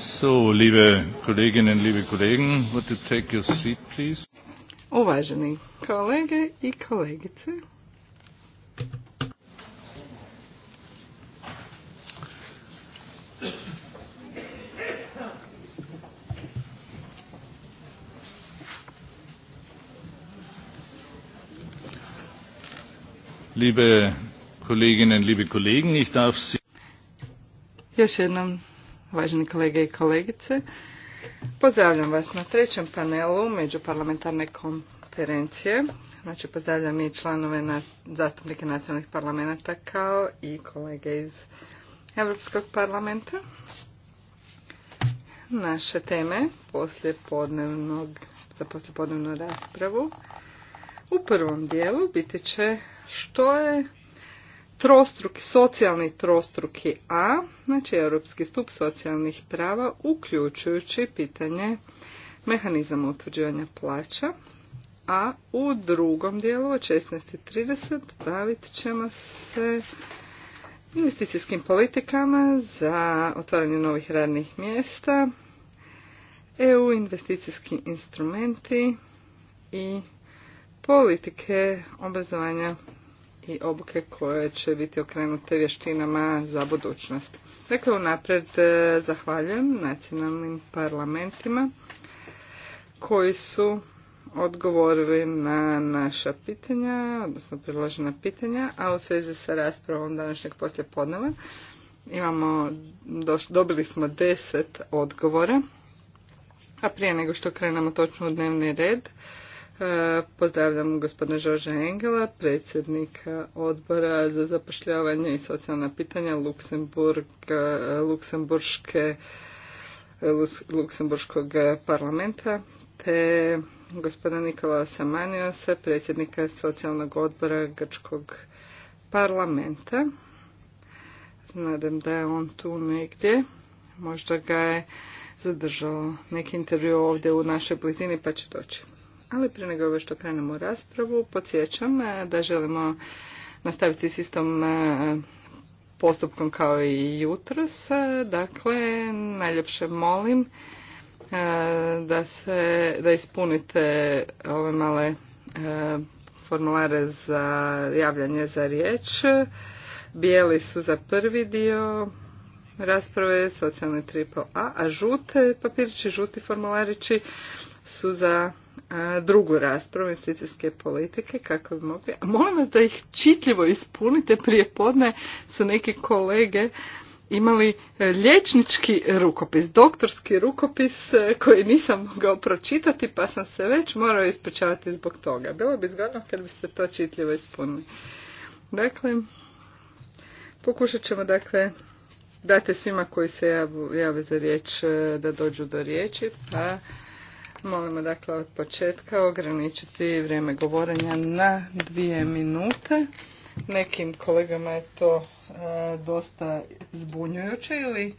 So, liebe Kolleginnen, liebe Kollegen, would you take your seat, please? Uvaženi kolege i kolegice. Liebe Kolleginnen, liebe Kollegen, ich darf Sie još jednom uvaženi kolege i kolegice. Pozdravljam vas na trećem panelu međuparlamentarne konferencije. Znači, pozdravljam i članove na, zastupnike nacionalnih parlamenta kao i kolege iz Europskog parlamenta. Naše teme poslije podnevnog, za poslijepodnevnu raspravu u prvom dijelu biti će što je trostruki, socijalni trostruki A, znači Europski stup socijalnih prava, uključujući pitanje mehanizama utvrđivanja plaća, a u drugom dijelu od 16.30 bavit ćemo se investicijskim politikama za otvaranje novih radnih mjesta, EU investicijski instrumenti i politike obrazovanja i obuke koje će biti okrenute vještinama za budućnost. Dakle, unaprijed e, zahvaljujem nacionalnim parlamentima koji su odgovorili na naša pitanja, odnosno priložena pitanja, a u svezi sa raspravom današnjeg poslijepodneva imamo, dobili smo deset odgovora, a prije nego što krenemo točno u dnevni red, E, pozdravljam gospodina Žorža Engela, predsjednika odbora za zapošljavanje i socijalna pitanja e, Luksemburg, e, Luksemburškog parlamenta, te gospodina Nikola Samaniosa, predsjednika socijalnog odbora Grčkog parlamenta. Nadam da je on tu negdje. Možda ga je zadržao neki intervju ovdje u našoj blizini pa će doći. Ali prije nego što krenemo u raspravu, podsjećam e, da želimo nastaviti s istom e, postupkom kao i jutros. E, dakle, najljepše molim da, se, da ispunite ove male formulare za javljanje za riječ. Bijeli su za prvi dio rasprave, socijalni triple A, a žute papirići, žuti formularići su za drugu raspravu investicijske politike kako bi mogli. Molim vas da ih čitljivo ispunite. Prije podne su neki kolege imali e, liječnički rukopis, doktorski rukopis e, koji nisam mogao pročitati pa sam se već morao ispričavati zbog toga. Bilo bi zgodno kad biste to čitljivo ispunili. Dakle, pokušat ćemo dakle dati svima koji se jave za riječ e, da dođu do riječi pa Molimo dakle od početka ograničiti vrijeme govorenja na dvije minute. Nekim kolegama je to e, dosta zbunjujuće ili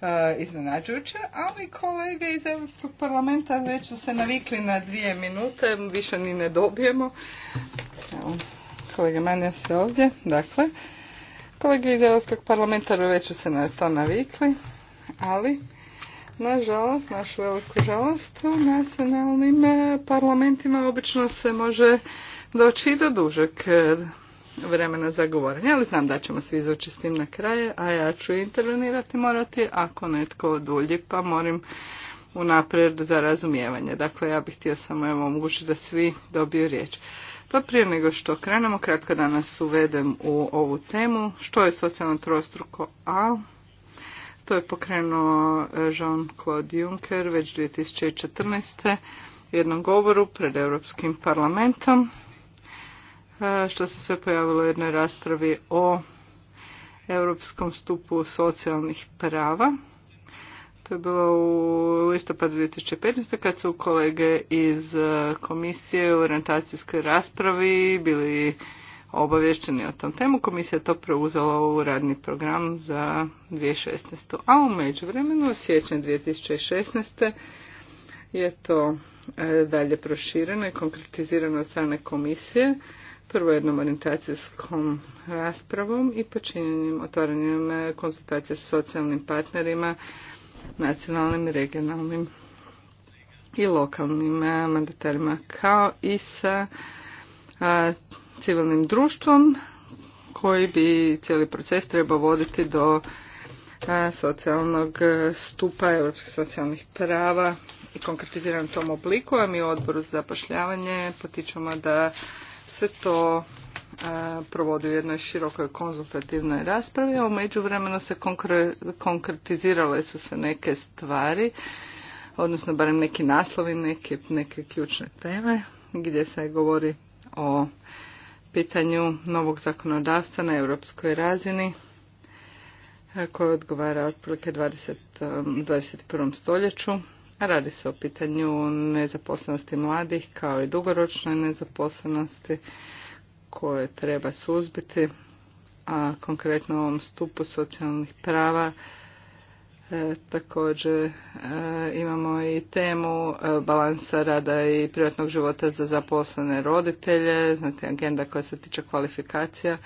e, iznenađujuće, ali kolege iz Europskog parlamenta već su se navikli na dvije minute, više ni ne dobijemo. Evo, kolega Manja se ovdje, dakle. Kolege iz Europskog parlamenta već su se na to navikli, ali Nažalost, našu veliku žalost, u nacionalnim e, parlamentima obično se može doći i do dužeg e, vremena za govorenje, ali znam da ćemo svi izaći s tim na kraje, a ja ću intervenirati morati ako netko odulji, pa morim unaprijed za razumijevanje. Dakle, ja bih htio samo evo omogućiti da svi dobiju riječ. Pa prije nego što krenemo, kratko danas uvedem u ovu temu, što je socijalno trostruko A, to je pokrenuo e, Jean-Claude Juncker već 2014. u jednom govoru pred Europskim parlamentom, e, što se sve pojavilo u jednoj raspravi o Europskom stupu socijalnih prava. To je bilo u listopadu 2015. kad su kolege iz e, komisije u orientacijskoj raspravi bili obavješćeni o tom temu. Komisija je to preuzela u radni program za 2016. A u međuvremenu od siječnja 2016. je to e, dalje prošireno i konkretizirano od strane komisije prvo jednom orientacijskom raspravom i počinjenjem otvaranjem konsultacije s socijalnim partnerima, nacionalnim, regionalnim i lokalnim e, mandatarima, kao i sa civilnim društvom koji bi cijeli proces trebao voditi do e, socijalnog stupa europskih socijalnih prava i konkretiziran tom obliku, a mi u odboru za zapošljavanje potičemo da se to e, provodi u jednoj širokoj konzultativnoj raspravi, a u međuvremenu se konkretizirale su se neke stvari, odnosno barem neki naslovi, neke, neke ključne teme gdje se govori o pitanju novog zakonodavstva na europskoj razini e, koje odgovara otprilike 20, 21. Um, stoljeću. radi se o pitanju nezaposlenosti mladih kao i dugoročnoj nezaposlenosti koje treba suzbiti, a konkretno u ovom stupu socijalnih prava E, također e, imamo i temu e, balansa rada i privatnog života za zaposlene roditelje, znate agenda koja se tiče kvalifikacija,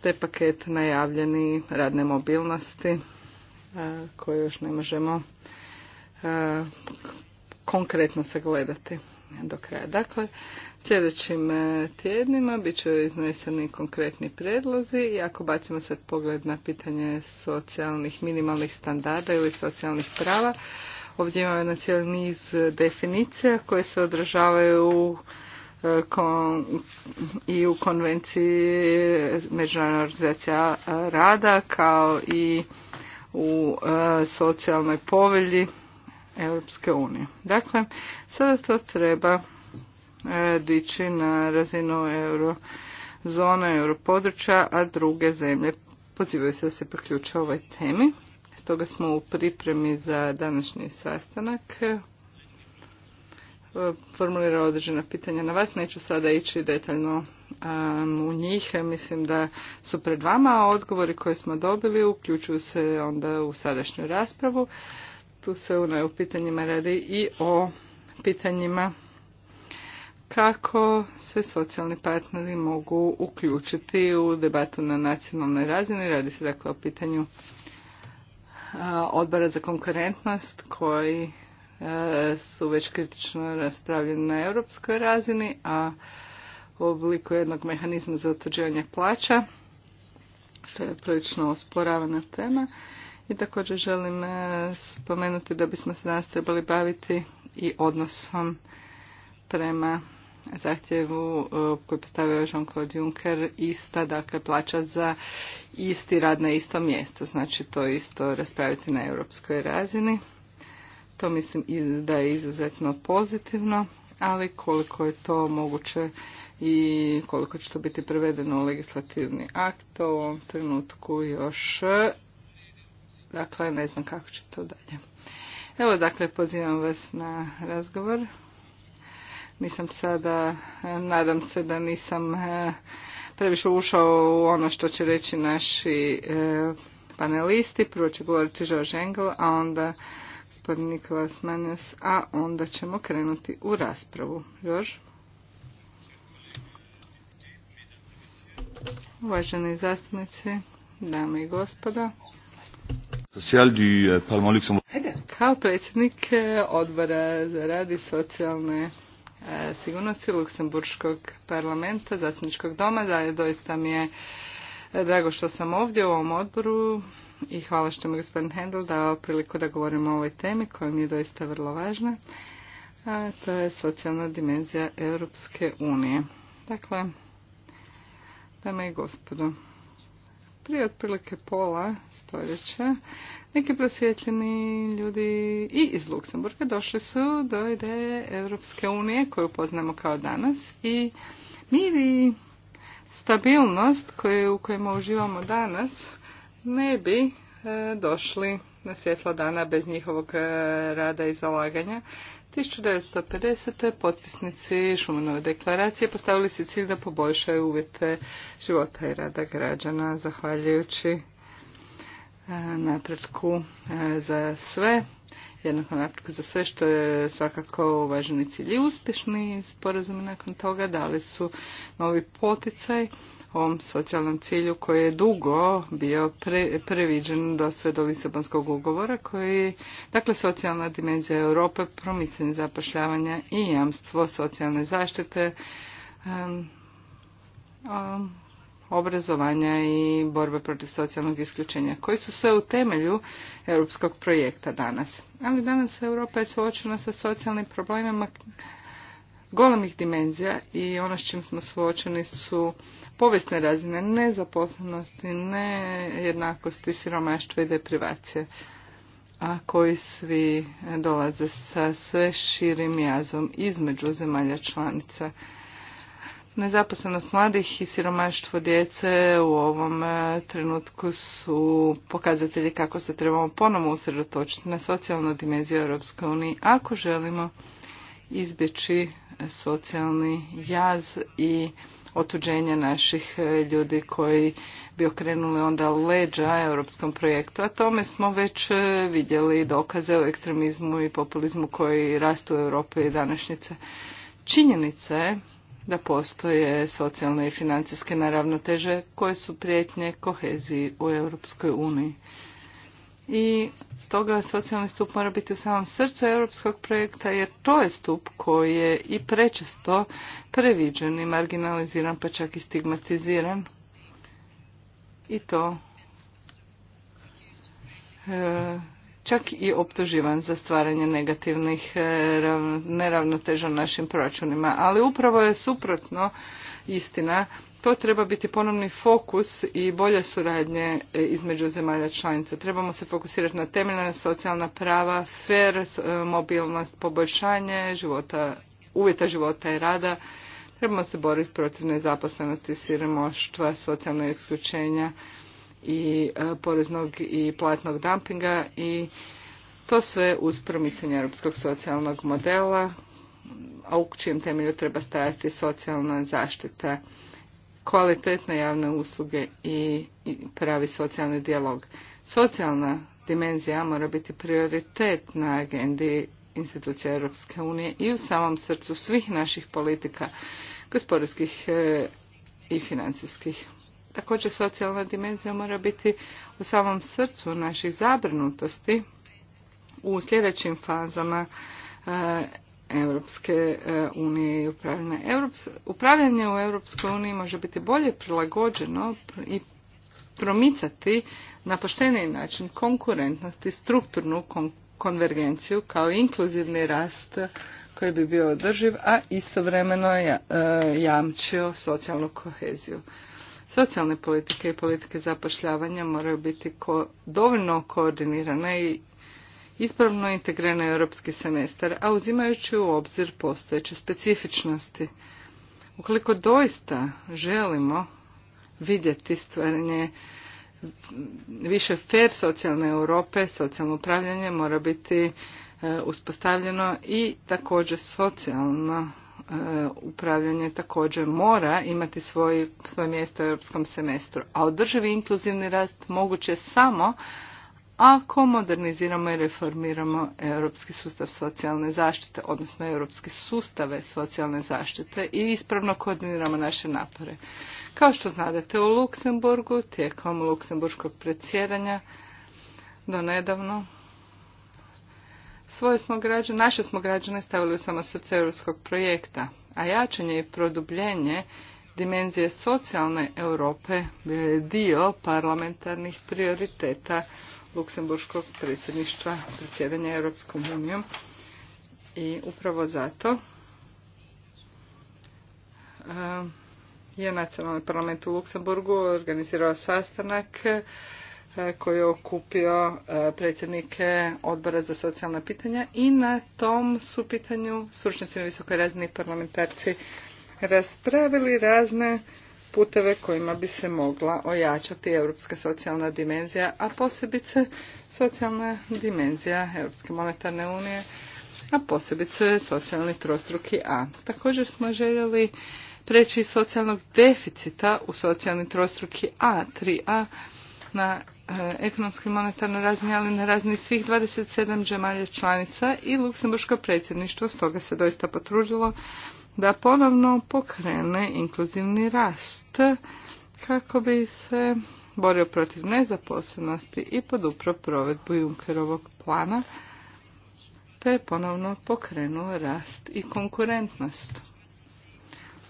te paket najavljeni radne mobilnosti koje još ne možemo konkretno sagledati do kraja. Dakle, sljedećim e, tjednima bit će izneseni konkretni predlozi i ako bacimo sad pogled na pitanje socijalnih minimalnih standarda ili socijalnih prava, ovdje imamo jedan cijeli niz definicija koje se održavaju e, i u konvenciji Međunarodna organizacija rada kao i u e, socijalnoj povelji Europske unije. Dakle, sada to treba e, dići na razinu eurozona, europodručja, a druge zemlje pozivaju se da se priključe ovoj temi. Stoga smo u pripremi za današnji sastanak e, Formulira određena pitanja na vas. Neću sada ići detaljno u njih. Mislim da su pred vama, odgovori koje smo dobili uključuju se onda u sadašnju raspravu tu se u pitanjima radi i o pitanjima kako se socijalni partneri mogu uključiti u debatu na nacionalnoj razini. Radi se dakle o pitanju odbora za konkurentnost koji su već kritično raspravljeni na europskoj razini, a u obliku jednog mehanizma za utvrđivanje plaća, što je prilično osporavana tema. I također želim e, spomenuti da bismo se danas trebali baviti i odnosom prema zahtjevu e, koji postavio Jean-Claude Juncker ista, dakle plaća za isti rad na isto mjesto. Znači to isto raspraviti na europskoj razini. To mislim da je izuzetno pozitivno, ali koliko je to moguće i koliko će to biti prevedeno u legislativni akt, u ovom trenutku još Dakle, ne znam kako će to dalje. Evo, dakle, pozivam vas na razgovor. Nisam sada, nadam se da nisam e, previše ušao u ono što će reći naši e, panelisti. Prvo će govoriti George Engel, a onda gospodin Nikolas Manes, a onda ćemo krenuti u raspravu. Još? Uvaženi zastupnici, dame i gospoda, Euh, kao predsjednik e, odbora za rad i socijalne e, sigurnosti Luksemburškog parlamenta, zastupničkog doma, da je doista mi je e, drago što sam ovdje u ovom odboru i hvala što mi gospodin Hendel dao priliku da govorimo o ovoj temi koja mi je doista vrlo važna, a to je socijalna dimenzija Europske unije. Dakle, dame i gospodo, prije otprilike pola stoljeća neki prosvjetljeni ljudi i iz Luksemburga došli su do ideje Europske unije koju poznamo kao danas i mir i stabilnost koje, u kojima uživamo danas ne bi e, došli na svjetlo dana bez njihovog e, rada i zalaganja 1950. potpisnici Šumanove deklaracije postavili se cilj da poboljšaju uvjete života i rada građana, zahvaljujući e, napretku e, za sve jednako za sve što je svakako uvaženi cilj i uspješni sporazum nakon toga dali su novi poticaj ovom socijalnom cilju koji je dugo bio previđen do sve do Lisabonskog ugovora koji dakle socijalna dimenzija Europe, promicanje zapošljavanja i jamstvo socijalne zaštite um, um obrazovanja i borbe protiv socijalnog isključenja, koji su sve u temelju europskog projekta danas. Ali danas Europa je suočena sa socijalnim problemima golemih dimenzija i ono s čim smo suočeni su povijesne razine nezaposlenosti, nejednakosti, siromaštva i deprivacije a koji svi dolaze sa sve širim jazom između zemalja članica Nezaposlenost mladih i siromaštvo djece u ovom e, trenutku su pokazatelji kako se trebamo ponovno usredotočiti na socijalnu dimenziju Europske unije ako želimo izbjeći socijalni jaz i otuđenje naših e, ljudi koji bi okrenuli onda leđa europskom projektu. A tome smo već e, vidjeli dokaze o ekstremizmu i populizmu koji rastu u Europi i današnjice. Činjenica je da postoje socijalne i financijske naravnoteže koje su prijetnje koheziji u Europskoj uniji. I stoga socijalni stup mora biti u samom srcu europskog projekta jer to je stup koji je i prečesto previđen i marginaliziran pa čak i stigmatiziran. I to e, čak i optuživan za stvaranje negativnih e, neravnoteža u našim proračunima. Ali upravo je suprotno istina. To treba biti ponovni fokus i bolje suradnje e, između zemalja članica. Trebamo se fokusirati na temeljna socijalna prava, fair, e, mobilnost, poboljšanje života, uvjeta života i rada. Trebamo se boriti protiv nezaposlenosti, siromaštva, socijalnog isključenja i e, poreznog i platnog dumpinga i to sve uz promicanje europskog socijalnog modela, a u čijem temelju treba stajati socijalna zaštita, kvalitetne javne usluge i pravi socijalni dijalog. Socijalna dimenzija mora biti prioritet na agendi institucija Europske unije i u samom srcu svih naših politika, gospodarskih e, i financijskih. Također socijalna dimenzija mora biti u samom srcu naših zabrinutosti u sljedećim fazama eh, Europske eh, unije i Upravljanje u Europskoj uniji može biti bolje prilagođeno i promicati na pošteniji način konkurentnost i strukturnu konvergenciju kao inkluzivni rast koji bi bio održiv, a istovremeno eh, jamčio socijalnu koheziju. Socijalne politike i politike zapošljavanja moraju biti ko dovoljno koordinirane i ispravno integrirane europski semestar, a uzimajući u obzir postojeće specifičnosti. Ukoliko doista želimo vidjeti stvaranje više fer socijalne Europe, socijalno upravljanje mora biti e, uspostavljeno i također socijalno E, upravljanje također mora imati svoje mjesto u europskom semestru. A održivi inkluzivni rast moguće samo ako moderniziramo i reformiramo europski sustav socijalne zaštite, odnosno europski sustave socijalne zaštite i ispravno koordiniramo naše napore. Kao što znadete u Luksemburgu, tijekom luksemburškog predsjedanja do nedavno Svoje smo građane, naše smo građane stavili u srce europskog projekta, a jačanje i produbljenje dimenzije socijalne Europe bio je dio parlamentarnih prioriteta Luksemburškog predsjedništva predsjedanja Europskom unijom i upravo zato eh, je nacionalni parlament u Luksemburgu organizirao sastanak E, koji je okupio e, predsjednike odbora za socijalna pitanja i na tom su pitanju stručnjaci na visokoj razini parlamentarci raspravili razne puteve kojima bi se mogla ojačati europska socijalna dimenzija, a posebice socijalna dimenzija Europske monetarne unije, a posebice socijalni trostruki A. Također smo željeli preći socijalnog deficita u socijalni trostruki A, 3A, na E, ekonomskoj i monetarnoj razini, ali na razini svih 27 džemalja članica i Luksemburško predsjedništvo stoga se doista potružilo da ponovno pokrene inkluzivni rast kako bi se borio protiv nezaposlenosti i podupro provedbu Junkerovog plana te ponovno pokrenuo rast i konkurentnost.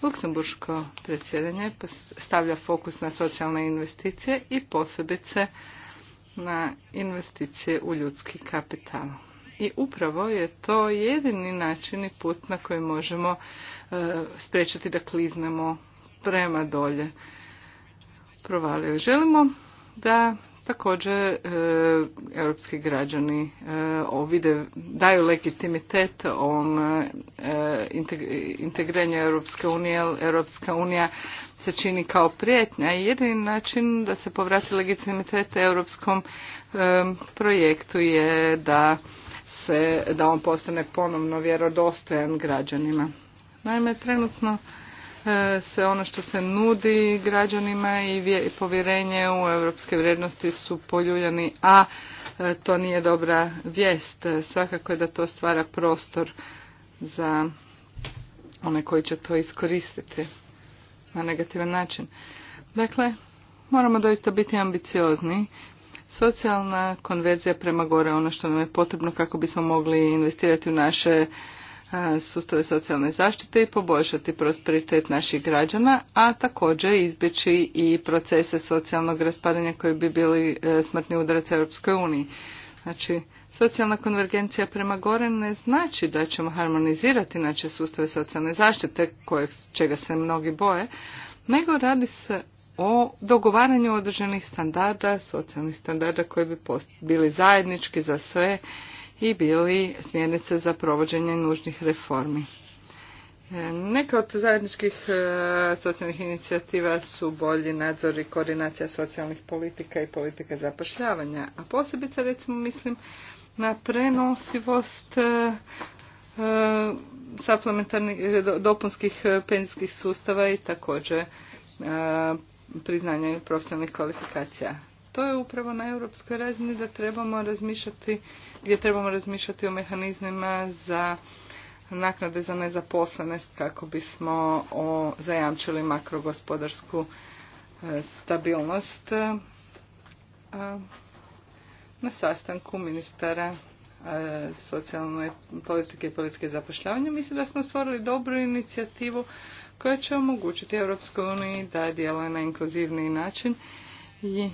Luksemburško predsjedanje stavlja fokus na socijalne investicije i posebice na investicije u ljudski kapital. I upravo je to jedini način i put na koji možemo e, spriječiti da kliznemo prema dolje provalio. Želimo da Također, e, europski građani e, ovide daju legitimitet ovom e, integriranju Europske unije, Europska unija se čini kao prijetnja i jedini način da se povrati legitimitet europskom projektu je da se, da on postane ponovno vjerodostojan građanima. Naime, trenutno E, se ono što se nudi građanima i povjerenje u europske vrijednosti su poljuljani, a e, to nije dobra vijest. Svakako je da to stvara prostor za one koji će to iskoristiti na negativan način. Dakle, moramo doista biti ambiciozni. Socijalna konverzija prema gore ono što nam je potrebno kako bismo mogli investirati u naše sustave socijalne zaštite i poboljšati prosperitet naših građana, a također izbjeći i procese socijalnog raspadanja koji bi bili e, smrtni udarac Europskoj uniji. Znači, socijalna konvergencija prema gore ne znači da ćemo harmonizirati naše sustave socijalne zaštite, kojeg, čega se mnogi boje, nego radi se o dogovaranju određenih standarda, socijalnih standarda koji bi bili zajednički za sve i bili smjernice za provođenje nužnih reformi. E, neka od zajedničkih e, socijalnih inicijativa su bolji nadzor i koordinacija socijalnih politika i politika zapošljavanja, a posebice recimo mislim na prenosivost e, suplementarnih dopunskih penzijskih sustava i također priznanje profesionalnih kvalifikacija to je upravo na europskoj razini da trebamo razmišljati, gdje trebamo razmišljati o mehanizmima za naknade za nezaposlenost kako bismo o, zajamčili makrogospodarsku e, stabilnost e, na sastanku ministara e, socijalne politike i politike zapošljavanja. Mislim da smo stvorili dobru inicijativu koja će omogućiti Europskoj uniji da djeluje na inkluzivni način i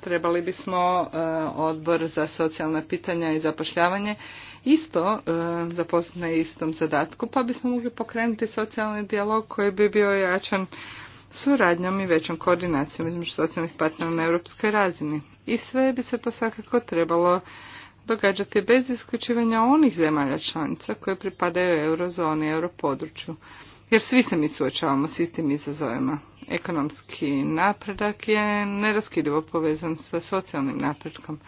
trebali bismo e, odbor za socijalna pitanja i zapošljavanje isto e, zaposliti istom zadatku, pa bismo mogli pokrenuti socijalni dijalog koji bi bio jačan suradnjom i većom koordinacijom između socijalnih partnera na europskoj razini. I sve bi se to svakako trebalo događati bez isključivanja onih zemalja članica koje pripadaju eurozoni i europodručju. Jer svi se mi suočavamo s istim izazovima ekonomski napredak je neraskidivo povezan sa socijalnim napredkom.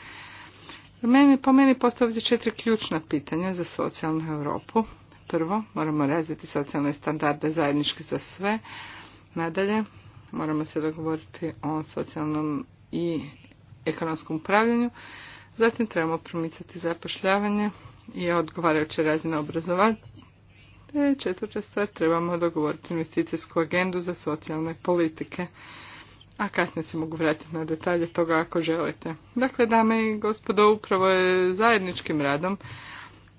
Meni, po meni postoje četiri ključna pitanja za socijalnu Europu. Prvo, moramo razviti socijalne standarde zajednički za sve. Nadalje, moramo se dogovoriti o socijalnom i ekonomskom upravljanju. Zatim trebamo promicati zapošljavanje i odgovarajuće razine obrazovanja E, četvrta stvar, trebamo dogovoriti investicijsku agendu za socijalne politike. A kasnije se mogu vratiti na detalje toga ako želite. Dakle, dame i gospodo, upravo je zajedničkim radom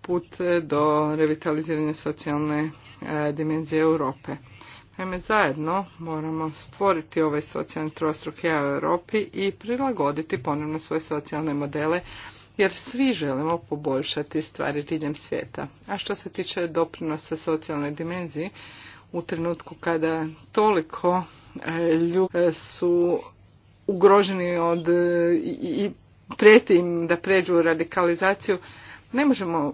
put e, do revitaliziranja socijalne e, dimenzije Europe. Naime, zajedno moramo stvoriti ovaj socijalni trostruk u Europi i prilagoditi ponovno svoje socijalne modele jer svi želimo poboljšati stvari diljem svijeta. A što se tiče doprinosa socijalnoj dimenziji, u trenutku kada toliko e, ljudi e, su ugroženi od e, i prijeti im da pređu u radikalizaciju, ne možemo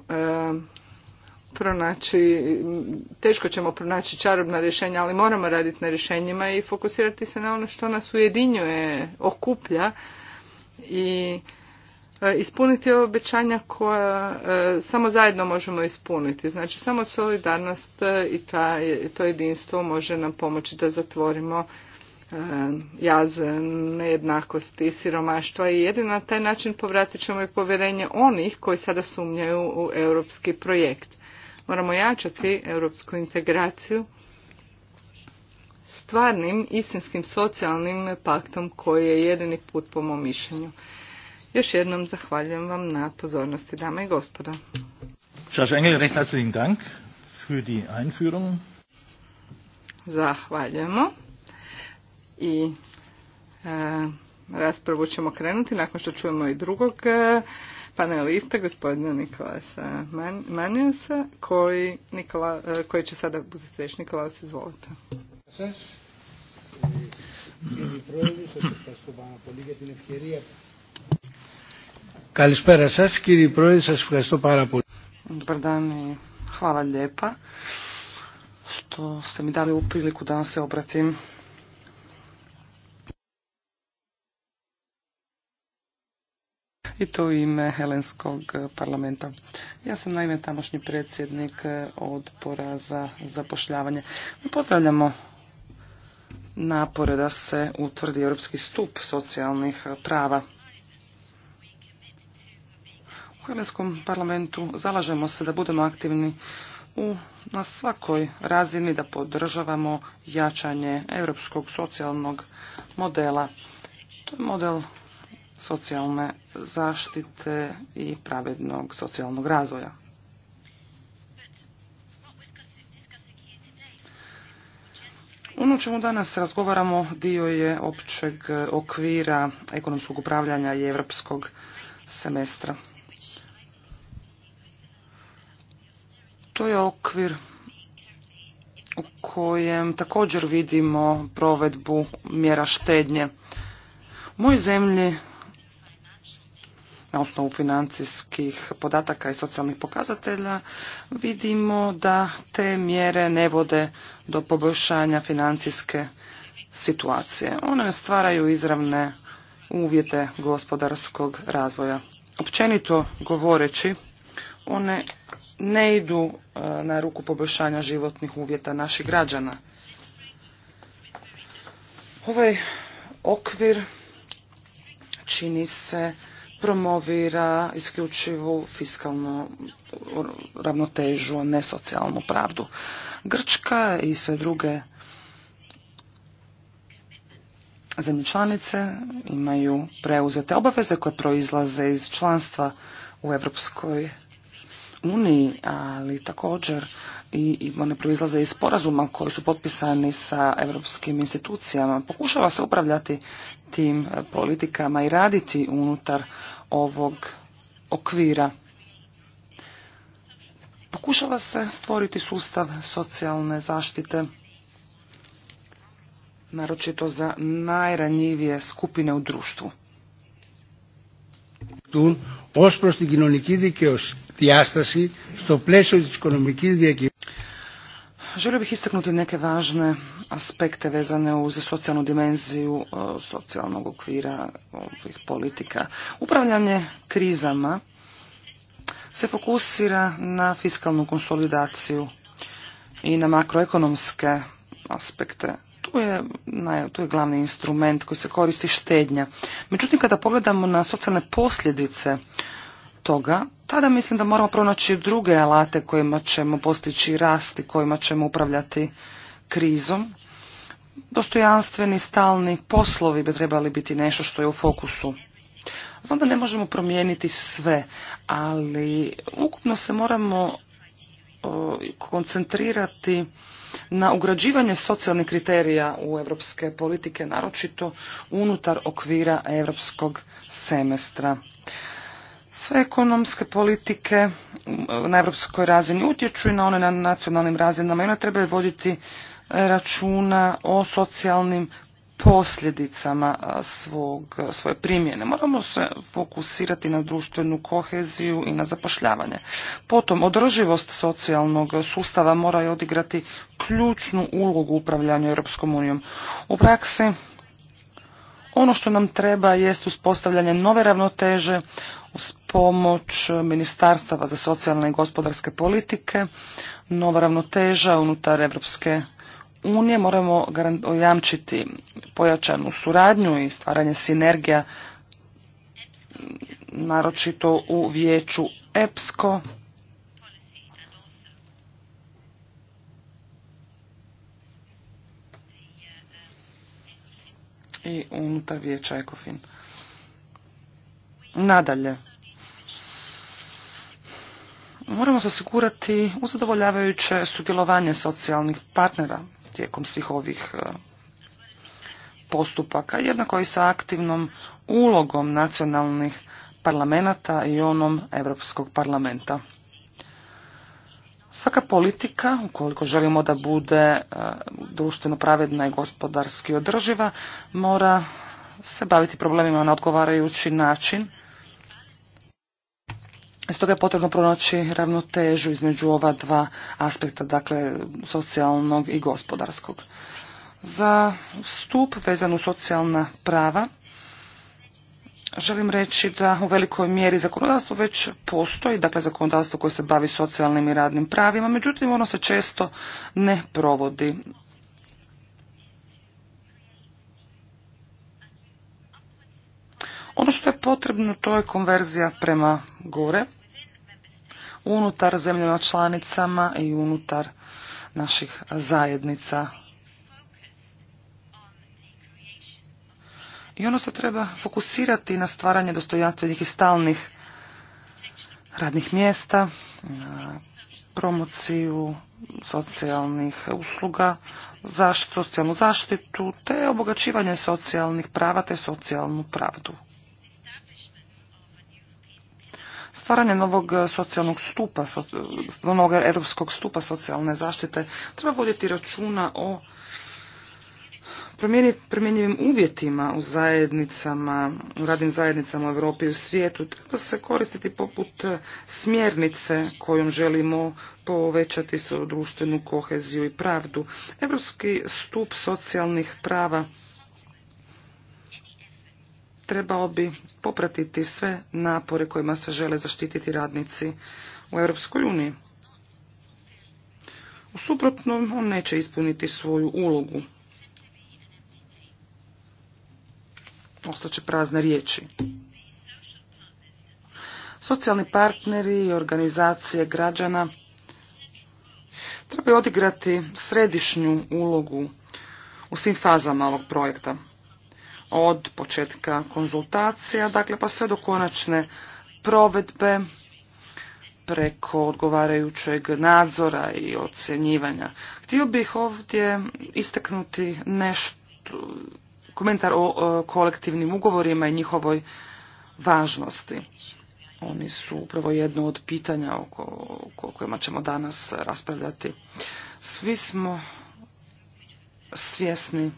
pronaći, teško ćemo pronaći čarobna rješenja, ali moramo raditi na rješenjima i fokusirati se na ono što nas ujedinjuje, okuplja i E, ispuniti obećanja koja e, samo zajedno možemo ispuniti. Znači samo solidarnost e, i to jedinstvo može nam pomoći da zatvorimo jaz nejednakosti siromaštva i jedino na taj način povratit ćemo i povjerenje onih koji sada sumnjaju u europski projekt. Moramo jačati europsku integraciju stvarnim, istinskim socijalnim paktom koji je jedini put po mom mišljenju. Još jednom zahvaljujem vam na pozornosti, dame i gospodo. Šaš Engel, recht Dank für die Einführung. Zahvaljujemo. I e, raspravu ćemo krenuti nakon što čujemo i drugog e, panelista, gospodina Nikolasa Manjasa, koji, Nikola, e, koji će sada uzeti reći. Nikolas, izvolite. Καλησπέρα dan hvala lijepa što ste mi dali u priliku da vam se obratim. i to u ime Helenskog parlamenta. Ja sam naime tamošnji predsjednik odbora za zapošljavanje. Mi pozdravljamo napore da se utvrdi Europski stup socijalnih prava. Hrvatskom parlamentu zalažemo se da budemo aktivni u, na svakoj razini da podržavamo jačanje europskog socijalnog modela. To je model socijalne zaštite i pravednog socijalnog razvoja. Ono čemu danas razgovaramo dio je općeg okvira ekonomskog upravljanja i europskog semestra. To je okvir u kojem također vidimo provedbu mjera štednje. U mojoj zemlji na osnovu financijskih podataka i socijalnih pokazatelja vidimo da te mjere ne vode do poboljšanja financijske situacije. One stvaraju izravne uvjete gospodarskog razvoja. Općenito govoreći, one ne idu e, na ruku poboljšanja životnih uvjeta naših građana. Ovaj okvir čini se promovira isključivu fiskalnu ravnotežu, ne socijalnu pravdu. Grčka i sve druge zemlje članice imaju preuzete obaveze koje proizlaze iz članstva u Europskoj uniji, ali također i one proizlaze iz sporazuma koji su potpisani sa europskim institucijama. Pokušava se upravljati tim e, politikama i raditi unutar ovog okvira. Pokušava se stvoriti sustav socijalne zaštite, naročito za najranjivije skupine u društvu. Tu, osprosti διάσταση στο πλαίσιο της οικονομικής διακυβέρνησης. Želio bih istaknuti neke važne aspekte vezane uz socijalnu dimenziju e, socijalnog okvira ovih politika. Upravljanje krizama se fokusira na fiskalnu konsolidaciju i na makroekonomske aspekte. Tu je, tu je glavni instrument koji se koristi štednja. Međutim, kada pogledamo na socijalne posljedice toga, tada mislim da moramo pronaći druge alate kojima ćemo postići rast i kojima ćemo upravljati krizom. Dostojanstveni, stalni poslovi bi trebali biti nešto što je u fokusu. Znam da ne možemo promijeniti sve, ali ukupno se moramo e, koncentrirati na ugrađivanje socijalnih kriterija u europske politike, naročito unutar okvira europskog semestra. Sve ekonomske politike na europskoj razini utječu i na one na nacionalnim razinama i one trebaju voditi e, računa o socijalnim posljedicama svog, svoje primjene. Moramo se fokusirati na društvenu koheziju i na zapošljavanje. Potom, održivost socijalnog sustava mora odigrati ključnu ulogu upravljanju Europskom unijom. U praksi ono što nam treba jest uspostavljanje nove ravnoteže uz pomoć ministarstava za socijalne i gospodarske politike, nova ravnoteža unutar Evropske unije. Moramo jamčiti pojačanu suradnju i stvaranje sinergija naročito u vijeću EPSCO. i unutar vijeća ekofin. Nadalje, moramo se osigurati uzadovoljavajuće sudjelovanje socijalnih partnera tijekom svih ovih e, postupaka, jednako i sa aktivnom ulogom nacionalnih parlamenta i onom Europskog parlamenta. Svaka politika, ukoliko želimo da bude e, društveno pravedna i gospodarski održiva, mora se baviti problemima na odgovarajući način Stoga je potrebno pronaći ravnotežu između ova dva aspekta, dakle socijalnog i gospodarskog. Za stup vezan u socijalna prava želim reći da u velikoj mjeri zakonodavstvo već postoji, dakle zakonodavstvo koje se bavi socijalnim i radnim pravima, međutim ono se često ne provodi. Ono što je potrebno to je konverzija prema gore unutar zemljama članicama i unutar naših zajednica. I ono se treba fokusirati na stvaranje dostojanstvenih i stalnih radnih mjesta, promociju socijalnih usluga, socijalnu zaštitu, te obogaćivanje socijalnih prava te socijalnu pravdu. Stvaranjem novog e, socijalnog stupa, novog europskog stupa socijalne zaštite treba voditi računa o promjenjivim uvjetima u zajednicama, u radnim zajednicama u Europi i u svijetu treba se koristiti poput e, smjernice kojom želimo povećati društvenu koheziju i pravdu. Europski stup socijalnih prava trebao bi popratiti sve napore kojima se žele zaštititi radnici u Europskoj uniji. U suprotnom, on neće ispuniti svoju ulogu. Ostaće prazne riječi. Socijalni partneri i organizacije građana trebaju odigrati središnju ulogu u svim fazama ovog projekta od početka konzultacija, dakle pa sve do konačne provedbe preko odgovarajućeg nadzora i ocjenjivanja. Htio bih ovdje istaknuti nešto, komentar o, e, kolektivnim ugovorima i njihovoj važnosti. Oni su upravo jedno od pitanja oko, kojima ćemo danas raspravljati. Svi smo svjesni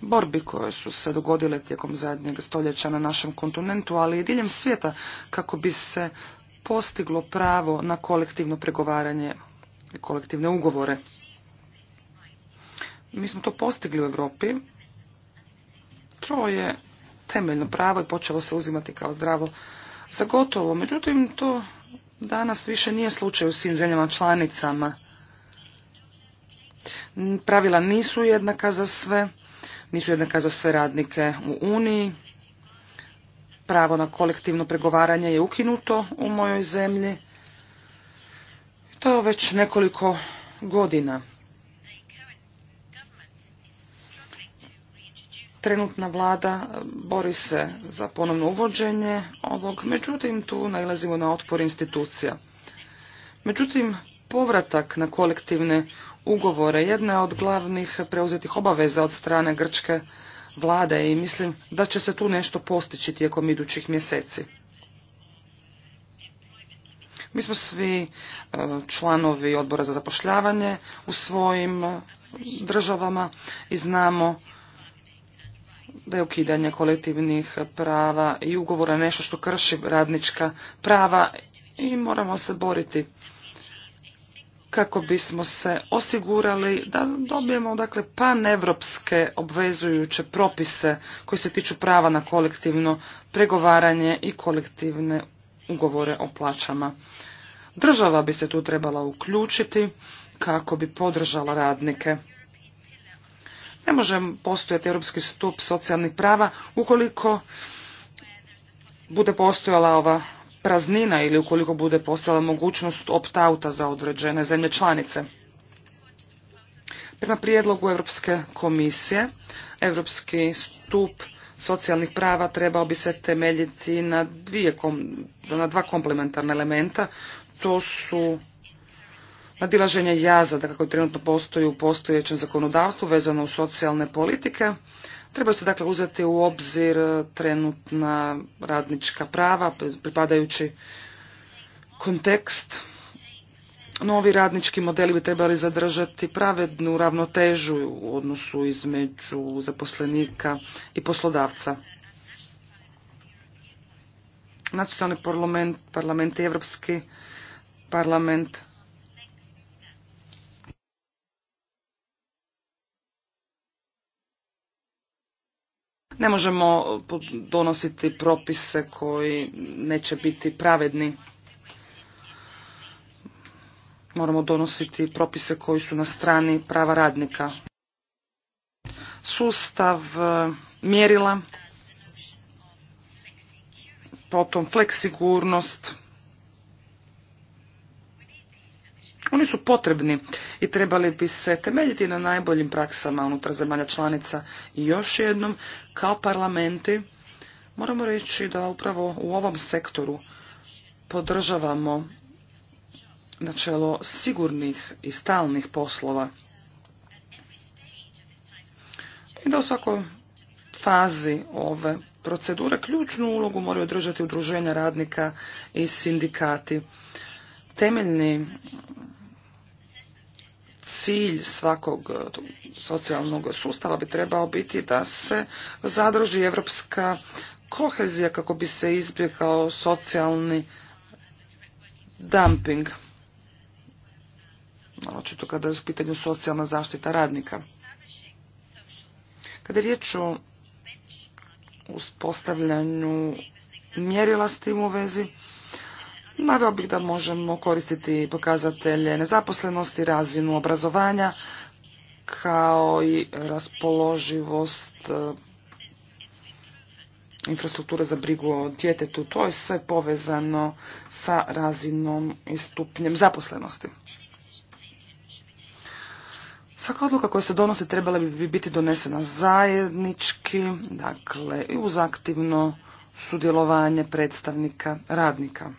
borbi koje su se dogodile tijekom zadnjeg stoljeća na našem kontinentu, ali i diljem svijeta kako bi se postiglo pravo na kolektivno pregovaranje i kolektivne ugovore. Mi smo to postigli u Europi. To je temeljno pravo i počelo se uzimati kao zdravo za gotovo. Međutim, to danas više nije slučaj u svim zemljama članicama. Pravila nisu jednaka za sve nisu jednaka za sve radnike u Uniji. Pravo na kolektivno pregovaranje je ukinuto u mojoj zemlji. To je već nekoliko godina. Trenutna vlada bori se za ponovno uvođenje ovog, međutim tu nailazimo na otpor institucija. Međutim, povratak na kolektivne ugovore. Jedna od glavnih preuzetih obaveza od strane grčke vlade i mislim da će se tu nešto postići tijekom idućih mjeseci. Mi smo svi e, članovi odbora za zapošljavanje u svojim e, državama i znamo da je ukidanje kolektivnih prava i ugovora nešto što krši radnička prava i moramo se boriti kako bismo se osigurali da dobijemo dakle panevropske obvezujuće propise koji se tiču prava na kolektivno pregovaranje i kolektivne ugovore o plaćama. Država bi se tu trebala uključiti kako bi podržala radnike. Ne može postojati europski stup socijalnih prava ukoliko bude postojala ova praznina ili ukoliko bude postala mogućnost opt-outa za određene zemlje članice. Prema prijedlogu Europske komisije, Europski stup socijalnih prava trebao bi se temeljiti na, dvije, na dva komplementarna elementa. To su nadilaženje jaza da kako trenutno postoji u postojećem zakonodavstvu vezano uz socijalne politike, Treba se dakle uzeti u obzir e, trenutna radnička prava, pripadajući kontekst. Novi radnički modeli bi trebali zadržati pravednu ravnotežu u odnosu između zaposlenika i poslodavca. Nacionalni parlament, parlament i Europski parlament Ne možemo donositi propise koji neće biti pravedni. Moramo donositi propise koji su na strani prava radnika. Sustav e, mjerila, potom fleksigurnost, Oni su potrebni i trebali bi se temeljiti na najboljim praksama unutar zemalja članica. I još jednom, kao parlamenti, moramo reći da upravo u ovom sektoru podržavamo načelo sigurnih i stalnih poslova. I da u svakoj fazi ove procedure ključnu ulogu moraju održati udruženja radnika i sindikati. Temeljni cilj svakog e, socijalnog sustava bi trebao biti da se zadrži evropska kohezija kako bi se izbjegao socijalni dumping. Očito kada je u pitanju socijalna zaštita radnika. Kada je riječ o uspostavljanju mjerila s tim u vezi, Naveo bih da možemo koristiti pokazatelje nezaposlenosti, razinu obrazovanja, kao i raspoloživost e, infrastrukture za brigu o djetetu. To je sve povezano sa razinom i stupnjem zaposlenosti. Svaka odluka koja se donosi trebala bi biti donesena zajednički, dakle i uz aktivno sudjelovanje predstavnika radnika.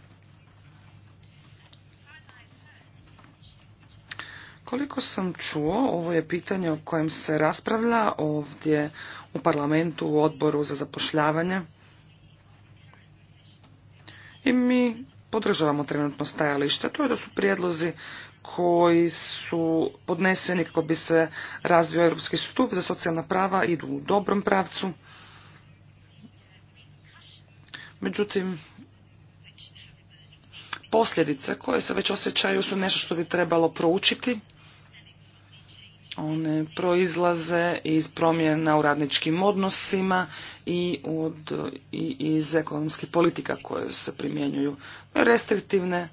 Koliko sam čuo, ovo je pitanje o kojem se raspravlja ovdje u parlamentu, u odboru za zapošljavanje. I mi podržavamo trenutno stajalište. To je da su prijedlozi koji su podneseni kako bi se razvio europski stup za socijalna prava idu u dobrom pravcu. Međutim, posljedice koje se već osjećaju su nešto što bi trebalo proučiti one proizlaze iz promjena u radničkim odnosima i, od, i iz ekonomskih politika koje se primjenjuju. Restriktivne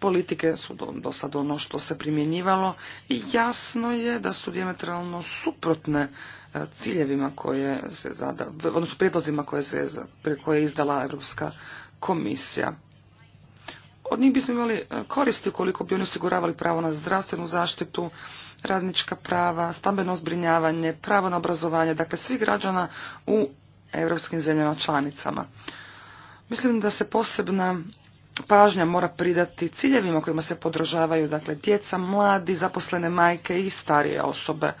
politike su do, do sad ono što se primjenjivalo i jasno je da su diametralno suprotne e, ciljevima koje se zada, odnosno prijedlozima koje se koje je izdala Europska komisija. Od njih bismo imali e, koristi ukoliko bi oni osiguravali pravo na zdravstvenu zaštitu, radnička prava, stambeno zbrinjavanje, pravo na obrazovanje, dakle svih građana u europskim zemljama članicama. Mislim da se posebna pažnja mora pridati ciljevima kojima se podržavaju dakle djeca, mladi, zaposlene majke i starije osobe.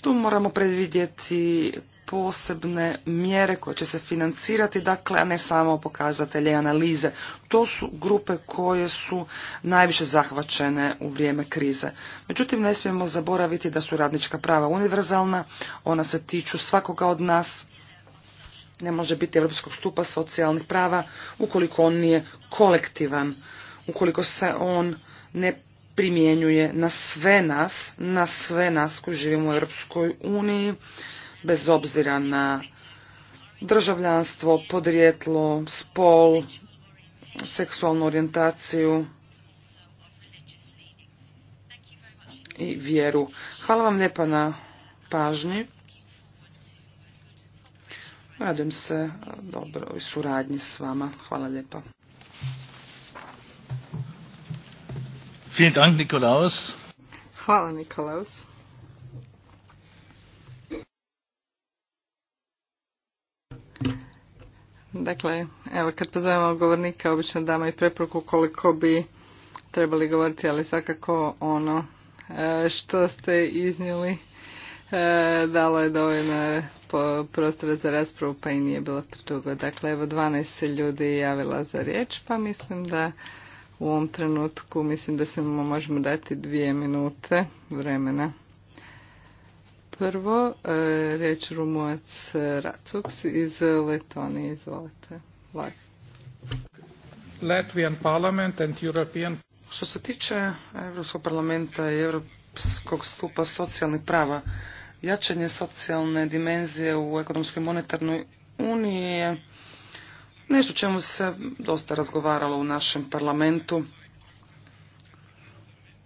Tu moramo predvidjeti posebne mjere koje će se financirati, dakle, a ne samo pokazatelje i analize. To su grupe koje su najviše zahvaćene u vrijeme krize. Međutim, ne smijemo zaboraviti da su radnička prava univerzalna, ona se tiču svakoga od nas, ne može biti europskog stupa socijalnih prava ukoliko on nije kolektivan, ukoliko se on ne primjenjuje na sve nas, na sve nas koji živimo u Europskoj uniji, bez obzira na državljanstvo, podrijetlo, spol, seksualnu orijentaciju i vjeru. Hvala vam lijepa na pažnji. Radim se dobro i suradnji s vama. Hvala lijepa. Vielen Nikolaus. Hvala, Nikolaus. Dakle, evo kad pozovemo govornika, obično damo i preporuku koliko bi trebali govoriti, ali svakako ono e, što ste iznijeli e, dalo je dovoljno prostora za raspravu pa i nije bilo predugo. Dakle, evo 12 se ljudi javila za riječ pa mislim da u ovom trenutku mislim da se možemo dati dvije minute vremena. Prvo, e, Reč Rumovac Racuks iz Letonije. Izvolite. and European... Što se tiče Europskog parlamenta i Europskog stupa socijalnih prava, jačanje socijalne dimenzije u ekonomskoj monetarnoj uniji je Nešto čemu se dosta razgovaralo u našem parlamentu.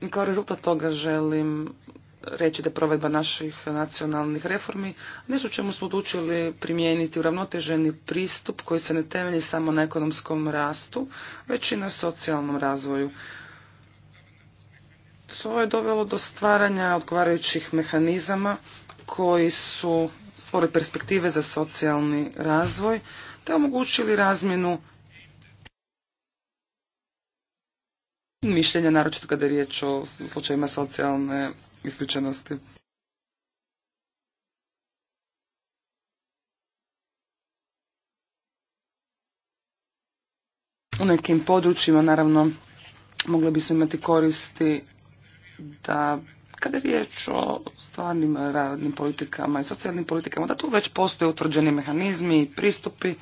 I kao rezultat toga želim reći da je provedba naših nacionalnih reformi nešto čemu smo odlučili primijeniti uravnoteženi pristup koji se ne temelji samo na ekonomskom rastu, već i na socijalnom razvoju. To je dovelo do stvaranja odgovarajućih mehanizama koji su stvorili perspektive za socijalni razvoj, te omogućili razmjenu mišljenja, naročito kada je riječ o slučajima socijalne isključenosti. U nekim područjima, naravno, mogli bismo imati koristi da kada je riječ o stvarnim radnim politikama i socijalnim politikama, da tu već postoje utvrđeni mehanizmi i pristupi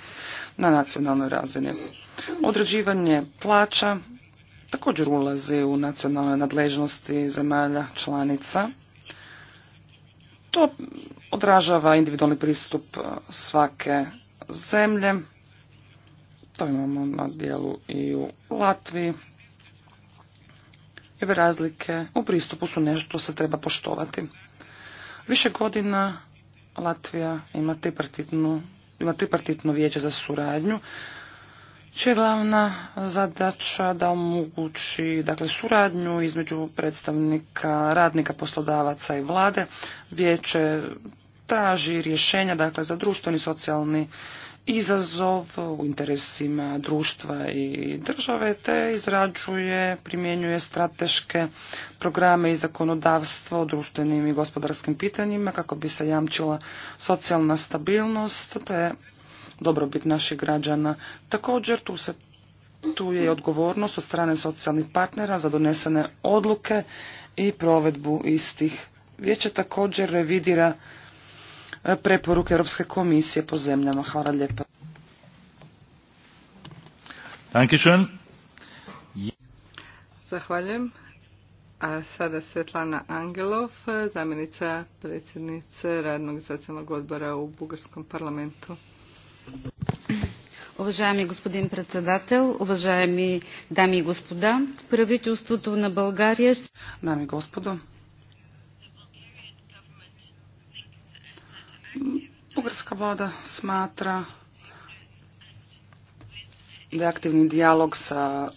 na nacionalnoj razini. Određivanje plaća također ulazi u nacionalne nadležnosti zemalja članica. To odražava individualni pristup e, svake zemlje. To imamo na dijelu i u Latviji razlike u pristupu su nešto se treba poštovati. Više godina Latvija ima tripartitnu ima tripartitno vijeće za suradnju, čija je glavna zadaća da omogući dakle, suradnju između predstavnika radnika, poslodavaca i vlade. Vijeće traži rješenja dakle, za društveni, socijalni izazov u interesima društva i države te izrađuje, primjenjuje strateške programe i zakonodavstvo o društvenim i gospodarskim pitanjima kako bi se jamčila socijalna stabilnost te dobrobit naših građana. Također tu se tu je odgovornost od strane socijalnih partnera za donesene odluke i provedbu istih. Vijeće također revidira preporuke Europske komisije po zemljama. Hvala lijepa. Zahvaljujem. A sada Svetlana Angelov, zamjenica predsjednice Radnog socijalnog odbora u Bugarskom parlamentu. Уважаеми господин председател, уважаеми дами и господа, правителството на България... Дами и господа, Bugarska vlada smatra da je aktivni dijalog sa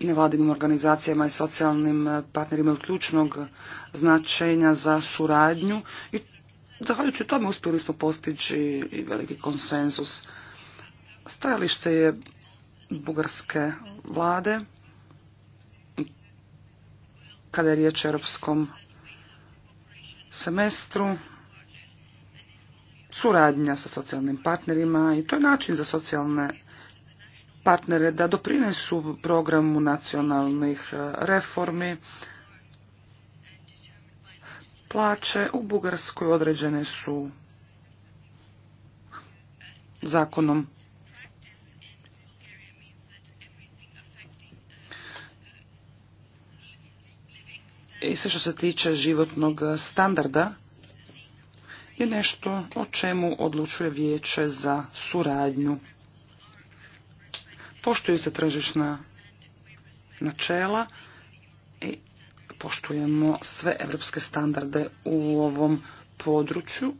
nevladinim organizacijama i socijalnim partnerima od ključnog značenja za suradnju i zahvaljujući tome uspjeli smo postići i veliki konsenzus. Stajalište je bugarske vlade kada je riječ o europskom semestru suradnja sa socijalnim partnerima i to je način za socijalne partnere da doprinesu programu nacionalnih e, reformi. Plaće u Bugarskoj određene su zakonom. I sve što se tiče životnog standarda, je nešto o čemu odlučuje vijeće za suradnju. Poštuju se tržišna načela i poštujemo sve evropske standarde u ovom području.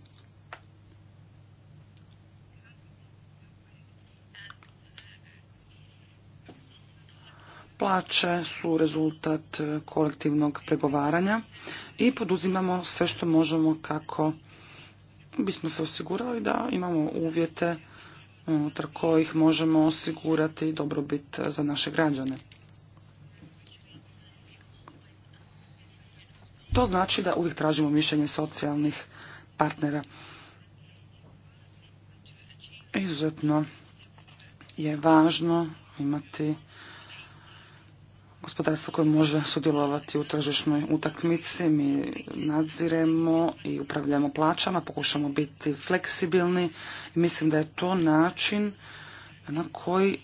Plaće su rezultat kolektivnog pregovaranja i poduzimamo sve što možemo kako bismo se osigurali da imamo uvjete unutar kojih možemo osigurati dobrobit za naše građane. To znači da uvijek tražimo mišljenje socijalnih partnera. Izuzetno je važno imati gospodarstvo koje može sudjelovati u tržišnoj utakmici. Mi nadziremo i upravljamo plaćama, pokušamo biti fleksibilni i mislim da je to način na koji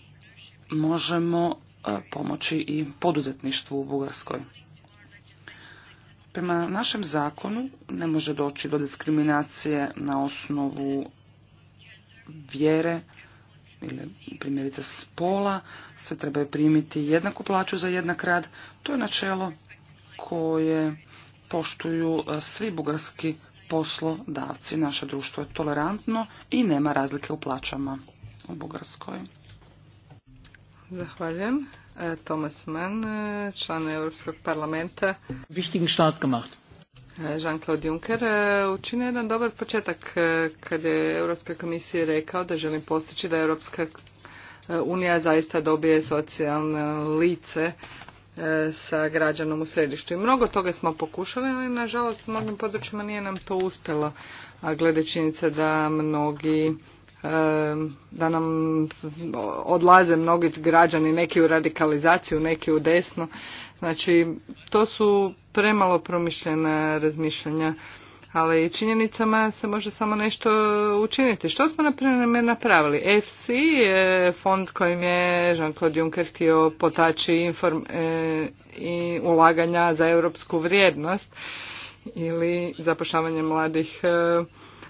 možemo e, pomoći i poduzetništvu u Bugarskoj. Prema našem zakonu ne može doći do diskriminacije na osnovu vjere, ili primjerice spola se trebaju primiti jednaku plaću za jednak rad. To je načelo koje poštuju e, svi bugarski poslodavci. Naše društvo je tolerantno i nema razlike u plaćama u Bugarskoj. Zahvaljujem. E, Thomas Mann, e, član Europskog parlamenta. Wichtigen Start gemacht. Jean-Claude Juncker e, učinio jedan dobar početak e, kad je Europska komisija rekao da želim postići da Europska e, unija zaista dobije socijalne lice sa građanom u središtu. I mnogo toga smo pokušali, ali nažalost u mnogim područjima nije nam to uspjelo. A glede činjenice da mnogi da nam odlaze mnogi građani, neki u radikalizaciju, neki u desno. Znači, to su premalo promišljena razmišljanja, ali činjenicama se može samo nešto učiniti. Što smo naprimjer napravili? FC je fond kojim je Jean-Claude Juncker htio potaći inform, e, i ulaganja za europsku vrijednost ili zapošljavanje mladih e,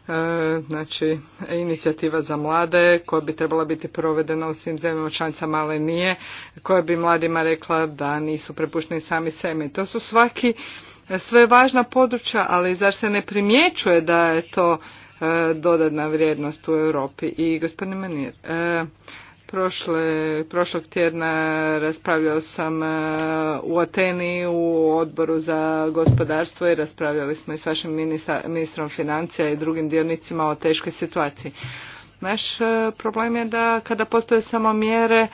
E, znači inicijativa za mlade koja bi trebala biti provedena u svim zemljama članicama, ali nije, koja bi mladima rekla da nisu prepušteni sami sebi. To su svaki sve važna područja, ali zar se ne primjećuje da je to e, dodatna vrijednost u Europi. I gospodine Manir, e, Prošle, prošlog tjedna raspravljao sam e, u Ateni u odboru za gospodarstvo i raspravljali smo i s vašim ministrom financija i drugim dionicima o teškoj situaciji. Naš e, problem je da kada postoje samo mjere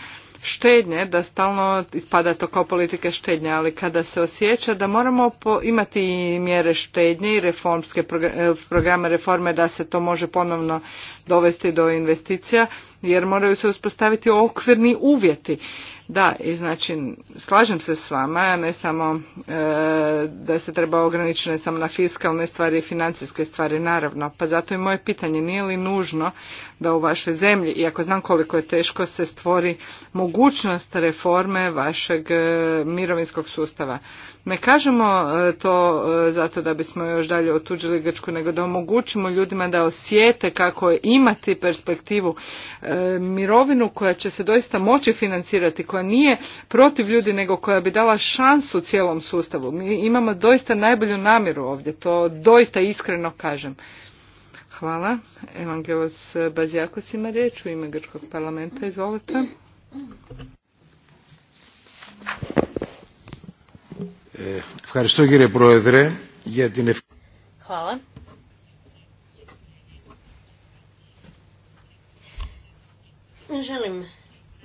štednje, da stalno ispada to kao politika štednje, ali kada se osjeća da moramo imati i mjere štednje i reformske e, programe reforme da se to može ponovno dovesti do investicija, jer moraju se uspostaviti okvirni uvjeti da, i znači slažem se s vama, ne samo e, da se treba ograničiti ne samo na fiskalne stvari i financijske stvari, naravno. Pa zato i moje pitanje, nije li nužno da u vašoj zemlji, iako znam koliko je teško, se stvori mogućnost reforme vašeg e, mirovinskog sustava? Ne kažemo e, to e, zato da bismo još dalje otuđili Grčku, nego da omogućimo ljudima da osjete kako je imati perspektivu e, mirovinu koja će se doista moći financirati, koja nije protiv ljudi, nego koja bi dala šansu cijelom sustavu. Mi imamo doista najbolju namjeru ovdje, to doista iskreno kažem. Hvala. Evangelos Bazijakos ima riječ u ime Grčkog parlamenta. Izvolite. Hvala. Želim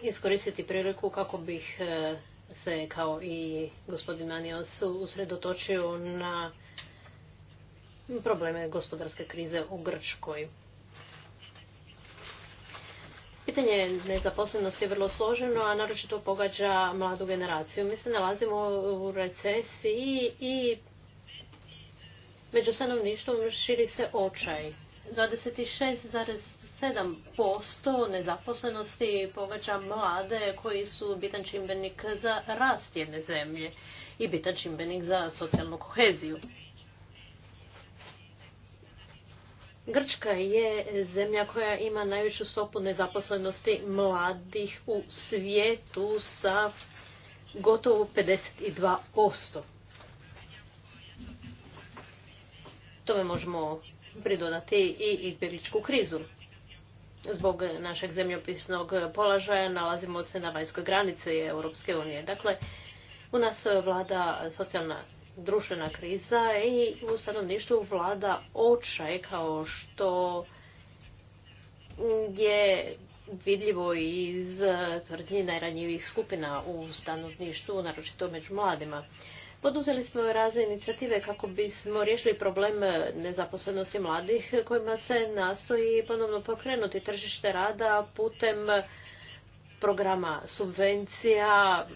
iskoristiti priliku kako bih e, se kao i gospodin Manios usredotočio na probleme gospodarske krize u Grčkoj. Pitanje nezaposlenosti je vrlo složeno, a naročito pogađa mladu generaciju. Mi se nalazimo u recesiji i među stanovništvom širi se očaj. 26,7% nezaposlenosti pogađa mlade koji su bitan čimbenik za rast jedne zemlje i bitan čimbenik za socijalnu koheziju. Grčka je zemlja koja ima najvišu stopu nezaposlenosti mladih u svijetu sa gotovo 52%. Tome možemo pridodati i izbjegličku krizu. Zbog našeg zemljopisnog položaja nalazimo se na vanjskoj granici Europske unije. Dakle, u nas vlada socijalna društvena kriza i u stanovništvu vlada očaj kao što je vidljivo iz tvrdnji najranjivih skupina u stanovništvu, naročito među mladima. Poduzeli smo razne inicijative kako bismo riješili problem nezaposlenosti mladih kojima se nastoji ponovno pokrenuti tržište rada putem programa subvencija,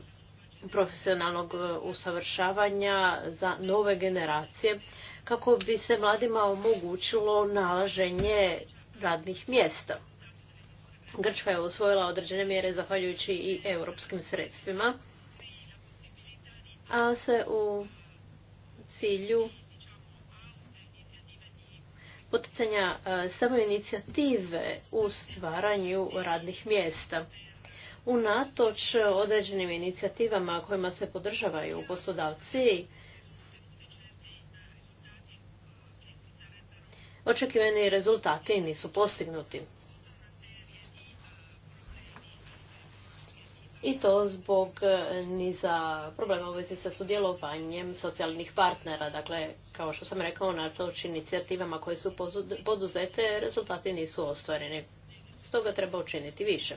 profesionalnog e, usavršavanja za nove generacije kako bi se mladima omogućilo nalaženje radnih mjesta. Grčka je usvojila određene mjere zahvaljujući i europskim sredstvima, a se u cilju poticanja e, samoinicijative u stvaranju radnih mjesta unatoč određenim inicijativama kojima se podržavaju poslodavci očekivani rezultati nisu postignuti. I to zbog niza problema u vezi sa sudjelovanjem socijalnih partnera. Dakle, kao što sam rekao, na toč inicijativama koje su poduzete, rezultati nisu ostvareni. Stoga treba učiniti više.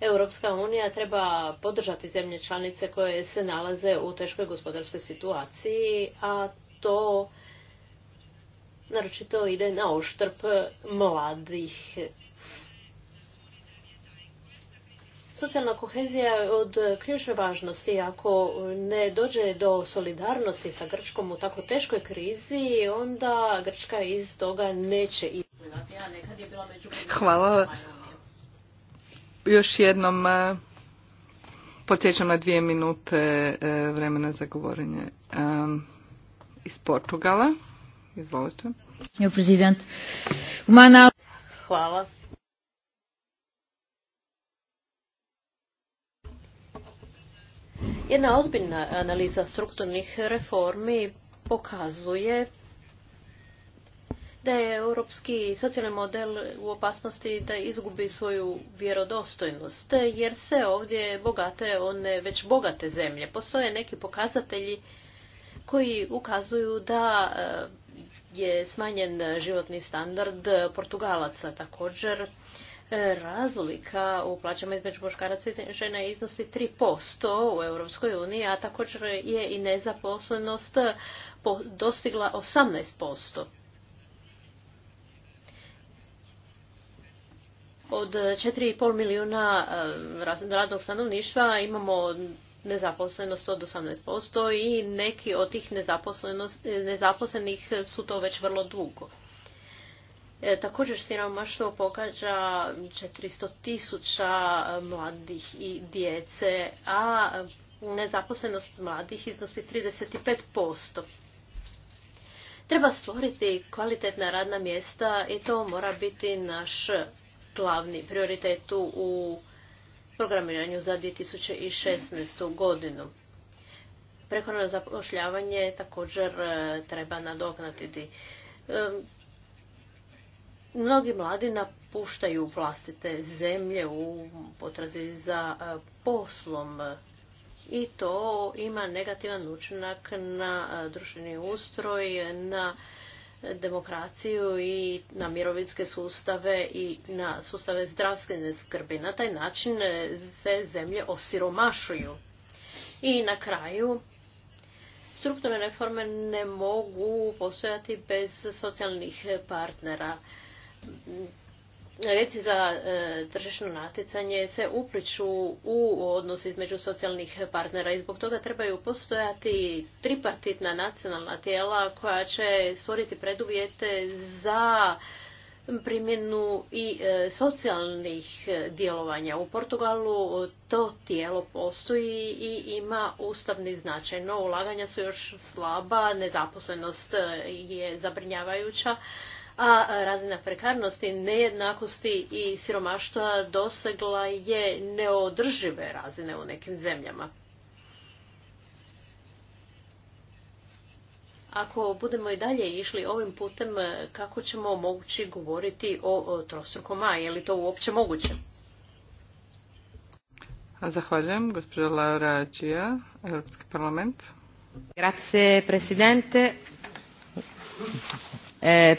Europska unija treba podržati zemlje članice koje se nalaze u teškoj gospodarskoj situaciji, a to naročito ide na oštrp mladih. Socijalna kohezija je od ključne važnosti. Ako ne dođe do solidarnosti sa Grčkom u tako teškoj krizi, onda Grčka iz toga neće izgledati još jednom e, podsjećam na dvije minute e, vremena za govorenje e, iz Portugala. Izvolite. prezident. Hvala. Jedna ozbiljna analiza strukturnih reformi pokazuje da je europski socijalni model u opasnosti da izgubi svoju vjerodostojnost, jer se ovdje bogate one već bogate zemlje. Postoje neki pokazatelji koji ukazuju da e, je smanjen životni standard Portugalaca također. E, razlika u plaćama između muškaraca i žena iznosi 3% u Europskoj uniji, a također je i nezaposlenost dostigla 18%. od 4,5 milijuna radnog stanovništva imamo nezaposlenost od 18% i neki od tih nezaposlenih su to već vrlo dugo. E, također, također siromaštvo pokađa 400 tisuća mladih i djece, a nezaposlenost mladih iznosi 35%. Treba stvoriti kvalitetna radna mjesta i to mora biti naš glavni prioritetu u programiranju za 2016. godinu. za zapošljavanje također e, treba nadoknatiti. E, mnogi mladi napuštaju vlastite zemlje u potrazi za e, poslom i to ima negativan učinak na društveni ustroj, na demokraciju i na mirovinske sustave i na sustave zdravstvene skrbi. Na taj način se zemlje osiromašuju. I na kraju, strukturne reforme ne mogu postojati bez socijalnih partnera reci za e, tržišno natjecanje se upriču u odnos između socijalnih partnera i zbog toga trebaju postojati tripartitna nacionalna tijela koja će stvoriti preduvjete za primjenu i e, socijalnih djelovanja. U Portugalu to tijelo postoji i ima ustavni značaj, no ulaganja su još slaba, nezaposlenost je zabrinjavajuća a razina prekarnosti, nejednakosti i siromaštva dosegla je neodržive razine u nekim zemljama. Ako budemo i dalje išli ovim putem, kako ćemo mogući govoriti o trostrukom A? Je li to uopće moguće? Zahvaljujem, gospođa Laura Čija, Europski parlament. Grazie, presidente. Eh,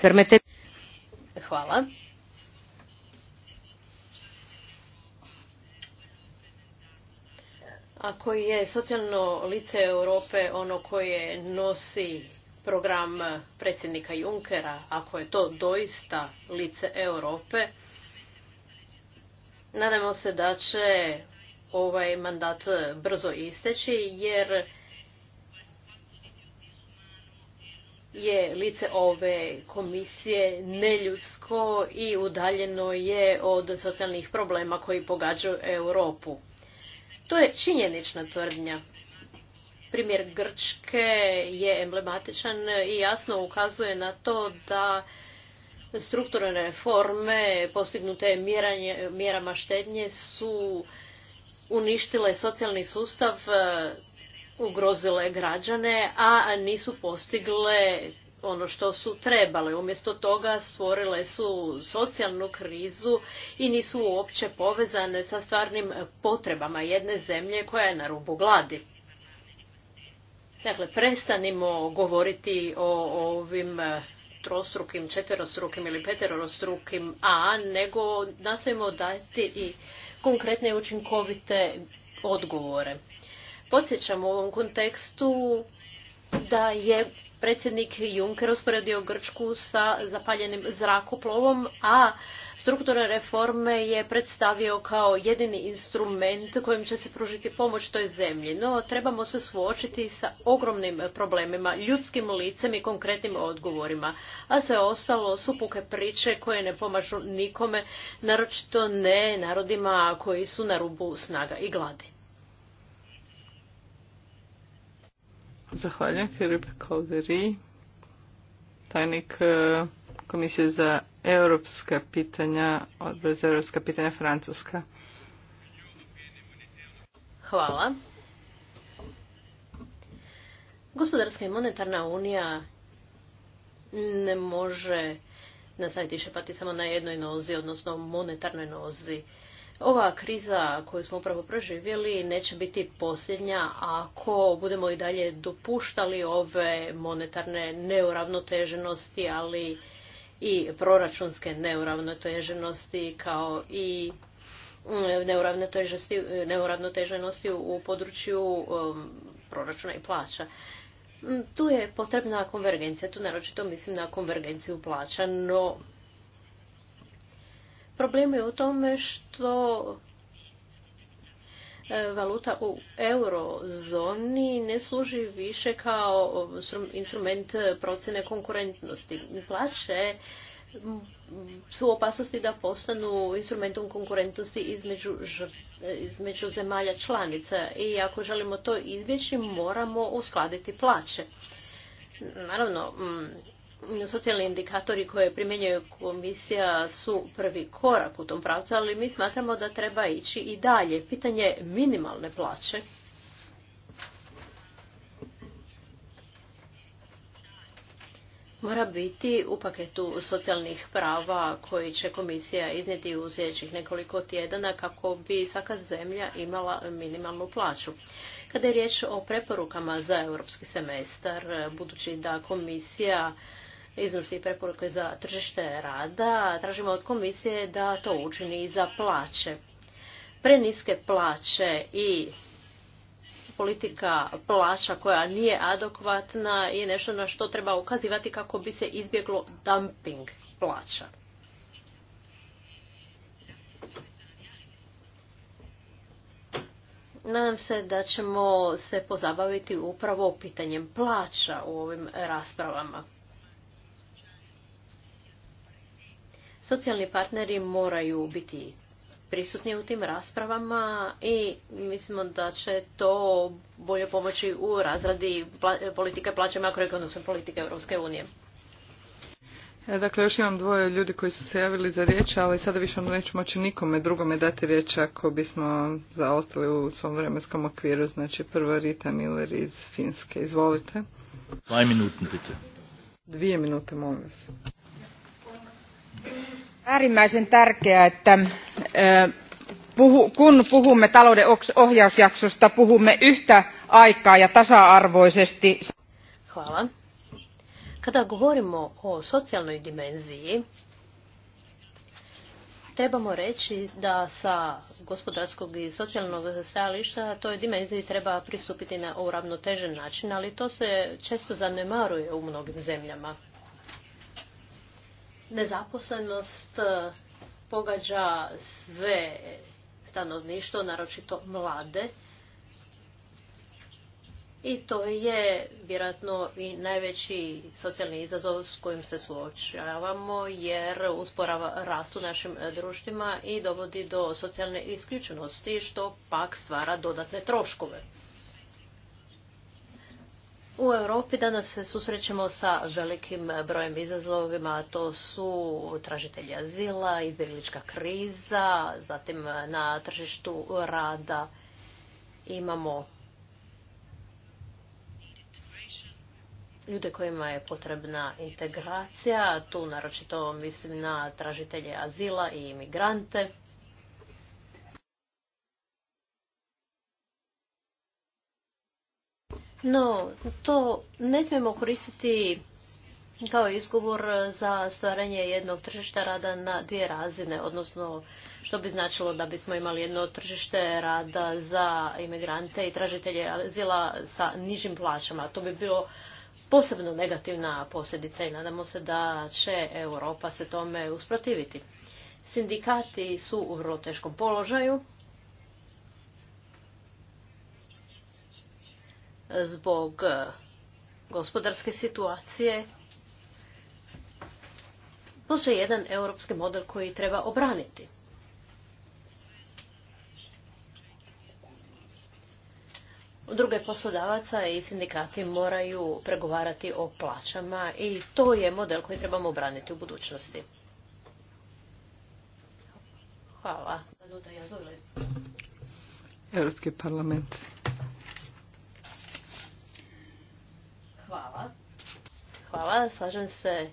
Hvala. Ako je socijalno lice Europe ono koje nosi program predsjednika Junkera, ako je to doista lice Europe, nadamo se da će ovaj mandat brzo isteći jer je lice ove komisije neljusko i udaljeno je od socijalnih problema koji pogađaju Europu. To je činjenična tvrdnja. Primjer Grčke je emblematičan i jasno ukazuje na to da strukturne reforme postignute mjerama štednje su uništile socijalni sustav ugrozile građane, a nisu postigle ono što su trebale. Umjesto toga stvorile su socijalnu krizu i nisu uopće povezane sa stvarnim potrebama jedne zemlje koja je na rubu gladi. Dakle, prestanimo govoriti o ovim eh, trostrukim, četverostrukim ili peterostrukim A, nego nastojimo dati i konkretne učinkovite odgovore. Podsjećam u ovom kontekstu da je predsjednik Juncker usporedio Grčku sa zapaljenim zrakoplovom, a strukturne reforme je predstavio kao jedini instrument kojim će se pružiti pomoć toj zemlji. No, trebamo se suočiti sa ogromnim problemima, ljudskim licem i konkretnim odgovorima. A sve ostalo su puke priče koje ne pomažu nikome, naročito ne narodima koji su na rubu snaga i gladi. Zahvaljujem, Filip tajnik e, Komisije za europska pitanja, odbor za europska pitanja Francuska. Hvala. Gospodarska i monetarna unija ne može nastaviti šepati samo na jednoj nozi, odnosno monetarnoj nozi. Ova kriza koju smo upravo proživjeli neće biti posljednja ako budemo i dalje dopuštali ove monetarne neuravnoteženosti, ali i proračunske neuravnoteženosti kao i mm, neuravnoteženosti u području um, proračuna i plaća. Mm, tu je potrebna konvergencija, tu naročito mislim na konvergenciju plaća, no Problem je u tome što e, valuta u eurozoni ne služi više kao instrument procjene konkurentnosti. Plaće su opasnosti da postanu instrumentom konkurentnosti između, između zemalja članica i ako želimo to izbjeći moramo uskladiti plaće. Naravno, socijalni indikatori koje primjenjuje komisija su prvi korak u tom pravcu, ali mi smatramo da treba ići i dalje. Pitanje minimalne plaće. mora biti u paketu socijalnih prava koji će komisija iznijeti u sljedećih nekoliko tjedana kako bi svaka zemlja imala minimalnu plaću. Kada je riječ o preporukama za europski semestar, budući da komisija iznosi preporuke za tržište rada, tražimo od komisije da to učini i za plaće. Preniske plaće i politika plaća koja nije adekvatna je nešto na što treba ukazivati kako bi se izbjeglo dumping plaća. Nadam se da ćemo se pozabaviti upravo pitanjem plaća u ovim raspravama. Socijalni partneri moraju biti prisutni u tim raspravama i mislimo da će to bolje pomoći u razradi politike plaće makroekonomske politike Europske unije. E, dakle, još imam dvoje ljudi koji su se javili za riječ, ali sada više ono neću moći nikome drugome dati riječ ako bismo zaostali u svom vremenskom okviru. Znači, prva Rita Miller iz Finske. Izvolite. Dvije minute, molim vas äärimmäisen tärkeää että kun puhumme talouden ohjausjaksosta puhumme yhtä aikaa ja tasa arvoisesti. Hvala. Kada govorimo o socijalnoj dimenziji, trebamo reći da sa gospodarskog i socijalnog stajališta toj dimenziji treba pristupiti na uravnotežen način, ali to se često zanemaruje u mnogim zemljama. Nezaposlenost e, pogađa sve stanovništvo, naročito mlade. I to je vjerojatno i najveći socijalni izazov s kojim se suočavamo jer usporava rast u našim e, društvima i dovodi do socijalne isključenosti što pak stvara dodatne troškove. U Europi danas se susrećemo sa velikim brojem izazovima, to su tražitelji azila, izbjeglička kriza, zatim na tržištu rada imamo ljude kojima je potrebna integracija, tu naročito mislim na tražitelje azila i imigrante. No, to ne smijemo koristiti kao izgovor za stvaranje jednog tržišta rada na dvije razine, odnosno što bi značilo da bismo imali jedno tržište rada za imigrante i tražitelje azila sa nižim plaćama. To bi bilo posebno negativna posljedica i nadamo se da će Europa se tome usprotiviti. Sindikati su u vrlo teškom položaju, zbog e, gospodarske situacije. Postoji jedan europski model koji treba obraniti. Druge poslodavaca i sindikati moraju pregovarati o plaćama i to je model koji trebamo obraniti u budućnosti. Hvala. Europski parlament. Hvala. Hvala, slažem se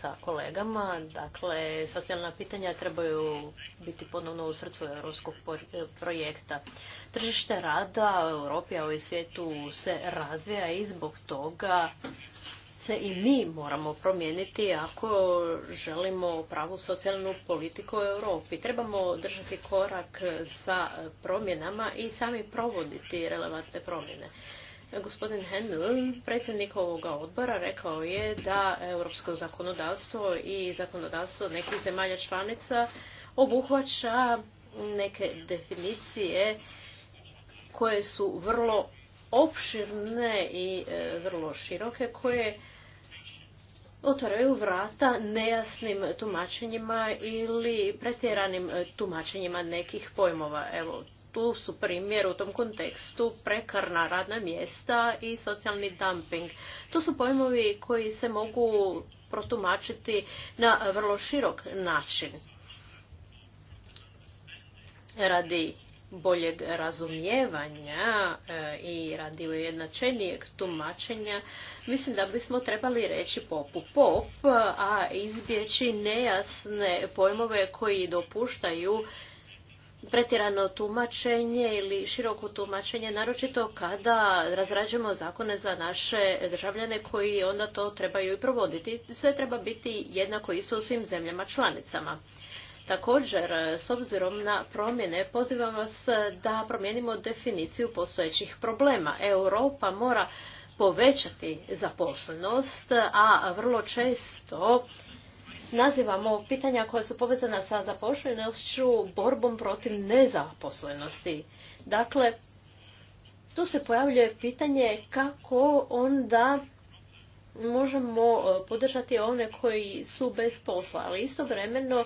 sa kolegama. Dakle, socijalna pitanja trebaju biti ponovno u srcu europskog projekta. Tržište rada u Europi, a i svijetu se razvija i zbog toga se i mi moramo promijeniti ako želimo pravu socijalnu politiku u Europi. Trebamo držati korak sa promjenama i sami provoditi relevantne promjene. Gospodin Hendel, predsjednik ovoga odbora, rekao je da europsko zakonodavstvo i zakonodavstvo nekih zemalja članica obuhvaća neke definicije koje su vrlo opširne i e, vrlo široke, koje otvaraju vrata nejasnim tumačenjima ili pretjeranim e, tumačenjima nekih pojmova. Evo, tu su primjer u tom kontekstu prekarna radna mjesta i socijalni dumping. To su pojmovi koji se mogu protumačiti na vrlo širok način. Radi boljeg razumijevanja e, i radi ujednačenijeg tumačenja, mislim da bismo trebali reći popu pop, a izbjeći nejasne pojmove koji dopuštaju pretjerano tumačenje ili široko tumačenje, naročito kada razrađujemo zakone za naše državljane koji onda to trebaju i provoditi. Sve treba biti jednako isto u svim zemljama članicama. Također, s obzirom na promjene, pozivam vas da promijenimo definiciju postojećih problema. Europa mora povećati zaposlenost, a vrlo često nazivamo pitanja koja su povezana sa zaposlenošću borbom protiv nezaposlenosti. Dakle, tu se pojavljuje pitanje kako onda možemo podržati one koji su bez posla, ali istovremeno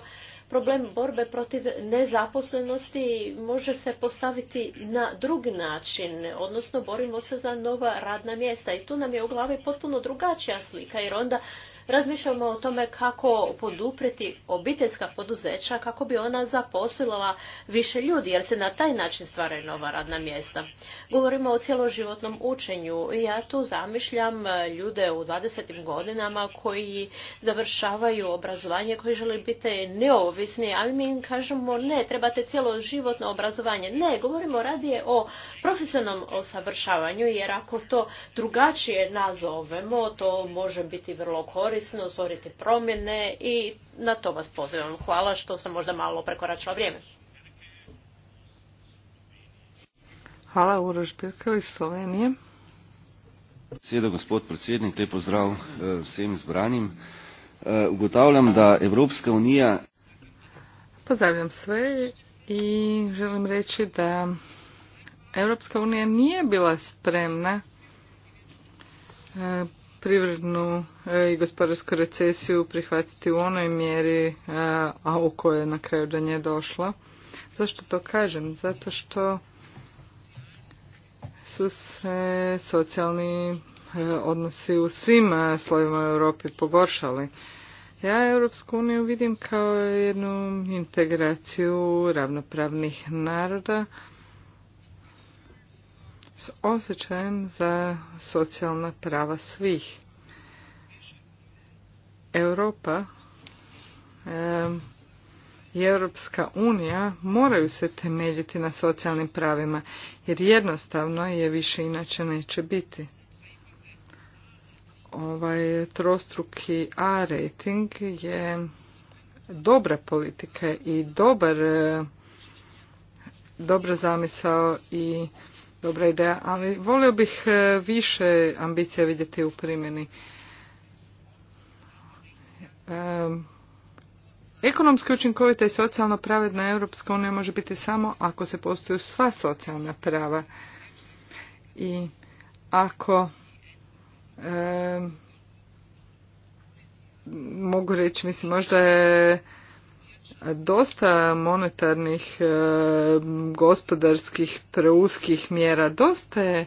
problem borbe protiv nezaposlenosti može se postaviti na drugi način, odnosno borimo se za nova radna mjesta i tu nam je u glavi potpuno drugačija slika jer onda razmišljamo o tome kako podupreti obiteljska poduzeća kako bi ona zaposlila više ljudi jer se na taj način stvaraju nova radna mjesta. Govorimo o cjeloživotnom učenju i ja tu zamišljam ljude u 20. godinama koji završavaju obrazovanje, koji žele biti neovisni, a mi im kažemo ne, trebate cjeloživotno obrazovanje. Ne, govorimo radije o profesionalnom osavršavanju jer ako to drugačije nazovemo, to može biti vrlo korisno neovisno, stvoriti promjene i na to vas pozivam. Hvala što sam možda malo prekoračila vrijeme. Hvala Uroš Slovenije. Seveda, gospod predsjednik, te pozdrav e, svim izbranim. E, ugotavljam, da Evropska unija... Pozdravljam sve i želim reći da Europska unija nije bila spremna e, privrednu eh, i gospodarsku recesiju prihvatiti u onoj mjeri eh, a u kojoj je na kraju do nje došla. Zašto to kažem? Zato što su se socijalni eh, odnosi u svim slojima u Europi pogoršali. Ja Europsku uniju vidim kao jednu integraciju ravnopravnih naroda s osjećajem za socijalna prava svih. Europa i Europska unija moraju se temeljiti na socijalnim pravima, jer jednostavno je više inače neće biti. Ovaj trostruki A rating je dobra politika i dobar, dobra zamisao i dobra ideja, ali volio bih e, više ambicija vidjeti u primjeni. E, ekonomski učinkovita i socijalno pravedna Europska unija može biti samo ako se postoju sva socijalna prava i ako e, mogu reći, mislim, možda je dosta monetarnih, e, gospodarskih, preuskih mjera, dosta je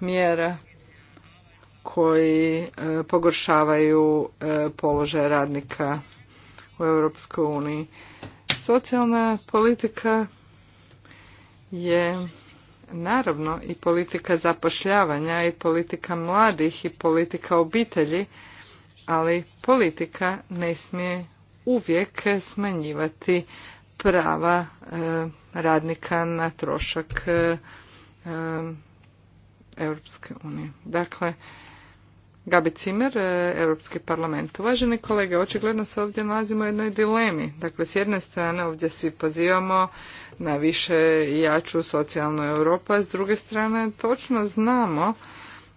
mjera koji e, pogoršavaju e, položaj radnika u Europskoj uniji. Socijalna politika je naravno i politika zapošljavanja i politika mladih i politika obitelji, ali politika ne smije uvijek smanjivati prava e, radnika na trošak e, e, Europske unije. Dakle, Gabi Cimer, Europski parlament. Uvaženi kolege, očigledno se ovdje nalazimo u jednoj dilemi. Dakle, s jedne strane ovdje svi pozivamo na više jaču socijalnu Europu, a s druge strane točno znamo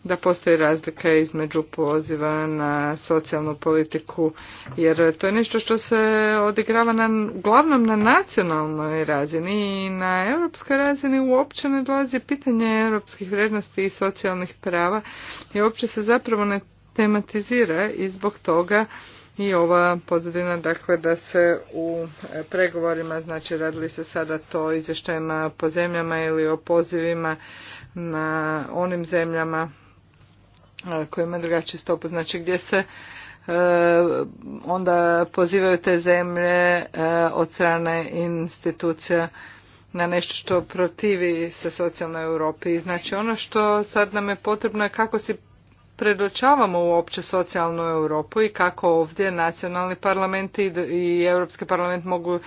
da postoji razlika između poziva na socijalnu politiku, jer to je nešto što se odigrava na, uglavnom na nacionalnoj razini i na europskoj razini uopće ne dolazi pitanje europskih vrijednosti i socijalnih prava i uopće se zapravo ne tematizira i zbog toga i ova pozadina dakle da se u pregovorima znači radili se sada to izvještajima po zemljama ili o pozivima na onim zemljama koji ima drugačiju stopu, znači gdje se e, onda pozivaju te zemlje e, od strane institucija na nešto što protivi se socijalnoj Europi. Znači ono što sad nam je potrebno je kako si predočavamo uopće socijalnu Europu i kako ovdje nacionalni parlamenti i Europski parlament mogu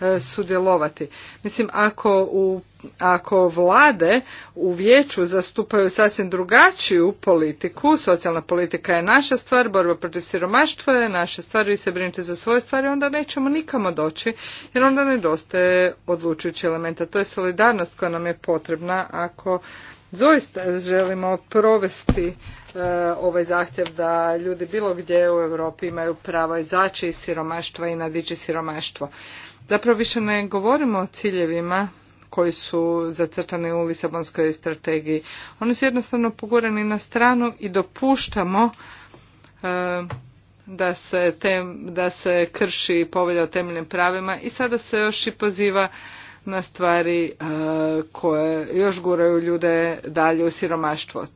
e, sudjelovati. Mislim, ako, u, ako vlade u vijeću zastupaju sasvim drugačiju politiku, socijalna politika je naša stvar, borba protiv siromaštva je naša stvar, vi se brinite za svoje stvari, onda nećemo nikamo doći, jer onda nedostaje odlučujući elementa. To je solidarnost koja nam je potrebna ako doista želimo provesti e, ovaj zahtjev da ljudi bilo gdje u Europi imaju pravo izaći iz siromaštva i nadići siromaštvo. Zapravo više ne govorimo o ciljevima koji su zacrtani u Lisabonskoj strategiji. Oni su jednostavno pogurani na stranu i dopuštamo e, da se, da se krši povelja o temeljnim pravima i sada se još i poziva na stvari e, koje još guraju ljude dalje u siromaštvo.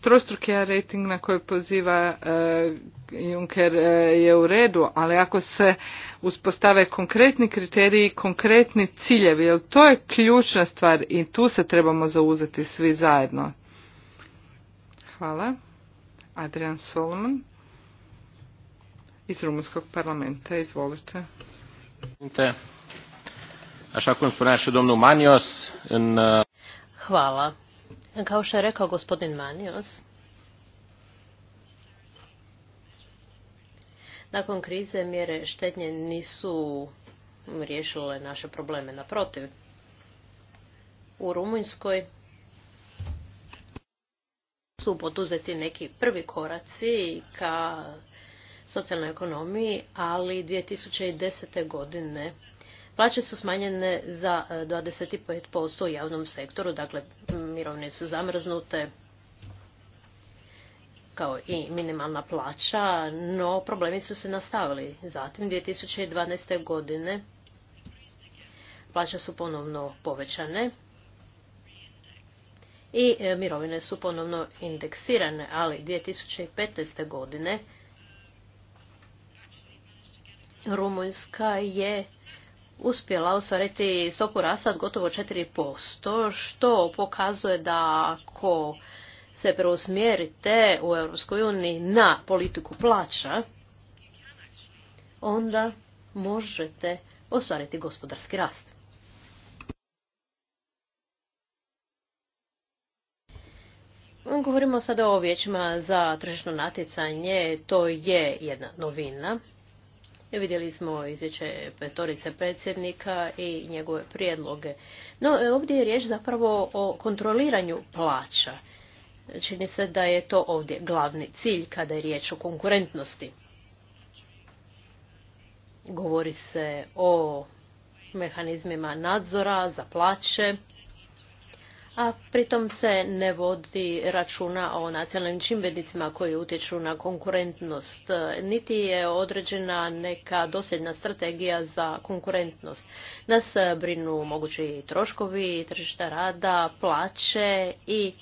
Trostruki rating na koji poziva e, Juncker e, je u redu, ali ako se uspostave konkretni kriteriji, konkretni ciljevi, jer to je ključna stvar i tu se trebamo zauzeti svi zajedno. Hvala. Adrian Solomon iz Rumunskog parlamenta. Izvolite. Uh, Hvala. Kao što je rekao gospodin Manios, nakon krize mjere štednje nisu riješile naše probleme. Naprotiv, u Rumunjskoj su poduzeti neki prvi koraci ka socijalnoj ekonomiji, ali 2010. godine Plaće su smanjene za 25% e, u javnom sektoru, dakle mirovne su zamrznute kao i minimalna plaća, no problemi su se nastavili. Zatim 2012. godine plaće su ponovno povećane i e, mirovine su ponovno indeksirane, ali 2015. godine Rumunjska je uspjela ostvariti stopu rasta od gotovo 4%, što pokazuje da ako se preusmjerite u EU uniji na politiku plaća, onda možete ostvariti gospodarski rast. Govorimo sada o vijećima za tržišno natjecanje, to je jedna novina E, vidjeli smo izvješće petorice predsjednika i njegove prijedloge. No e, ovdje je riječ zapravo o kontroliranju plaća. Čini se da je to ovdje glavni cilj kada je riječ o konkurentnosti. Govori se o mehanizmima nadzora za plaće, a pritom se ne vodi računa o nacionalnim čimbenicima koji utječu na konkurentnost, niti je određena neka dosljedna strategija za konkurentnost. Nas brinu mogući troškovi, tržišta rada, plaće i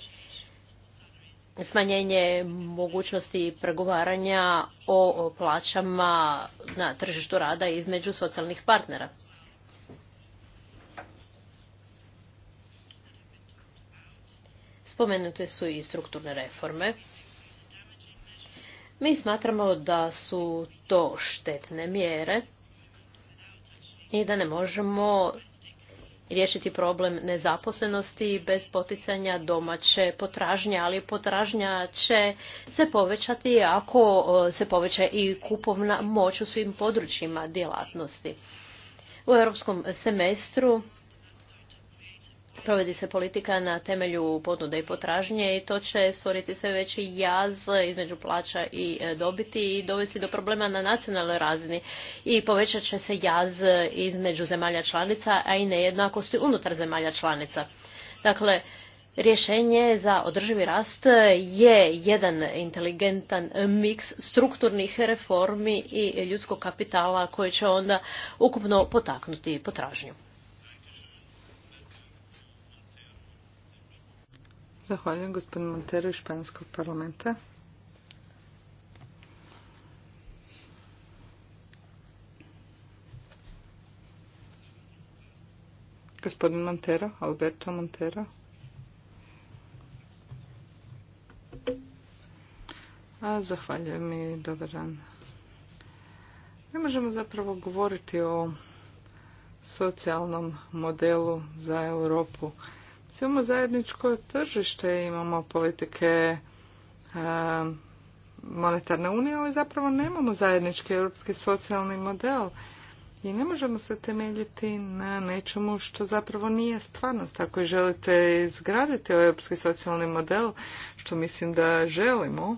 smanjenje mogućnosti pregovaranja o plaćama na tržištu rada između socijalnih partnera. Spomenute su i strukturne reforme. Mi smatramo da su to štetne mjere i da ne možemo riješiti problem nezaposlenosti bez poticanja domaće potražnje, ali potražnja će se povećati ako e, se poveća i kupovna moć u svim područjima djelatnosti. U europskom semestru provodi se politika na temelju ponude i potražnje i to će stvoriti sve veći jaz između plaća i e, dobiti i dovesti do problema na nacionalnoj razini i povećat će se jaz između zemalja članica, a i nejednakosti unutar zemalja članica. Dakle, Rješenje za održivi rast je jedan inteligentan miks strukturnih reformi i ljudskog kapitala koji će onda ukupno potaknuti potražnju. Zahvaljujem gospodinu Montero iz Španjolskog parlamenta. Gospodin Montero, Alberto Montero. A, zahvaljujem i dobar dan. Ne možemo zapravo govoriti o socijalnom modelu za Europu Imamo zajedničko tržište, imamo politike e, monetarne unije, ali zapravo nemamo zajednički europski socijalni model i ne možemo se temeljiti na nečemu što zapravo nije stvarnost. Ako želite izgraditi ovaj europski socijalni model, što mislim da želimo,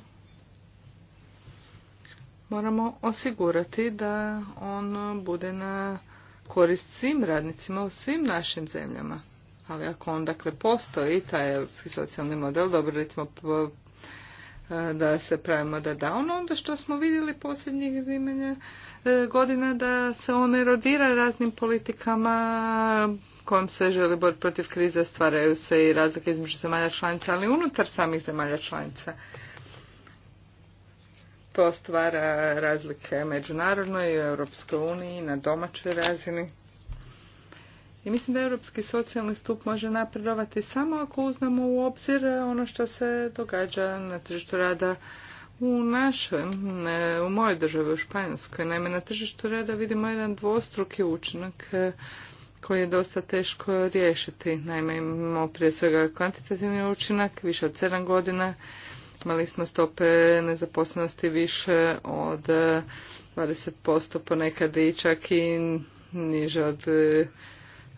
moramo osigurati da on bude na korist svim radnicima u svim našim zemljama. Ali ako on dakle postoji taj europski socijalni model, dobro recimo e, da se pravimo da da ono onda što smo vidjeli posljednjih zimenja e, godina da se on erodira raznim politikama kojom se želi boriti protiv krize, stvaraju se i razlike između zemalja članica, ali unutar samih zemalja članica. To stvara razlike međunarodnoj i u Europskoj uniji na domaćoj razini. I mislim da europski socijalni stup može napredovati samo ako uzmemo u obzir ono što se događa na tržištu rada u našoj, u mojoj državi, u Španjolskoj. Naime, na tržištu rada vidimo jedan dvostruki učinak e, koji je dosta teško riješiti. Naime, imamo prije svega kvantitativni učinak, više od 7 godina. Imali smo stope nezaposlenosti više od 20%, e, ponekad i čak i niže od e,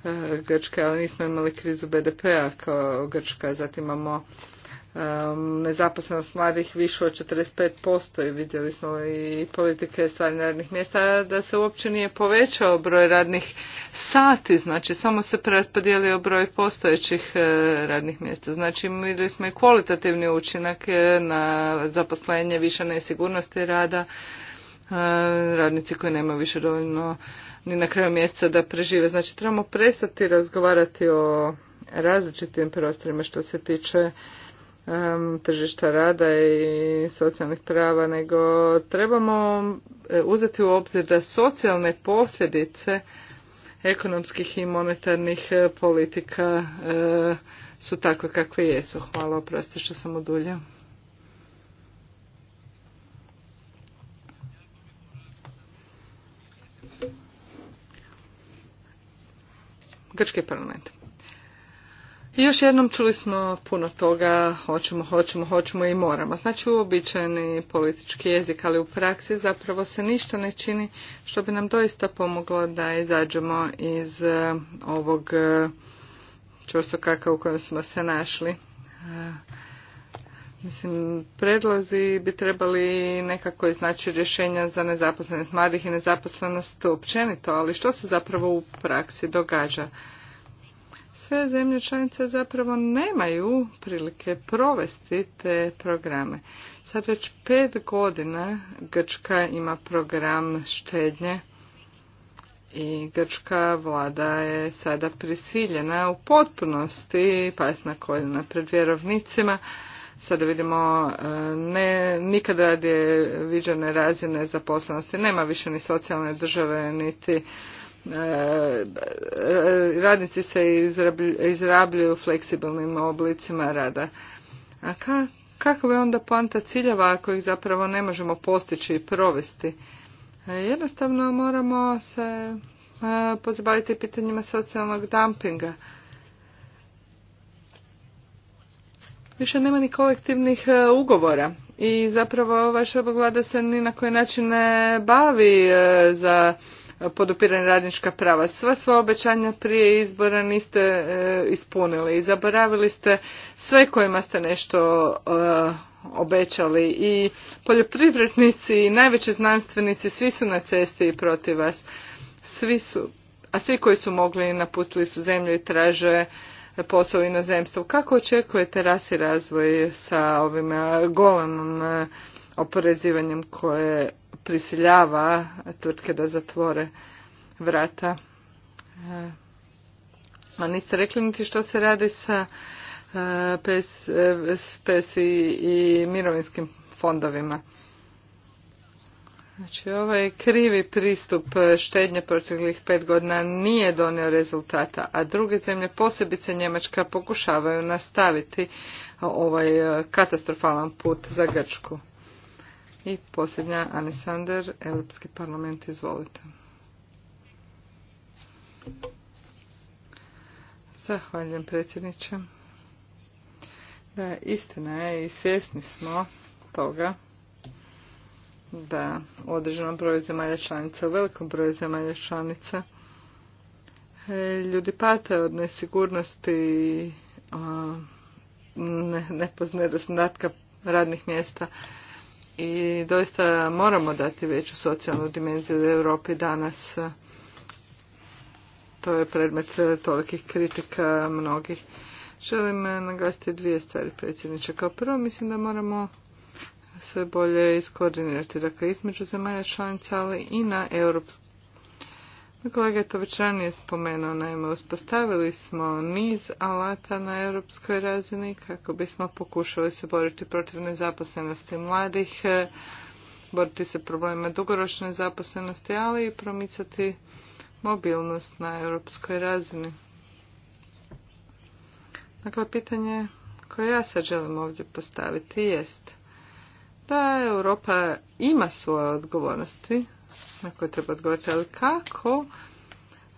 E, Grčke, ali nismo imali krizu BDP-a kao Grčka, zatim imamo e, nezaposlenost mladih više od 45% i vidjeli smo i politike stvaranja radnih mjesta da se uopće nije povećao broj radnih sati, znači samo se preraspodijelio broj postojećih e, radnih mjesta. Znači vidjeli smo i kvalitativni učinak na zaposlenje, više nesigurnosti rada, radnici koji nemaju više dovoljno ni na kraju mjeseca da prežive. Znači trebamo prestati razgovarati o različitim prostorima što se tiče tržišta rada i socijalnih prava, nego trebamo e, uzeti u obzir da socijalne posljedice ekonomskih i monetarnih e, politika e, su takve kakve jesu. Hvala, oprosti što sam oduljao. Grčki parlament. I još jednom čuli smo puno toga, hoćemo, hoćemo, hoćemo i moramo. Znači uobičajeni politički jezik, ali u praksi zapravo se ništa ne čini što bi nam doista pomoglo da izađemo iz e, ovog e, čvrstokaka u kojem smo se našli. E, Mislim, predlozi bi trebali nekako iznaći rješenja za nezaposlenost mladih i nezaposlenost općenito, ali što se zapravo u praksi događa? Sve zemlje članice zapravo nemaju prilike provesti te programe. Sad već pet godina Grčka ima program štednje i grčka vlada je sada prisiljena u potpunosti pas na pred vjerovnicima Sada vidimo e, ne, nikad radije viđene razine zaposlenosti. Nema više ni socijalne države, niti e, radnici se izrabljuju fleksibilnim oblicima rada. A ka, kakva je onda poanta ciljeva ako ih zapravo ne možemo postići i provesti? E, jednostavno moramo se pozabaviti pitanjima socijalnog dumpinga. više nema ni kolektivnih e, ugovora i zapravo vaša vlada se ni na koji način ne bavi e, za podupiranje radnička prava. Sva sva obećanja prije izbora niste e, ispunili i zaboravili ste sve kojima ste nešto obećali i poljoprivrednici i najveći znanstvenici svi su na cesti i protiv vas. Svi su, a svi koji su mogli napustili su zemlju i traže posao u inozemstvu. Kako očekujete rasi razvoj sa ovim e, golemom e, oporezivanjem koje prisiljava tvrtke da zatvore vrata? Ma e, niste rekli niti što se radi sa PES, i mirovinskim fondovima. Znači, ovaj krivi pristup e, štednje proteklih pet godina nije donio rezultata, a druge zemlje, posebice Njemačka, pokušavaju nastaviti e, ovaj e, katastrofalan put za Grčku. I posljednja, Anisander, Europski parlament, izvolite. Zahvaljujem predsjedniče. Da, istina je i svjesni smo toga da u određenom broju zemalja članica, u velikom broju zemalja članica, e, ljudi pate od nesigurnosti, nedostatka radnih mjesta i doista moramo dati veću socijalnu dimenziju u Europi danas. To je predmet tolikih kritika mnogih. Želim naglasiti dvije stvari predsjedniče. Kao prvo mislim da moramo sve bolje iskoordinirati, dakle između zemalja članica, ali i na europsku. Kolega je to već ranije spomenuo, naime, uspostavili smo niz alata na europskoj razini kako bismo pokušali se boriti protiv nezaposlenosti mladih, e, boriti se problema dugoročne zaposlenosti, ali i promicati mobilnost na europskoj razini. Dakle, pitanje koje ja sad želim ovdje postaviti jest da Europa ima svoje odgovornosti na koje treba odgovoriti, ali kako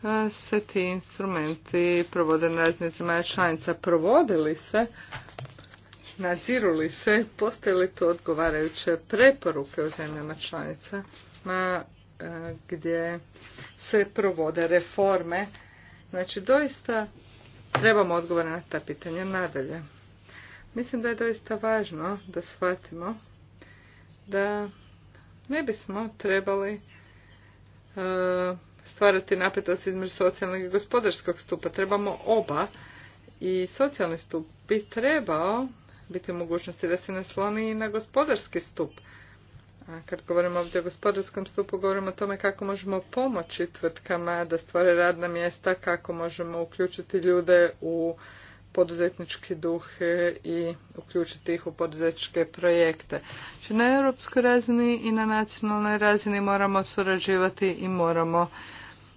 e, se ti instrumenti provode na razne zemalja članica, provodili se, nadziru li se, postoje li tu odgovarajuće preporuke u zemljama članica e, gdje se provode reforme. Znači, doista trebamo odgovore na ta pitanja nadalje. Mislim da je doista važno da shvatimo da ne bismo trebali e, stvarati napetost između socijalnog i gospodarskog stupa. Trebamo oba i socijalni stup bi trebao biti u mogućnosti da se nasloni i na gospodarski stup. A kad govorimo ovdje o gospodarskom stupu, govorimo o tome kako možemo pomoći tvrtkama da stvore radna mjesta, kako možemo uključiti ljude u poduzetnički duh i uključiti ih u poduzetničke projekte. Znači na europskoj razini i na nacionalnoj razini moramo surađivati i moramo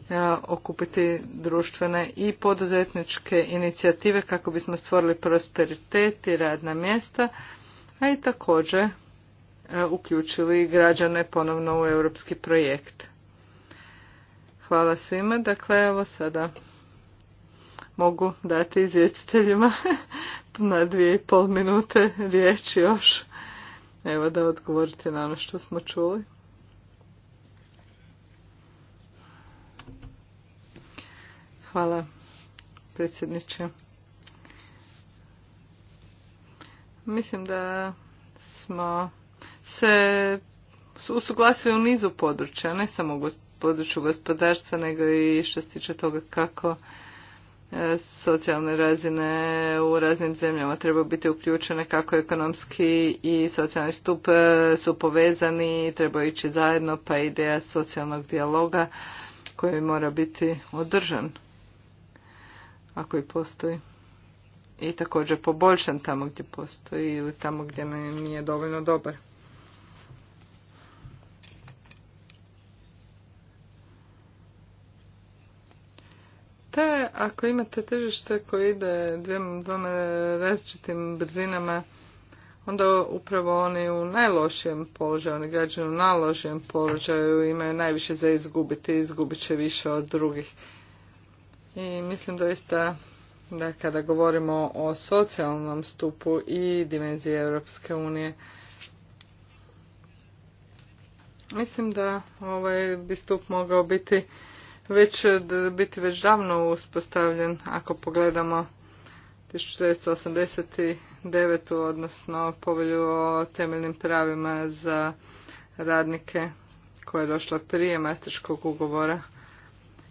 e, okupiti društvene i poduzetničke inicijative kako bismo stvorili prosperitet i radna mjesta, a i također e, uključili građane ponovno u europski projekt. Hvala svima. Dakle, evo sada mogu dati izvjestiteljima na dvije i pol minute riječi još. Evo da odgovorite na ono što smo čuli. Hvala predsjedniče. Mislim da smo se usuglasili u nizu područja, ne samo u području gospodarstva, nego i što se tiče toga kako E, socijalne razine u raznim zemljama trebaju biti uključene kako ekonomski i socijalni stup e, su povezani, treba ići zajedno, pa ideja socijalnog dijaloga koji mora biti održan ako i postoji i također poboljšan tamo gdje postoji ili tamo gdje nije dovoljno dobar. ako imate tržište koje ide dvama različitim brzinama, onda upravo oni u najlošijem položaju, oni građani u najlošijem položaju imaju najviše za izgubiti i izgubit će više od drugih. I mislim doista da kada govorimo o socijalnom stupu i dimenziji Europske unije, mislim da ovaj bi stup mogao biti već e, biti već davno uspostavljen ako pogledamo 1989. odnosno povelju o temeljnim pravima za radnike koja je došla prije masterskog ugovora,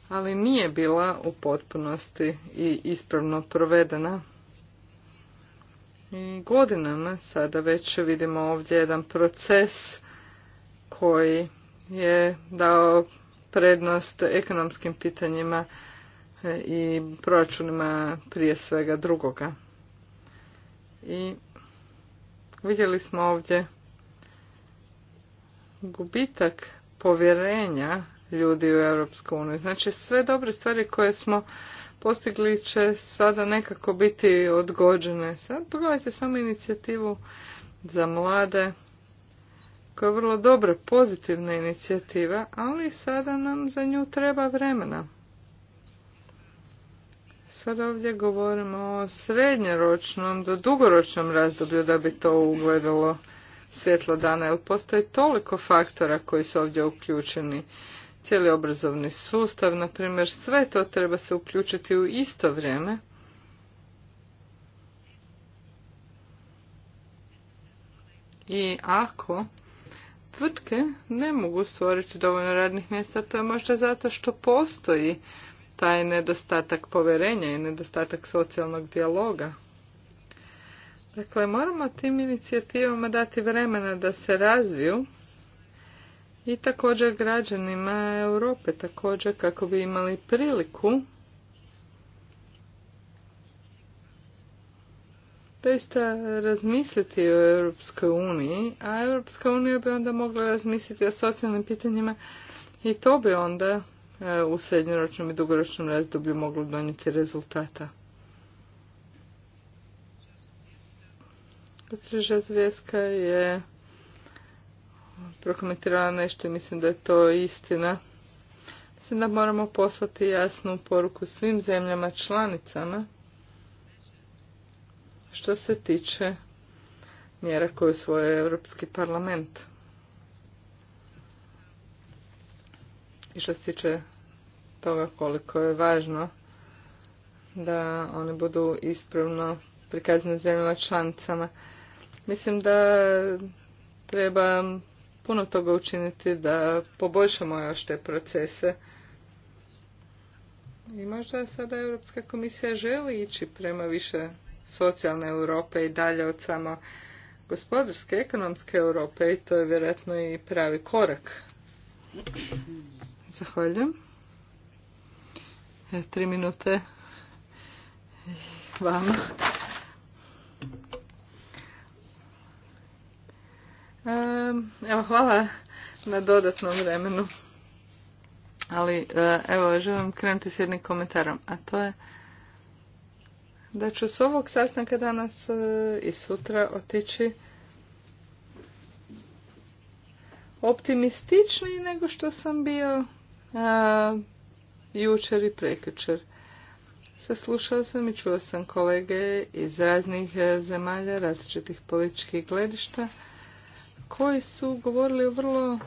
ali nije bila u potpunosti i ispravno provedena. I godinama sada već vidimo ovdje jedan proces koji je dao prednost ekonomskim pitanjima e, i proračunima prije svega drugoga. I vidjeli smo ovdje gubitak povjerenja ljudi u Europsku uniju. Znači sve dobre stvari koje smo postigli će sada nekako biti odgođene. Sad pogledajte samo inicijativu za mlade koja je vrlo dobra, pozitivna inicijativa, ali sada nam za nju treba vremena. Sada ovdje govorimo o srednjoročnom do dugoročnom razdoblju da bi to ugledalo svjetlo dana, jer postoji toliko faktora koji su ovdje uključeni. Cijeli obrazovni sustav, na primjer, sve to treba se uključiti u isto vrijeme. I ako tvrtke ne mogu stvoriti dovoljno radnih mjesta, to je možda zato što postoji taj nedostatak poverenja i nedostatak socijalnog dijaloga. Dakle, moramo tim inicijativama dati vremena da se razviju i također građanima Europe također kako bi imali priliku doista razmisliti o Europskoj uniji, a Europska unija bi onda mogla razmisliti o socijalnim pitanjima i to bi onda e, u srednjoročnom i dugoročnom razdoblju moglo donijeti rezultata. Gospođa Zvijeska je prokomentirala nešto i mislim da je to istina. Mislim da moramo poslati jasnu poruku svim zemljama članicama što se tiče mjera koju svoje Europski parlament. I što se tiče toga koliko je važno da one budu ispravno prikazane zemljama članicama. Mislim da treba puno toga učiniti da poboljšamo još te procese. I možda sada Europska komisija želi ići prema više socijalne Europe i dalje od samo gospodarske, ekonomske Europe i to je vjerojatno i pravi korak. Zahvaljujem. E, tri minute vama. Evo, hvala na dodatnom vremenu. Ali, e, evo, želim krenuti s jednim komentarom, a to je da ću s ovog sastanka danas e, i sutra otići optimističniji nego što sam bio e, jučer i prekjučer. Saslušao sam i čuo sam kolege iz raznih e, zemalja, različitih političkih gledišta, koji su govorili o vrlo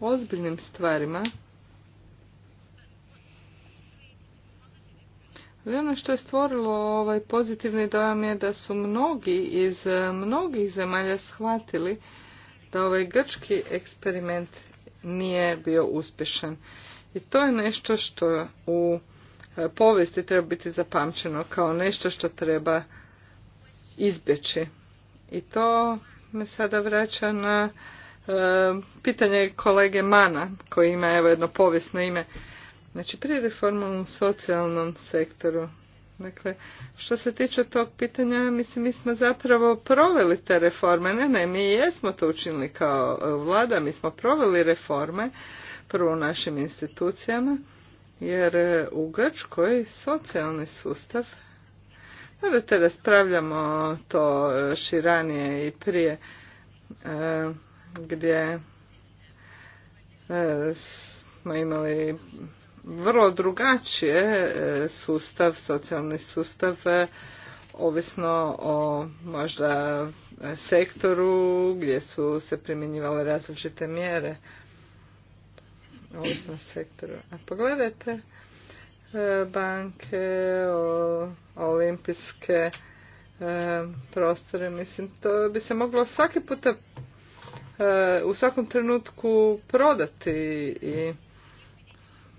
ozbiljnim stvarima I ono što je stvorilo ovaj pozitivni dojam je da su mnogi iz e, mnogih zemalja shvatili da ovaj grčki eksperiment nije bio uspješan. I to je nešto što u e, povijesti treba biti zapamćeno kao nešto što treba izbjeći. I to me sada vraća na e, pitanje kolege Mana koji ima evo jedno povijesno ime. Znači prije reforma u socijalnom sektoru. Dakle, što se tiče tog pitanja, mislim, mi smo zapravo proveli te reforme. Ne, ne, mi jesmo to učinili kao e, vlada, mi smo proveli reforme prvo u našim institucijama, jer e, u Grčkoj socijalni sustav, da te raspravljamo to e, širanije i prije, gdje smo imali vrlo drugačije e, sustav, socijalni sustav e, ovisno o možda sektoru gdje su se primjenjivale različite mjere ovisno o sektoru. A pogledajte e, banke, olimpijske prostore, mislim to bi se moglo svaki puta u svakom trenutku prodati i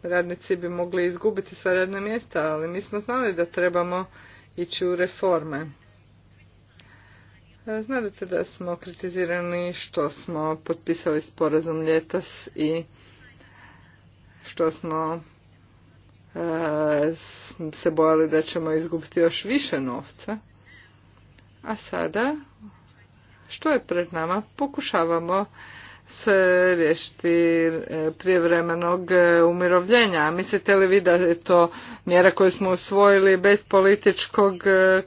radnici bi mogli izgubiti sva radna mjesta, ali mi smo znali da trebamo ići u reforme. E, znate da smo kritizirani što smo potpisali sporazum ljetas i što smo e, se bojali da ćemo izgubiti još više novca. A sada, što je pred nama, pokušavamo s riješiti e, prijevremenog e, umirovljenja. Mislite li vi da je to mjera koju smo usvojili bez političkog e,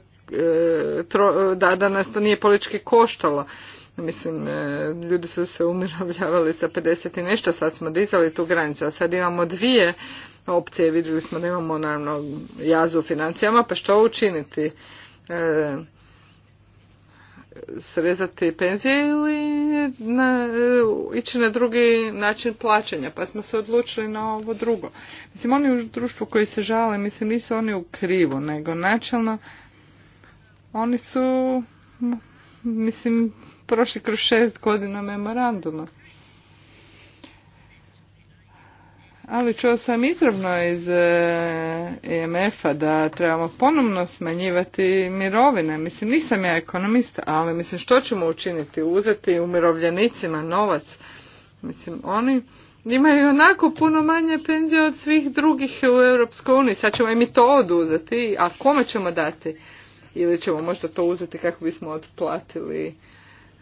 da, da nas to nije politički koštalo. Mislim, ljudi su se umirovljavali sa 50 i nešto, sad smo dizali tu granicu, a sad imamo dvije opcije, vidjeli smo da imamo naravno jazu u financijama, pa što učiniti? srezati penzije ili na, ići na drugi način plaćanja, pa smo se odlučili na ovo drugo. Mislim, oni u društvu koji se žale, mislim, nisu oni u krivu, nego načelno oni su, mislim, prošli kroz šest godina memoranduma. Ali čuo sam izravno iz IMF-a e, e da trebamo ponovno smanjivati mirovine. Mislim, nisam ja ekonomista, ali mislim što ćemo učiniti? Uzeti umirovljenicima novac? Mislim, oni imaju onako puno manje penzije od svih drugih u Europskoj uniji. Sad ćemo im i to oduzeti, a kome ćemo dati? Ili ćemo možda to uzeti kako bismo otplatili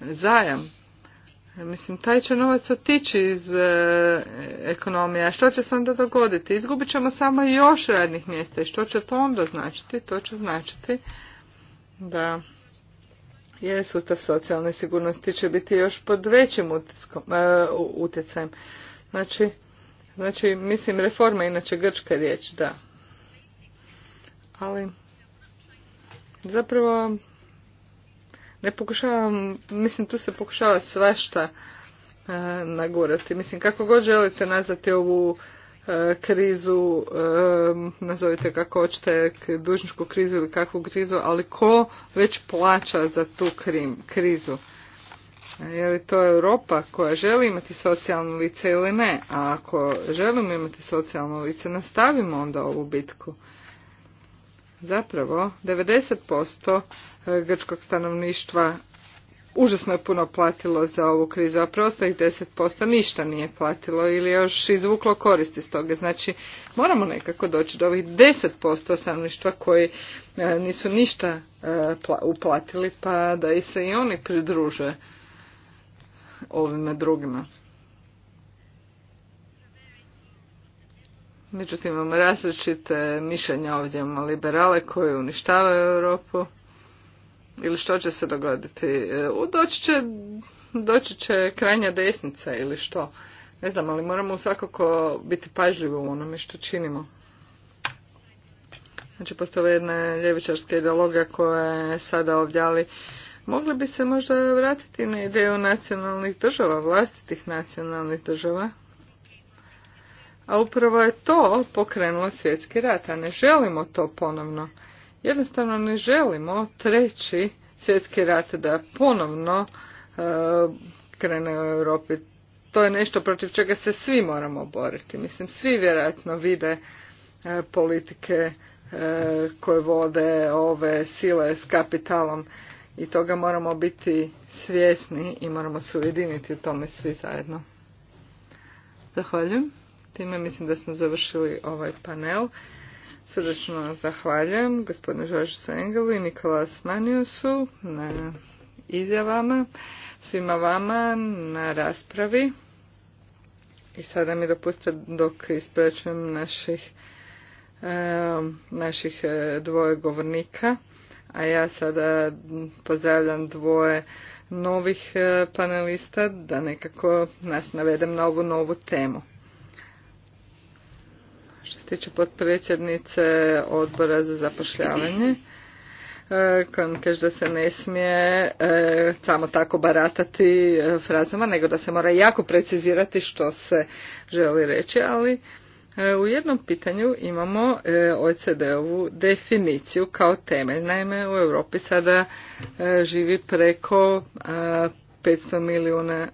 zajam? E, mislim, taj će novac otići iz e, ekonomije, a što će se onda dogoditi? Izgubit ćemo samo još radnih mjesta i što će to onda značiti? To će značiti da je sustav socijalne sigurnosti će biti još pod većim utiskom, e, utjecajem. Znači, znači, mislim, reforma je inače grčka riječ, da. Ali, zapravo, ne pokušavam, mislim tu se pokušava svašta e, nagurati. Mislim kako god želite nazvati ovu e, krizu, e, nazovite kako hoćete dužničku krizu ili kakvu krizu, ali ko već plaća za tu krim, krizu? Je li to Europa koja želi imati socijalno lice ili ne? A ako želimo imati socijalno lice, nastavimo onda ovu bitku. Zapravo, 90% e, grčkog stanovništva užasno je puno platilo za ovu krizu, a preostalih 10% ništa nije platilo ili još izvuklo koristi iz toga. Znači, moramo nekako doći do ovih 10% stanovništva koji e, nisu ništa e, uplatili, pa da i se i oni pridruže ovima drugima. Međutim, imamo različite mišljenja ovdje. Imamo liberale koji uništavaju Europu. Ili što će se dogoditi? E, doći će, doći će krajnja desnica ili što. Ne znam, ali moramo svakako biti pažljivi u onome što činimo. Znači, postoje jedna ljevičarska ideologija koja je sada ovdje, ali mogli bi se možda vratiti na ideju nacionalnih država, vlastitih nacionalnih država. A upravo je to pokrenulo svjetski rat, a ne želimo to ponovno. Jednostavno ne želimo treći svjetski rat da ponovno e, krene u Europi. To je nešto protiv čega se svi moramo boriti. Mislim, svi vjerojatno vide e, politike e, koje vode ove sile s kapitalom i toga moramo biti svjesni i moramo se ujediniti u tome svi zajedno. Zahvaljujem. Time mislim da smo završili ovaj panel. Srdečno zahvaljujem gospodinu Žožisu Engelu i Nikolas Maniusu na izjavama, svima vama na raspravi. I sada mi dopustite dok isprečujem naših, ehm, naših e, dvoje govornika. A ja sada pozdravljam dvoje novih e, panelista da nekako nas navedem na ovu novu temu. Što se tiče potpredsjednice odbora za zapošljavanje, e, kojom kaže da se ne smije e, samo tako baratati e, frazama, nego da se mora jako precizirati što se želi reći, ali u jednom pitanju imamo OECD-ovu definiciju kao temelj. Naime, u Europi sada živi preko 500 milijuna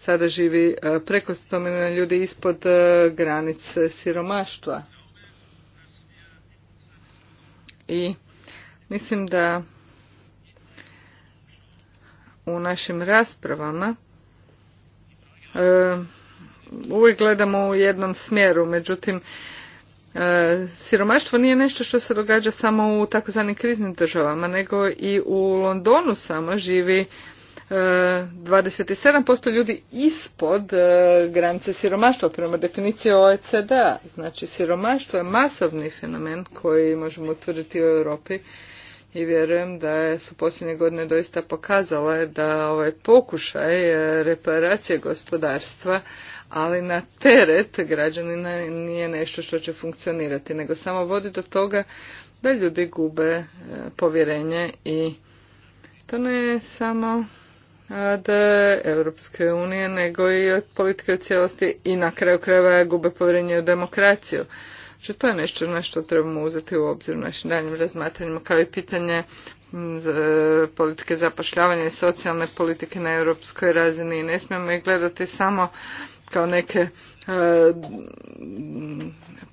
sada živi e, preko milijuna ljudi ispod e, granice siromaštva. I mislim da u našim raspravama e, uvijek gledamo u jednom smjeru, međutim siromaštvo nije nešto što se događa samo u takozvanim kriznim državama, nego i u Londonu samo živi 27% ljudi ispod e, granice siromaštva prema definiciji OECD-a. Znači siromaštvo je masovni fenomen koji možemo utvrditi u Europi i vjerujem da su posljednje godine doista pokazale da ovaj pokušaj e, reparacije gospodarstva, ali na teret građanina nije nešto što će funkcionirati, nego samo vodi do toga da ljudi gube e, povjerenje i to ne je samo od Europske unije, nego i od politike u cijelosti i na kraju krajeva gube povjerenje u demokraciju. Znači, to je nešto na što trebamo uzeti u obzir u našim danjim razmatranjima, kao i pitanje politike zapošljavanja i socijalne politike na europskoj razini. Ne smijemo ih gledati samo kao neke e,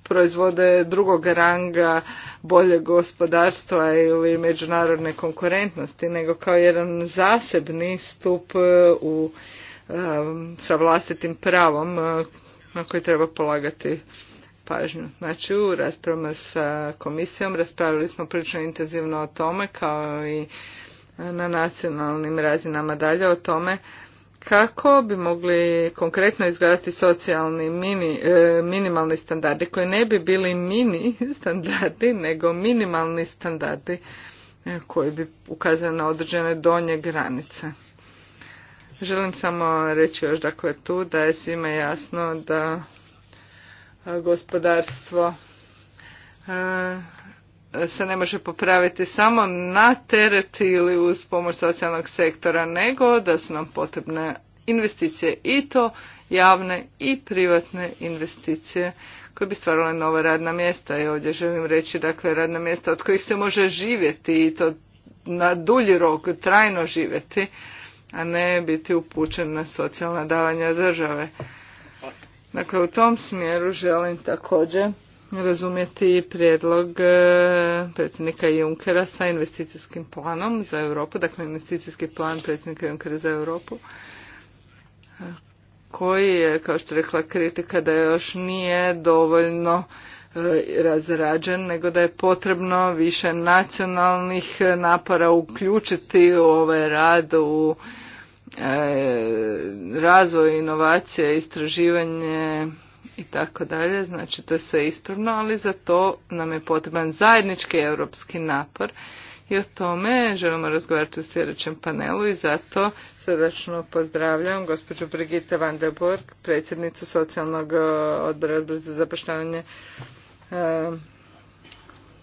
proizvode drugog ranga bolje gospodarstva ili međunarodne konkurentnosti, nego kao jedan zasebni stup e, u, e, sa vlastitim pravom na koji treba polagati pažnju. Znači u raspravama sa komisijom raspravili smo prilično intenzivno o tome kao i na nacionalnim razinama dalje o tome kako bi mogli konkretno izgledati socijalni mini, e, minimalni standardi koji ne bi bili mini standardi nego minimalni standardi e, koji bi ukazali na određene donje granice. Želim samo reći još dakle tu da je svima jasno da gospodarstvo se ne može popraviti samo na teret ili uz pomoć socijalnog sektora, nego da su nam potrebne investicije i to javne i privatne investicije koje bi stvarale nova radna mjesta. I ovdje želim reći, dakle, radna mjesta od kojih se može živjeti i to na dulji rok, trajno živjeti, a ne biti upućen na socijalna davanja države. Dakle, u tom smjeru želim također razumjeti prijedlog e, predsjednika Junkera sa investicijskim planom za Europu, dakle investicijski plan predsjednika Junkera za Europu, e, koji je, kao što rekla kritika, da još nije dovoljno e, razrađen, nego da je potrebno više nacionalnih napora uključiti u ovaj rad u razvoj inovacije, istraživanje i tako dalje. Znači to je sve ispravno, ali za to nam je potreban zajednički europski napor i o tome želimo razgovarati u sljedećem panelu i zato srdačno pozdravljam gospođu Brigitte van der Borg, predsjednicu socijalnog e, odbora odbora za zapošljavanje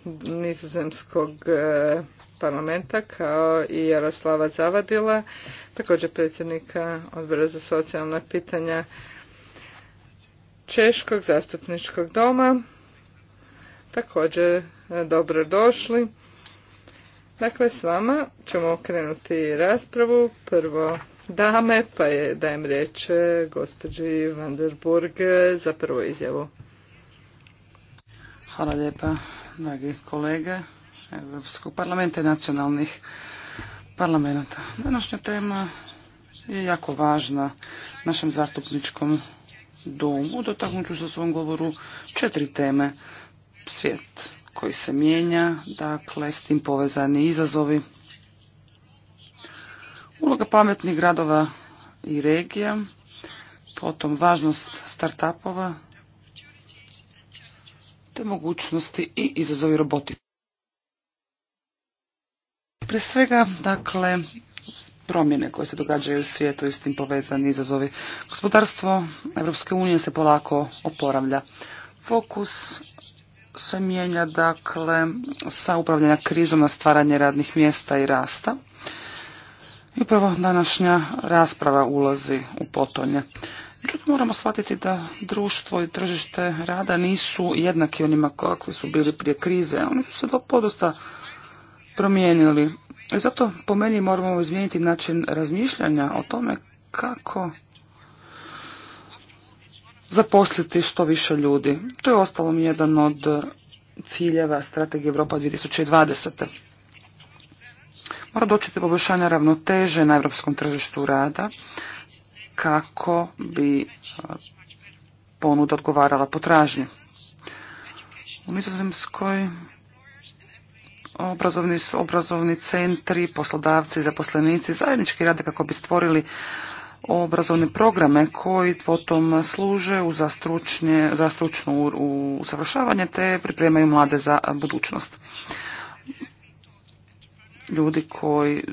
nizuzemskog nizozemskog e, parlamenta kao i Jaroslava Zavadila, također predsjednika odbora za socijalna pitanja Češkog zastupničkog doma. Također e, dobrodošli. Dakle, s vama ćemo okrenuti raspravu. Prvo dame, pa je dajem riječ e, gospođi Vanderburg e, za prvu izjavu. Hvala lijepa, dragi kolege Europskog parlamenta i nacionalnih parlamenta. Današnja tema je jako važna našem zastupničkom domu, dotaknut ću se u svom govoru četiri teme. Svijet koji se mijenja, dakle, s tim povezani izazovi. Uloga pametnih gradova i regija, potom važnost startupova, te mogućnosti i izazovi robotike. Prije svega, dakle, promjene koje se događaju u svijetu i s tim povezani izazovi. Gospodarstvo Europske unije se polako oporavlja. Fokus se mijenja dakle sa upravljanja krizom na stvaranje radnih mjesta i rasta. I upravo današnja rasprava ulazi u potonje. Međutim, moramo shvatiti da društvo i tržište rada nisu jednaki onima kakvi su bili prije krize. Oni su se do podosta promijenili. Zato po meni moramo izmijeniti način razmišljanja o tome kako zaposliti što više ljudi. To je ostalo mi jedan od ciljeva strategije Europa 2020. Mora doći do poboljšanja ravnoteže na europskom tržištu rada kako bi e, ponuda odgovarala potražnju. U Nizozemskoj obrazovni, obrazovni centri, poslodavci i zaposlenici zajednički rade kako bi stvorili obrazovne programe koji potom služe u za, stručnje, za stručno usavršavanje te pripremaju mlade za budućnost. Ljudi koji,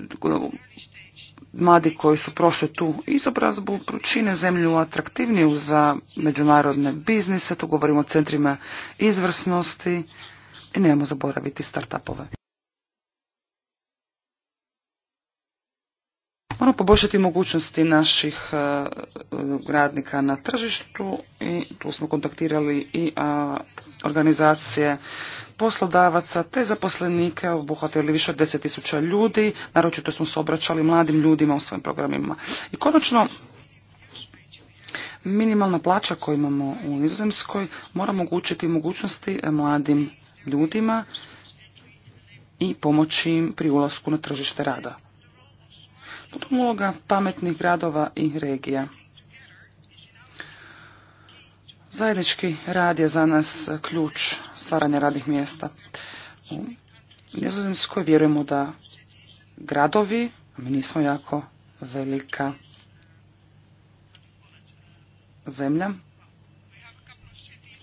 mladi koji su prošli tu izobrazbu čine zemlju atraktivniju za međunarodne biznise, tu govorimo o centrima izvrsnosti, i nemojmo zaboraviti startupove. Moramo poboljšati mogućnosti naših e, radnika na tržištu i tu smo kontaktirali i e, organizacije poslodavaca te zaposlenike, obuhvatili više od 10.000 ljudi, naročito smo se obraćali mladim ljudima u svojim programima. I konačno, minimalna plaća koju imamo u Nizozemskoj mora omogućiti mogućnosti mladim ljudima i pomoći im pri ulasku na tržište rada. Potom uloga pametnih gradova i regija. Zajednički rad je za nas ključ stvaranja radnih mjesta. U Nizozemskoj vjerujemo da gradovi, a mi nismo jako velika zemlja,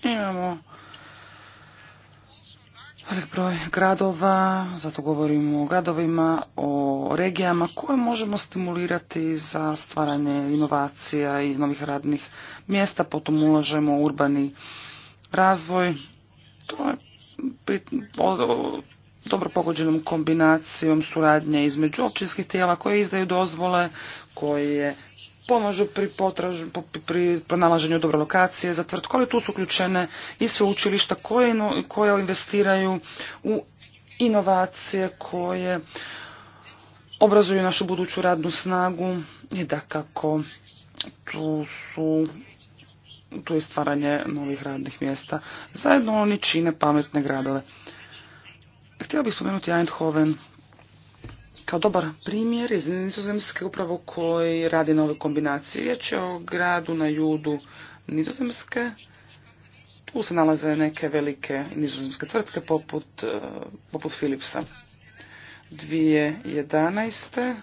imamo velik broj gradova, zato govorimo o gradovima, o regijama koje možemo stimulirati za stvaranje inovacija i novih radnih mjesta, potom ulažemo u urbani razvoj. To je dobro pogođenom kombinacijom suradnje između općinskih tijela koje izdaju dozvole, koje pomažu pri, potražu, pri pronalaženju dobre lokacije za tvrtku, tu su uključene i sveučilišta koje, koje investiraju u inovacije, koje obrazuju našu buduću radnu snagu i da kako tu su tu je stvaranje novih radnih mjesta. Zajedno oni čine pametne gradove. Htio bih spomenuti Eindhoven kao dobar primjer iz Nizozemske upravo koji radi na ovoj kombinaciji. Riječ je o gradu na judu Nizozemske. Tu se nalaze neke velike nizozemske tvrtke poput, e, poput Philipsa. 2011.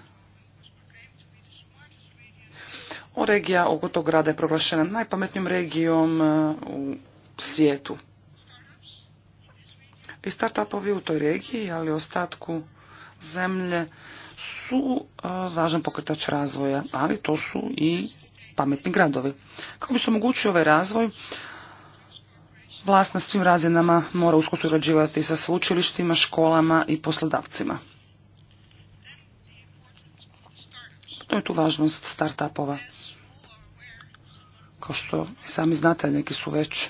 O regija oko tog grada je proglašena najpametnijom regijom e, u svijetu. I startupovi u toj regiji, ali ostatku zemlje su e, važan pokretač razvoja, ali to su i pametni gradovi. Kako bi se omogućio ovaj razvoj, vlast na svim razinama mora usko surađivati sa sveučilištima, školama i poslodavcima. To je tu važnost start-upova. Kao što sami znate, neki su već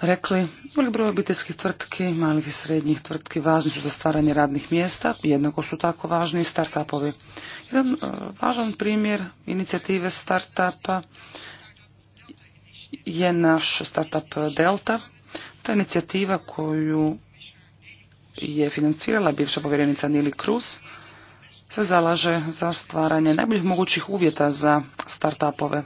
rekli, velik broj obiteljskih tvrtki, malih i srednjih tvrtki važni su za stvaranje radnih mjesta, jednako su tako važni i startupovi. Jedan e, važan primjer inicijative startupa je naš startup Delta. Ta inicijativa koju je financirala bivša povjerenica Nili Cruz se zalaže za stvaranje najboljih mogućih uvjeta za startupove.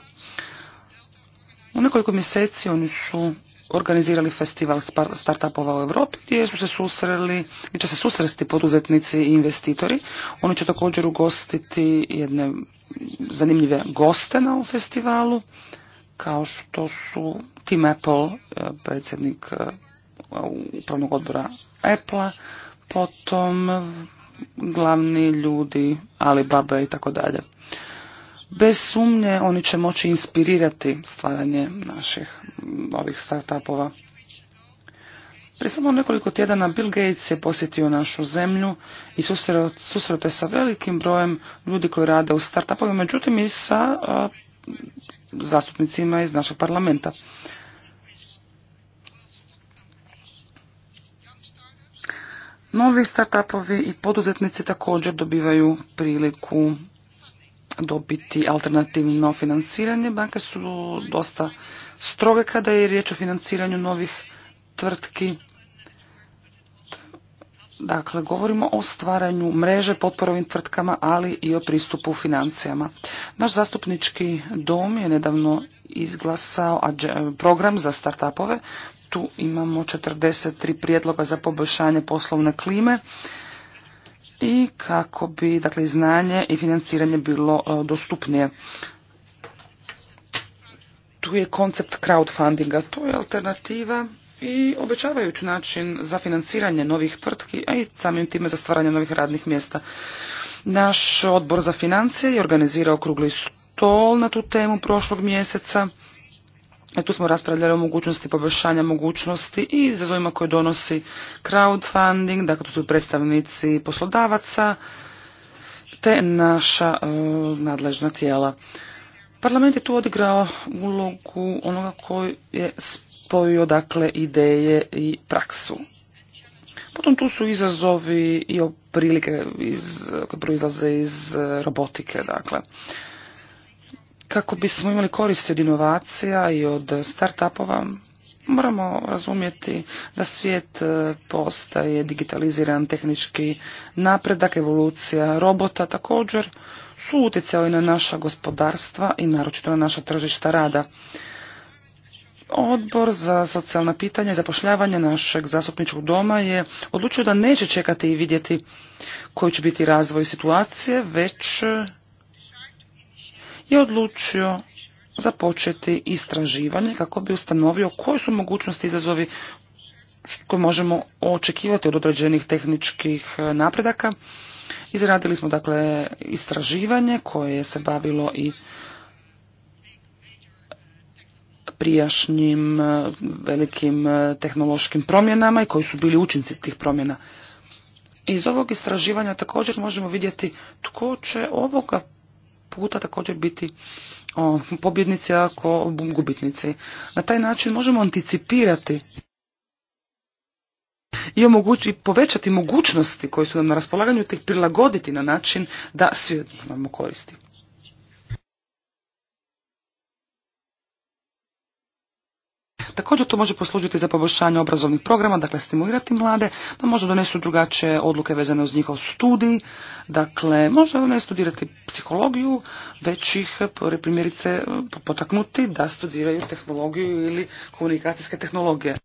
U nekoliko mjeseci oni su organizirali festival startupova u Europi gdje su se susreli, gdje će se susresti poduzetnici i investitori. Oni će također ugostiti jedne zanimljive goste na ovom festivalu kao što su Tim Apple, e, predsjednik e, upravnog odbora apple potom glavni ljudi Alibaba i tako dalje. Bez sumnje oni će moći inspirirati stvaranje naših ovih startupova. Prije samo nekoliko tjedana Bill Gates je posjetio našu zemlju i susrete je sa velikim brojem ljudi koji rade u startupovima, međutim i sa zastupnicima iz našeg parlamenta. Novi startupovi i poduzetnici također dobivaju priliku dobiti alternativno financiranje. Banke su dosta stroge kada je riječ o financiranju novih tvrtki. Dakle, govorimo o stvaranju mreže potporovim tvrtkama, ali i o pristupu financijama. Naš zastupnički dom je nedavno izglasao program za startupove. Tu imamo 43 prijedloga za poboljšanje poslovne klime i kako bi dakle, znanje i financiranje bilo e, dostupnije. Tu je koncept crowdfundinga, to je alternativa i obećavajući način za financiranje novih tvrtki, a i samim time za stvaranje novih radnih mjesta. Naš odbor za financije je organizirao krugli stol na tu temu prošlog mjeseca E, tu smo raspravljali o mogućnosti poboljšanja mogućnosti i izazovima koje donosi crowdfunding, dakle tu su predstavnici poslodavaca te naša e, nadležna tijela. Parlament je tu odigrao ulogu onoga koji je spojio dakle ideje i praksu. Potom tu su izazovi i prilike iz, koje proizlaze iz e, robotike, dakle kako bismo imali koristi od inovacija i od start-upova, moramo razumjeti da svijet e, postaje digitaliziran tehnički napredak, evolucija robota također su utjecali na naša gospodarstva i naročito na naša tržišta rada. Odbor za socijalna pitanja i zapošljavanje našeg zastupničkog doma je odlučio da neće čekati i vidjeti koji će biti razvoj situacije, već je odlučio započeti istraživanje kako bi ustanovio koje su mogućnosti izazovi koje možemo očekivati od određenih tehničkih e, napredaka. Izradili smo dakle istraživanje koje se bavilo i prijašnjim e, velikim e, tehnološkim promjenama i koji su bili učinci tih promjena. Iz ovog istraživanja također možemo vidjeti tko će ovoga puta također biti o, pobjednici ako gubitnici. Na taj način možemo anticipirati i omogući, povećati mogućnosti koje su nam na raspolaganju te prilagoditi na način da svi od njih imamo koristi. Također to može poslužiti za poboljšanje obrazovnih programa, dakle stimulirati mlade, da pa možda donesu drugačije odluke vezane uz njihov studij, dakle možda ne studirati psihologiju, već ih primjerice potaknuti da studiraju tehnologiju ili komunikacijske tehnologije.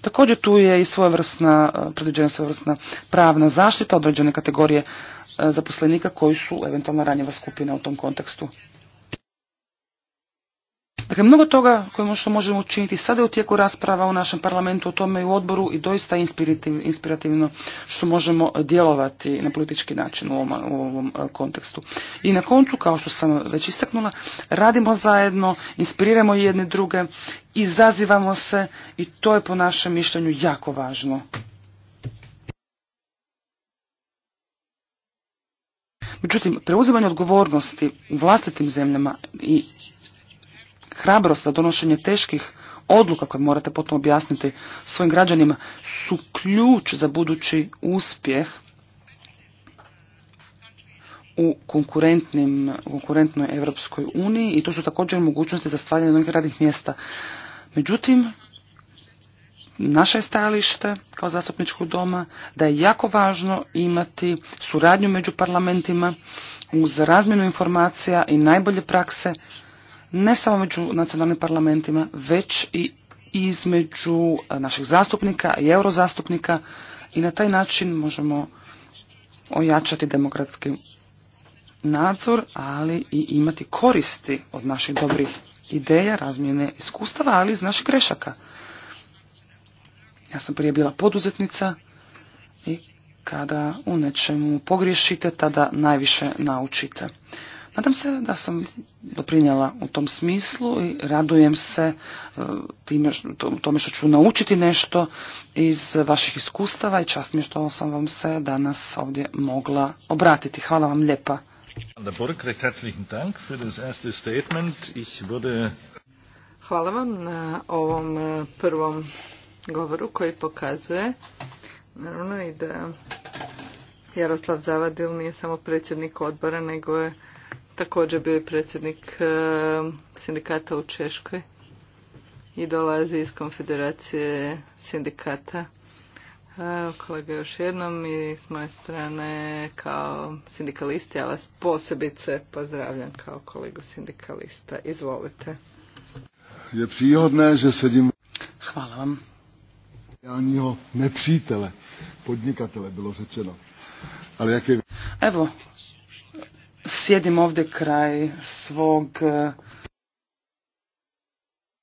Također tu je i svojevrsna, e, predviđena svojevrsna pravna zaštita određene kategorije e, zaposlenika koji su eventualno ranjiva skupina u tom kontekstu. Dakle, mnogo toga koje što možemo učiniti sada je u tijeku rasprava u našem parlamentu o tome i u odboru i doista inspirativno što možemo djelovati na politički način u ovom, e, kontekstu. I na koncu, kao što sam već istaknula, radimo zajedno, inspiriramo jedne druge, izazivamo se i to je po našem mišljenju jako važno. Međutim, preuzimanje odgovornosti u vlastitim zemljama i hrabrost za donošenje teških odluka koje morate potom objasniti svojim građanima su ključ za budući uspjeh u konkurentnoj Europskoj uniji i to su također mogućnosti za stvaranje novih radnih mjesta. Međutim, naše stajalište kao zastupničkog doma da je jako važno imati suradnju među parlamentima uz razmjenu informacija i najbolje prakse ne samo među nacionalnim parlamentima, već i između eh, naših zastupnika i eurozastupnika i na taj način možemo ojačati demokratski nadzor, ali i imati koristi od naših dobrih ideja, razmjene iskustava, ali iz naših grešaka. Ja sam prije bila poduzetnica i kada u nečemu pogriješite, tada najviše naučite. Nadam se da sam doprinjela u tom smislu i radujem se e, tome što ću naučiti nešto iz vaših iskustava i čast mi je što sam vam se danas ovdje mogla obratiti. Hvala vam lijepa. Hvala vam na ovom e, prvom govoru koji pokazuje naravno i da Jaroslav Zavadil nije samo predsjednik odbora, nego je također bio je predsjednik e, sindikata u Češkoj i dolazi iz konfederacije sindikata. E, kolega, još jednom i s moje strane kao sindikalisti, ja vas posebice pozdravljam kao kolegu sindikalista. Izvolite. Je Hvala vam. Evo, sjedim ovdje kraj svog e,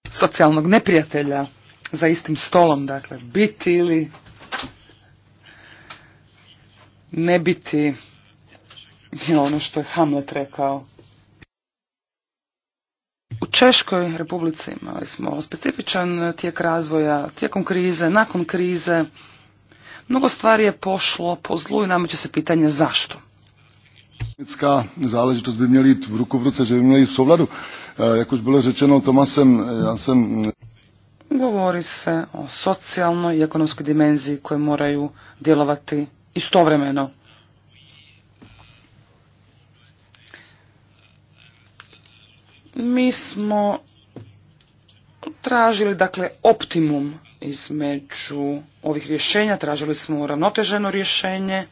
socijalnog neprijatelja za istim stolom, dakle, biti ili ne biti je ono što je Hamlet rekao. U Češkoj republici imali smo specifičan tijek razvoja, tijekom krize, nakon krize. Mnogo stvari je pošlo po zlu i nameće se pitanje zašto. Technická záležitost by měla jít v ruku v ruce, že by měla jít v souladu. Eh, jak už bylo řečeno Tomasem, eh, já jsem... Eh, Govori se o socijalnoj i ekonomskoj dimenziji koje moraju djelovati istovremeno. Mi smo tražili dakle optimum između ovih rješenja, tražili smo uravnoteženo rješenje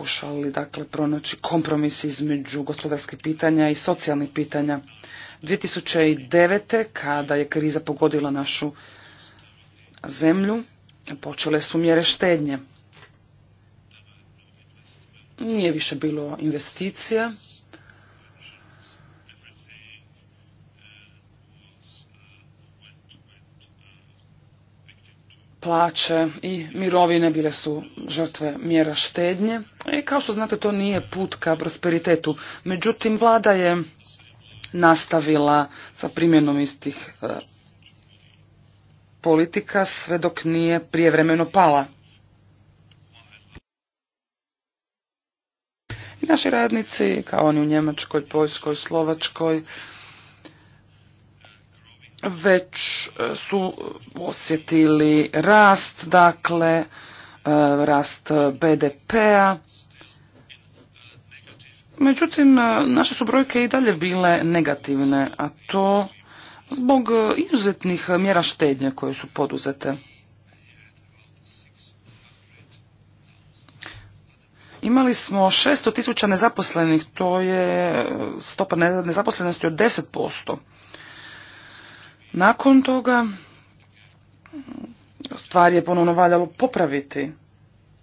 pokušali dakle pronaći kompromis između gospodarskih pitanja i socijalnih pitanja. 2009. kada je kriza pogodila našu zemlju, počele su mjere štednje. Nije više bilo investicija, plaće i mirovine bile su žrtve mjera štednje. I kao što znate, to nije put ka prosperitetu. Međutim, vlada je nastavila sa primjenom istih e, politika sve dok nije prijevremeno pala. I naši radnici, kao oni u Njemačkoj, Poljskoj, Slovačkoj, već e, su osjetili rast, dakle, e, rast BDP-a. Međutim, e, naše su brojke i dalje bile negativne, a to zbog izuzetnih mjera štednje koje su poduzete. Imali smo 600 tisuća nezaposlenih, to je stopa nezaposlenosti od 10%. Nakon toga stvari je ponovno valjalo popraviti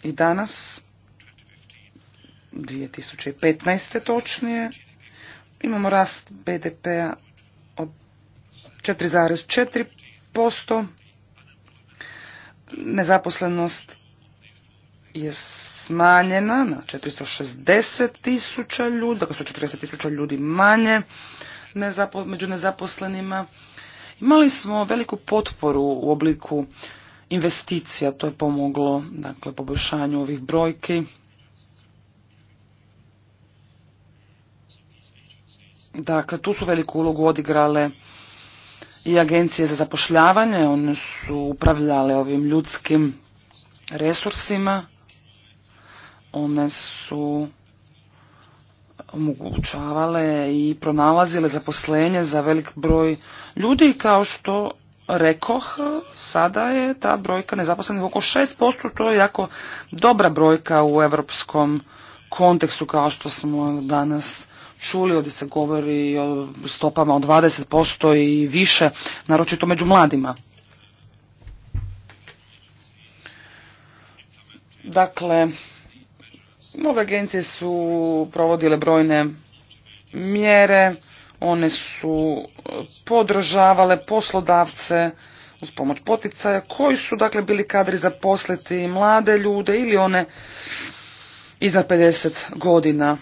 i danas 2015. točnije imamo rast BDP-a od 4,4%. Nezaposlenost je smanjena na 460 tisuća ljudi, dakle su 40 tisuća ljudi manje među nezaposlenima. Imali smo veliku potporu u obliku investicija, to je pomoglo dakle, poboljšanju ovih brojki. Dakle, tu su veliku ulogu odigrale i agencije za zapošljavanje, one su upravljale ovim ljudskim resursima, one su omogućavale i pronalazile zaposlenje za velik broj ljudi kao što rekoh, sada je ta brojka nezaposlenih oko 6%, to je jako dobra brojka u europskom kontekstu kao što smo danas čuli, ovdje se govori o stopama od 20% i više, naročito među mladima. Dakle, Mnoge agencije su provodile brojne mjere, one su e, podržavale poslodavce uz pomoć poticaja koji su dakle bili kadri zaposliti mlade ljude ili one iza 50 godina.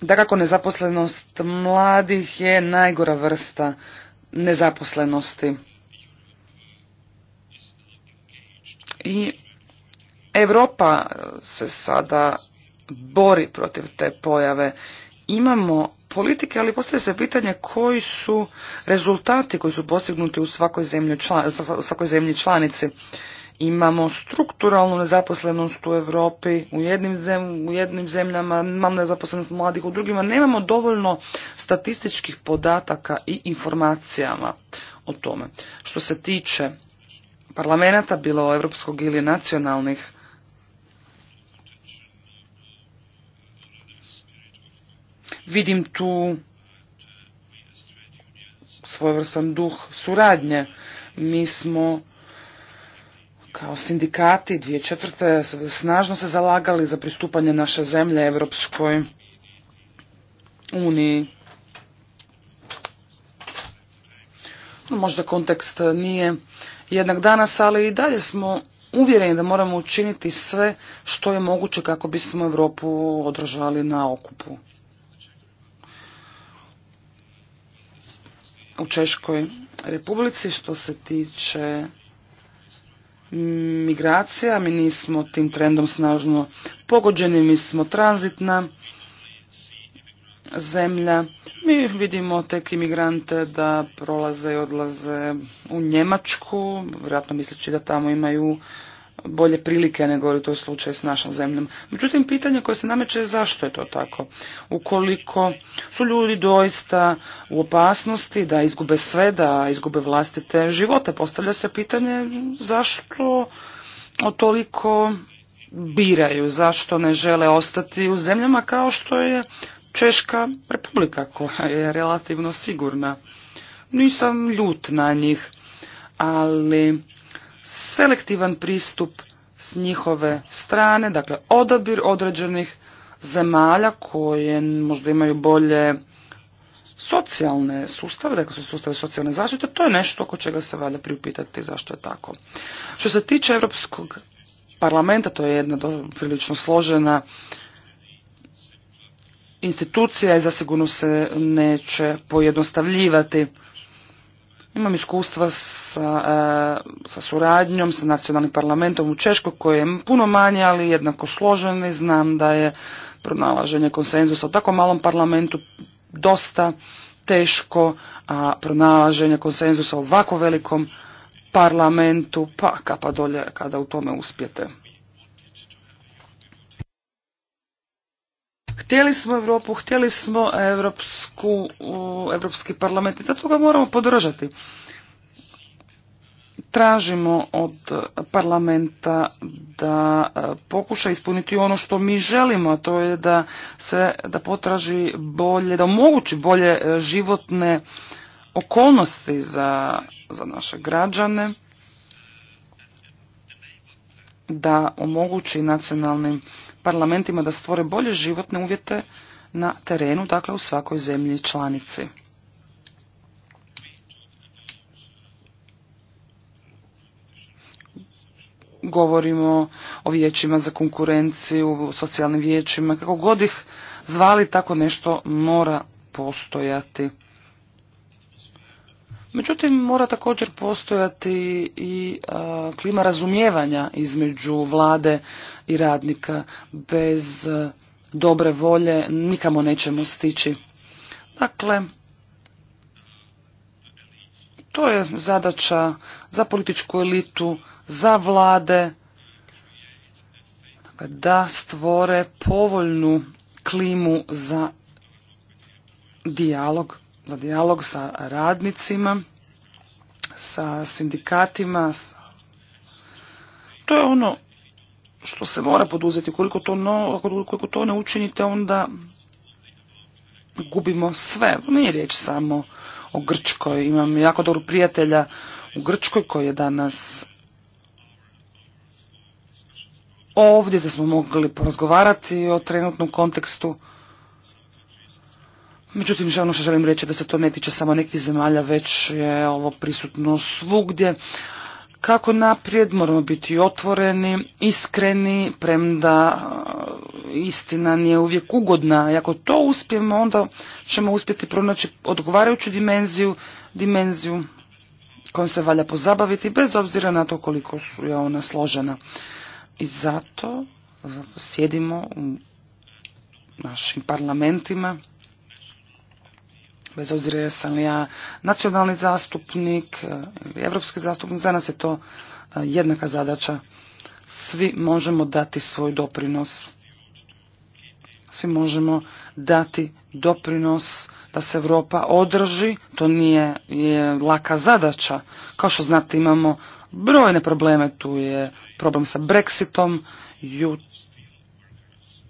Dakako nezaposlenost mladih je najgora vrsta nezaposlenosti. I Europa se sada bori protiv te pojave. Imamo politike, ali postavlja se pitanje koji su rezultati koji su postignuti u svakoj zemlji, u svakoj zemlji članici. Imamo strukturalnu nezaposlenost u Europi, u jednim, u jednim zemljama, imamo nezaposlenost mladih u drugima, nemamo dovoljno statističkih podataka i informacijama o tome. Što se tiče parlamenta, bilo europskog ili nacionalnih, Vidim tu svojevrsan duh suradnje. Mi smo kao sindikati dvije četvrte snažno se zalagali za pristupanje naše zemlje Evropskoj uniji. No, možda kontekst nije jednak danas, ali i dalje smo uvjereni da moramo učiniti sve što je moguće kako bismo Europu održali na okupu. u Češkoj republici što se tiče migracija. Mi nismo tim trendom snažno pogođeni, mi smo tranzitna zemlja. Mi vidimo tek imigrante da prolaze i odlaze u Njemačku, vjerojatno misleći da tamo imaju bolje prilike nego je to slučaj s našom zemljom. Međutim, pitanje koje se nameće je zašto je to tako. Ukoliko su ljudi doista u opasnosti da izgube sve, da izgube vlastite živote, postavlja se pitanje zašto toliko biraju, zašto ne žele ostati u zemljama kao što je Češka republika koja je relativno sigurna. Nisam ljut na njih, ali selektivan pristup s njihove strane, dakle odabir određenih zemalja koje možda imaju bolje socijalne sustave, dakle su sustave socijalne zaštite, to je nešto oko čega se valja priupitati zašto je tako. Što se tiče Europskog parlamenta, to je jedna prilično složena institucija i zasigurno se neće pojednostavljivati. Imam iskustva sa, e, sa suradnjom, sa nacionalnim parlamentom u Češkoj koji je puno manje, ali jednako složen i znam da je pronalaženje konsenzusa u tako malom parlamentu dosta teško, a pronalaženje konsenzusa u ovako velikom parlamentu, pa kapa dolje kada u tome uspijete. Htjeli smo Europu, htjeli smo u Europski parlament i zato ga moramo podržati. Tražimo od parlamenta da e, pokuša ispuniti ono što mi želimo, a to je da se da potraži bolje, da omogući bolje e, životne okolnosti za, za naše građane, da omogući nacionalnim parlamentima da stvore bolje životne uvjete na terenu, dakle u svakoj zemlji članici. Govorimo o vijećima za konkurenciju, o socijalnim vijećima, kako god ih zvali, tako nešto mora postojati. Međutim, mora također postojati i klima razumijevanja između vlade i radnika. Bez dobre volje nikamo nećemo stići. Dakle, to je zadaća za političku elitu, za vlade, da stvore povoljnu klimu za dijalog za dijalog sa radnicima, sa sindikatima. To je ono što se mora poduzeti. Koliko to, no, koliko to ne učinite, onda gubimo sve. Nije riječ samo o Grčkoj. Imam jako dobro prijatelja u Grčkoj koji je danas ovdje da smo mogli porazgovarati o trenutnom kontekstu Međutim, ono što želim reći da se to ne tiče samo nekih zemalja, već je ovo prisutno svugdje. Kako naprijed moramo biti otvoreni, iskreni, premda e, istina nije uvijek ugodna. I ako to uspijemo, onda ćemo uspjeti pronaći odgovarajuću dimenziju, dimenziju kojom se valja pozabaviti, bez obzira na to koliko su je ona složena. I zato sjedimo u našim parlamentima, bez obzira jesam li ja nacionalni zastupnik europski evropski zastupnik, za nas je to e, jednaka zadaća. Svi možemo dati svoj doprinos. Svi možemo dati doprinos da se Europa održi. To nije laka zadaća. Kao što znate imamo brojne probleme. Tu je problem sa Brexitom. jut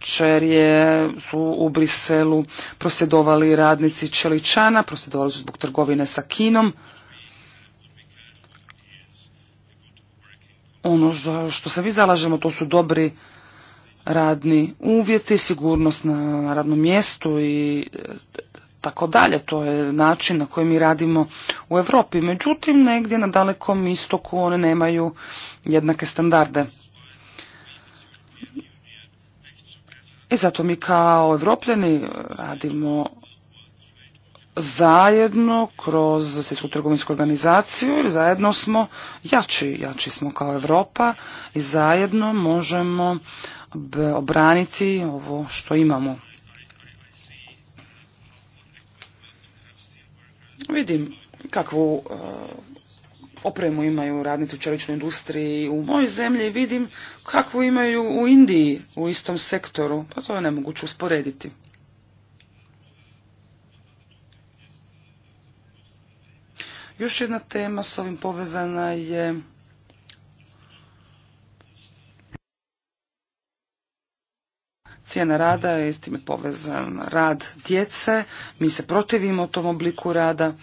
Jučer je, su u Briselu prosjedovali radnici Čeličana, prosjedovali su zbog trgovine sa Kinom. Ono za što se vi zalažemo to su dobri radni uvjeti, sigurnost na radnom mjestu i e, tako dalje. To je način na koji mi radimo u Europi. Međutim, negdje na dalekom istoku one nemaju jednake standarde. I zato mi kao evropljani radimo zajedno kroz svjetsku trgovinsku organizaciju i zajedno smo jači, jači smo kao Europa i zajedno možemo obraniti ovo što imamo. Vidim kakvu opremu imaju radnici u čeličnoj industriji u mojoj zemlji vidim kakvu imaju u Indiji u istom sektoru. Pa to je nemoguće usporediti. Još jedna tema s ovim povezana je cijena rada je s time povezan rad djece. Mi se protivimo tom obliku rada.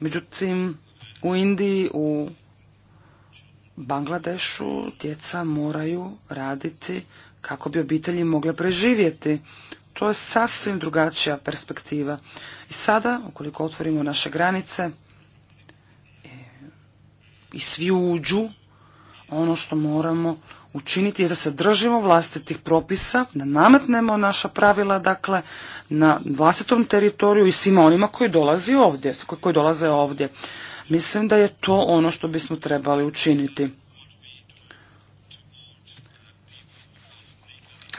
Međutim, u Indiji, u Bangladešu djeca moraju raditi kako bi obitelji mogle preživjeti. To je sasvim drugačija perspektiva. I sada, ukoliko otvorimo naše granice i svi uđu, ono što moramo učiniti je da se držimo vlastitih propisa, da nametnemo naša pravila, dakle, na vlastitom teritoriju i svima onima koji dolaze ovdje, koji dolaze ovdje. Mislim da je to ono što bismo trebali učiniti.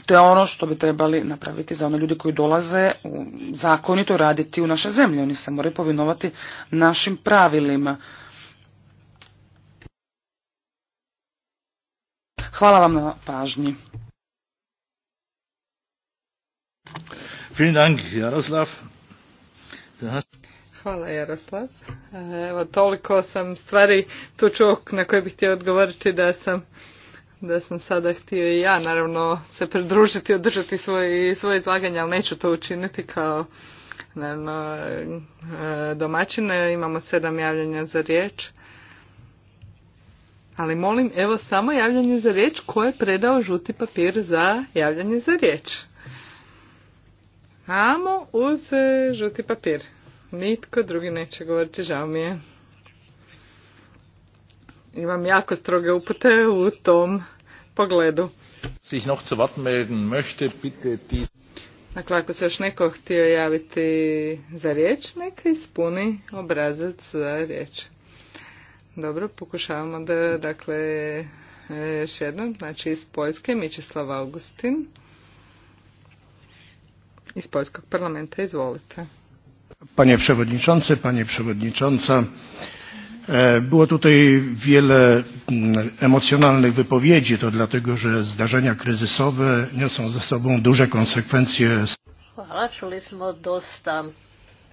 To je ono što bi trebali napraviti za one ljudi koji dolaze u zakonito raditi u naše zemlje. Oni se moraju povinovati našim pravilima. Hvala vam na pažnji. Vielen Dank, Jaroslav. Hvala Jaroslav. E, evo toliko sam stvari tu čuo na koje bih htio odgovoriti da sam da sam sada htio i ja naravno se pridružiti, održati svoje, izlaganje, ali neću to učiniti kao naravno e, domaćine. Imamo sedam javljanja za riječ. Ali molim, evo samo javljanje za riječ ko je predao žuti papir za javljanje za riječ. Amo uz e, žuti papir. Nitko drugi neće govoriti, žao mi je. Imam jako stroge upute u tom pogledu. Dakle, ako se još neko htio javiti za riječ, neka ispuni obrazac za riječ. Dobro, pokušavamo da, dakle, još jednom, znači iz Poljske, Mičislav Augustin, iz Poljskog parlamenta, izvolite. Panie Przewodniczący, Panie Przewodnicząca. E, było tutaj wiele mm, emocjonalnych wypowiedzi, to dlatego, że zdarzenia kryzysowe niosą ze sobą duże konsekwencje. Hvala, čuli smo dosta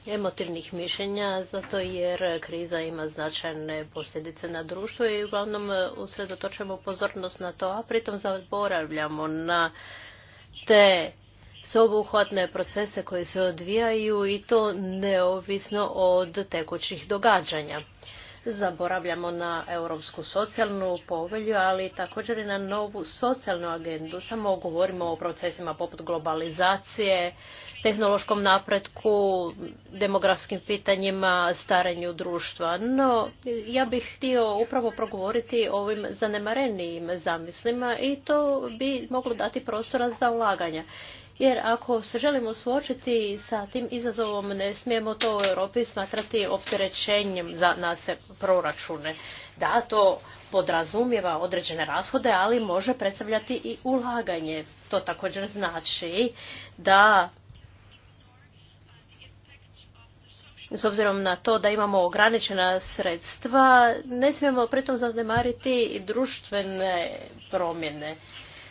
emotivnih mišljenja, zato jer kriza ima značajne posljedice na društvo i uglavnom usredotočujemo pozornost na to, a pritom zaboravljamo na te sveobuhvatne procese koji se odvijaju i to neovisno od tekućih događanja. Zaboravljamo na Europsku socijalnu povelju, ali također i na novu socijalnu agendu. Samo govorimo o procesima poput globalizacije, tehnološkom napretku, demografskim pitanjima, starenju društva. No, ja bih htio upravo progovoriti o ovim zanemarenijim zamislima i to bi moglo dati prostora za ulaganja jer ako se želimo suočiti sa tim izazovom ne smijemo to u Europi smatrati opterećenjem za naše proračune. Da, to podrazumijeva određene rashode, ali može predstavljati i ulaganje. To također znači da s obzirom na to da imamo ograničena sredstva, ne smijemo pritom zanemariti društvene promjene.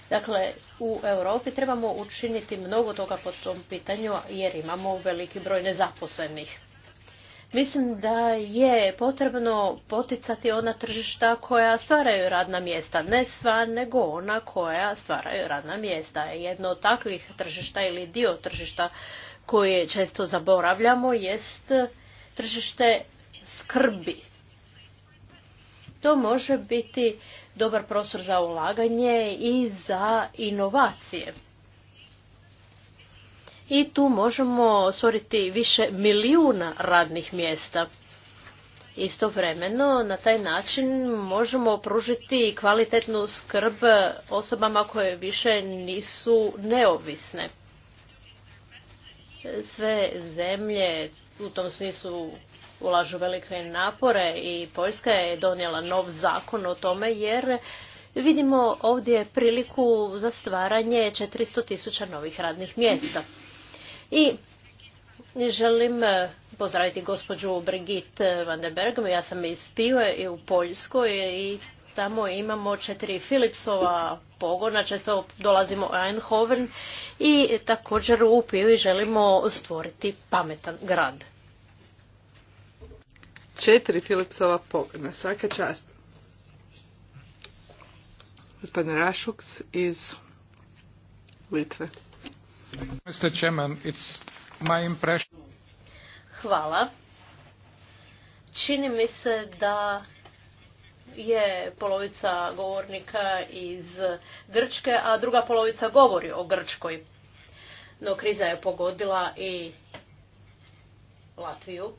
Dakle, u Europi trebamo učiniti mnogo toga po tom pitanju jer imamo veliki broj nezaposlenih. Mislim da je potrebno poticati ona tržišta koja stvaraju radna mjesta, ne sva nego ona koja stvaraju radna mjesta. Jedno od takvih tržišta ili dio tržišta koje često zaboravljamo jest tržište skrbi. To može biti dobar prostor za ulaganje i za inovacije. I tu možemo stvoriti više milijuna radnih mjesta. Istovremeno, na taj način možemo pružiti kvalitetnu skrb osobama koje više nisu neovisne. Sve zemlje u tom smislu ulažu velike napore i Poljska je donijela nov zakon o tome jer vidimo ovdje priliku za stvaranje 400 tisuća novih radnih mjesta. I želim eh, pozdraviti gospođu Brigitte van der Bergom. Ja sam iz Pive i u Poljskoj i tamo imamo četiri Philipsova pogona, često dolazimo u Eindhoven i također u Pivi želimo stvoriti pametan grad. Četiri Filipsova pogona, svaka čast. Gospodin Rašuks iz Litve. Mr. Chairman, it's my impression. Hvala. Čini mi se da je polovica govornika iz Grčke, a druga polovica govori o Grčkoj. No kriza je pogodila i Latviju.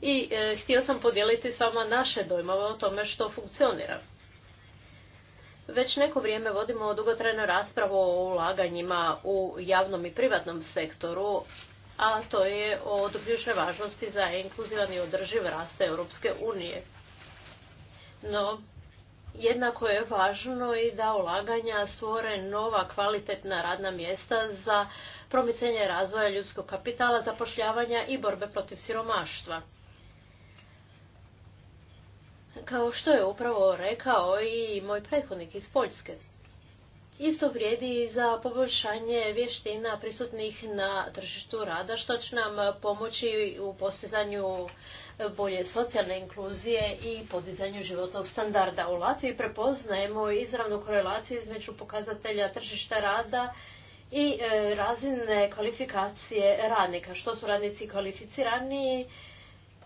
i e, htio sam podijeliti s vama naše dojmove o tome što funkcionira. Već neko vrijeme vodimo dugotrajnu raspravu o ulaganjima u javnom i privatnom sektoru, a to je od ključne važnosti za inkluzivan i održiv rast Europske unije. No, jednako je važno i da ulaganja stvore nova kvalitetna radna mjesta za promicanje razvoja ljudskog kapitala, zapošljavanja i borbe protiv siromaštva kao što je upravo rekao i moj prethodnik iz Poljske. Isto vrijedi i za poboljšanje vještina prisutnih na tržištu rada, što će nam pomoći u postizanju bolje socijalne inkluzije i podizanju životnog standarda. U Latviji prepoznajemo izravnu korelaciju između pokazatelja tržišta rada i e, razine kvalifikacije radnika. Što su radnici kvalificiraniji,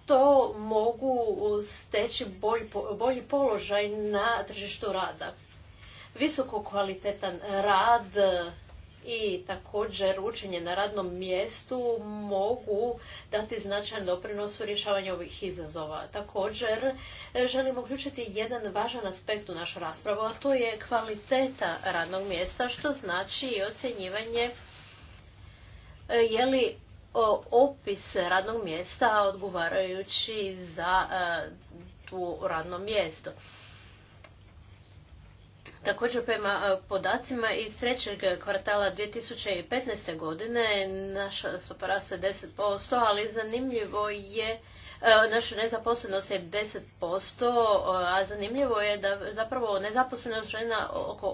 to mogu steći bolji, položaj na tržištu rada. Visoko kvalitetan rad e, i također učenje na radnom mjestu mogu dati značajan doprinos u rješavanju ovih izazova. Također e, želimo uključiti jedan važan aspekt u našu raspravu, a to je kvaliteta radnog mjesta, što znači i ocjenjivanje e, je li opis radnog mjesta odgovarajući za e, tu radno mjesto. Također prema e, podacima iz trećeg kvartala 2015. godine naša stopa raste 10%, ali zanimljivo je E, naša nezaposlenost je 10%, e, a zanimljivo je da zapravo nezaposlenost žena oko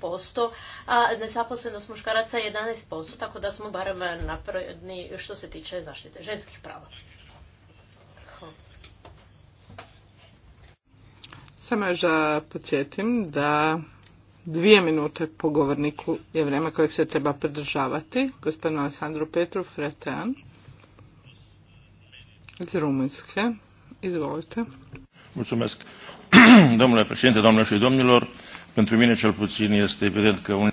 8%, a nezaposlenost muškaraca je 11%, tako da smo barem napredni što se tiče zaštite ženskih prava. Samo još da podsjetim da dvije minute po govorniku je vreme kojeg se treba pridržavati. Gospodinu Alessandro Petru Fretean iz Rumunjske. Izvolite. Mulțumesc, domnule președinte, doamne și domnilor. Pentru mine cel puțin este evident că un...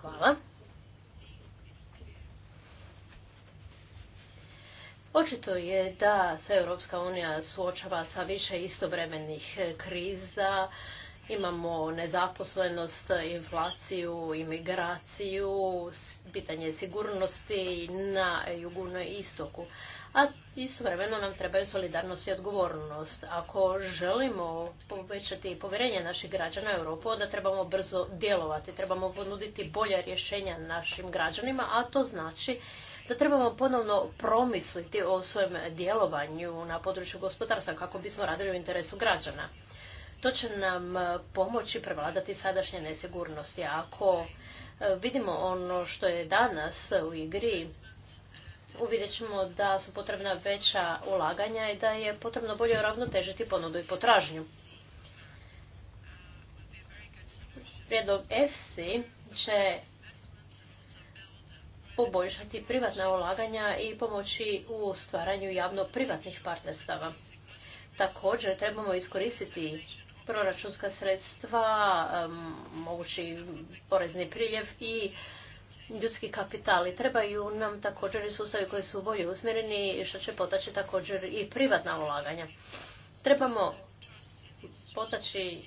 Hvala. Očito je da se Europska unija suočava sa više istovremenih kriza, imamo nezaposlenost, inflaciju, imigraciju, pitanje sigurnosti na jugu istoku a istovremeno nam trebaju solidarnost i odgovornost. Ako želimo povećati povjerenje naših građana u Europu, onda trebamo brzo djelovati, trebamo ponuditi bolja rješenja našim građanima, a to znači da trebamo ponovno promisliti o svojem djelovanju na području gospodarstva kako bismo radili u interesu građana. To će nam pomoći prevladati sadašnje nesigurnosti. Ako e, vidimo ono što je danas u igri, uvidjet ćemo da su potrebna veća ulaganja i da je potrebno bolje uravnotežiti ponudu i potražnju. Prijedlog EFSI će poboljšati privatna ulaganja i pomoći u stvaranju javno-privatnih partnerstava. Također trebamo iskoristiti proračunska sredstva, mogući porezni priljev i ljudski kapital i trebaju nam također i sustavi koji su bolje usmjereni i što će potaći također i privatna ulaganja. Trebamo potaći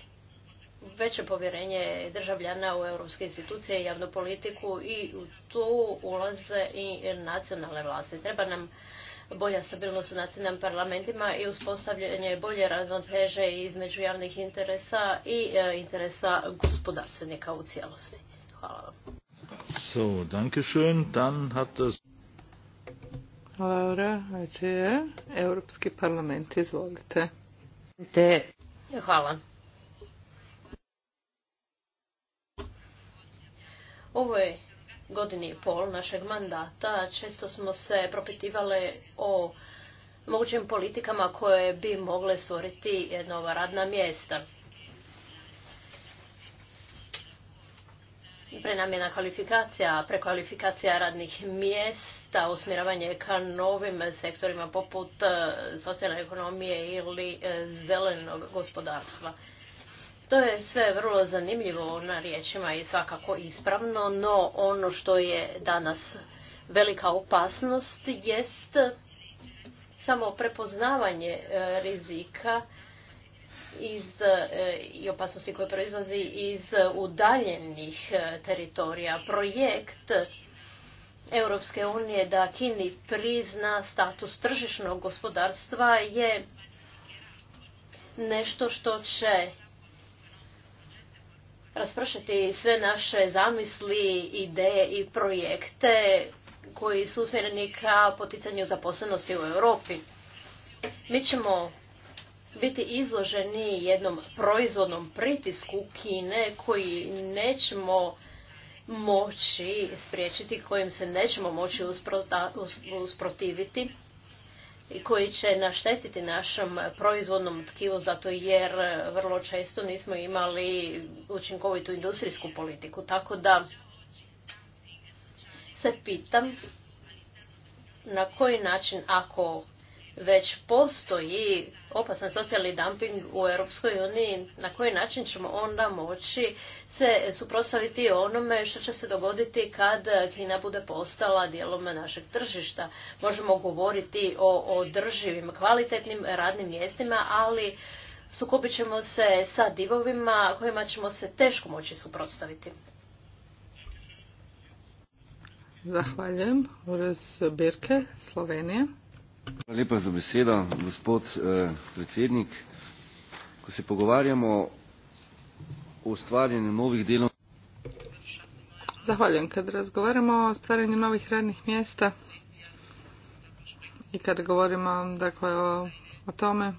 veće povjerenje državljana u europske institucije i javnu politiku i u tu ulaze i nacionalne vlasti. Treba nam bolja stabilnost u nacionalnim parlamentima i uspostavljanje bolje razvonteže između javnih interesa i e, interesa gospodarstvenika u cijelosti. Hvala vam. So, danke schön. Dann hat das... Europski parlament, izvolite. Te... Hvala. Ovo je godini i pol našeg mandata. Često smo se propitivali o mogućim politikama koje bi mogle stvoriti nova radna mjesta. prenamjena kvalifikacija, prekvalifikacija radnih mjesta, usmjeravanje ka novim sektorima poput e, socijalne ekonomije ili e, zelenog gospodarstva. To je sve vrlo zanimljivo na riječima i svakako ispravno, no ono što je danas velika opasnost jest samo prepoznavanje e, rizika iz, e, i opasnosti koje proizlazi iz udaljenih e, teritorija. Projekt Europske unije da Kini prizna status tržišnog gospodarstva je nešto što će raspršiti sve naše zamisli, ideje i projekte koji su usmjereni ka poticanju zaposlenosti u Europi. Mi ćemo biti izloženi jednom proizvodnom pritisku Kine koji nećemo moći spriječiti, kojim se nećemo moći usprotiviti i koji će naštetiti našem proizvodnom tkivu zato jer vrlo često nismo imali učinkovitu industrijsku politiku. Tako da se pitam na koji način ako već postoji opasan socijalni dumping u Europskoj uniji, na koji način ćemo onda moći se suprotstaviti onome što će se dogoditi kad Kina bude postala dijelom našeg tržišta. Možemo govoriti o održivim, kvalitetnim radnim mjestima, ali sukobit ćemo se sa divovima kojima ćemo se teško moći suprotstaviti. Zahvaljujem. uraz Birke, Slovenija. Hvala lepa za besedo, gospod eh, predsednik. Ko se pogovarjamo o ustvarjanju novih delov... Zahvaljujem. Kad razgovaramo o stvaranju novih radnih mjesta i kad govorimo dakle, o, o tome,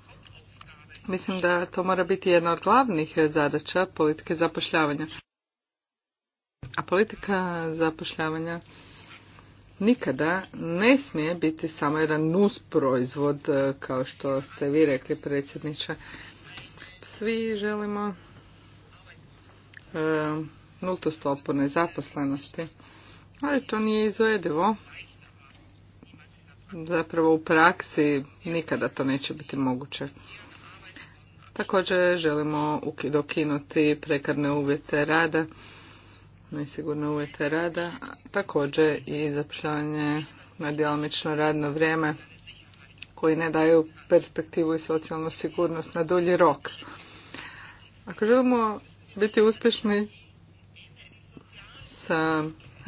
mislim da to mora biti jedna od glavnih zadaća politike zapošljavanja. A politika zapošljavanja nikada ne smije biti samo jedan nus proizvod, e, kao što ste vi rekli, predsjedniče. Svi želimo e, nultu stopu nezaposlenosti, ali to nije izvedivo. Zapravo u praksi nikada to neće biti moguće. Također želimo dokinuti prekarne uvjete rada nesigurne uvjete rada, također i zapošljavanje na djelomično radno vrijeme koji ne daju perspektivu i socijalnu sigurnost na dulji rok. Ako želimo biti uspješni sa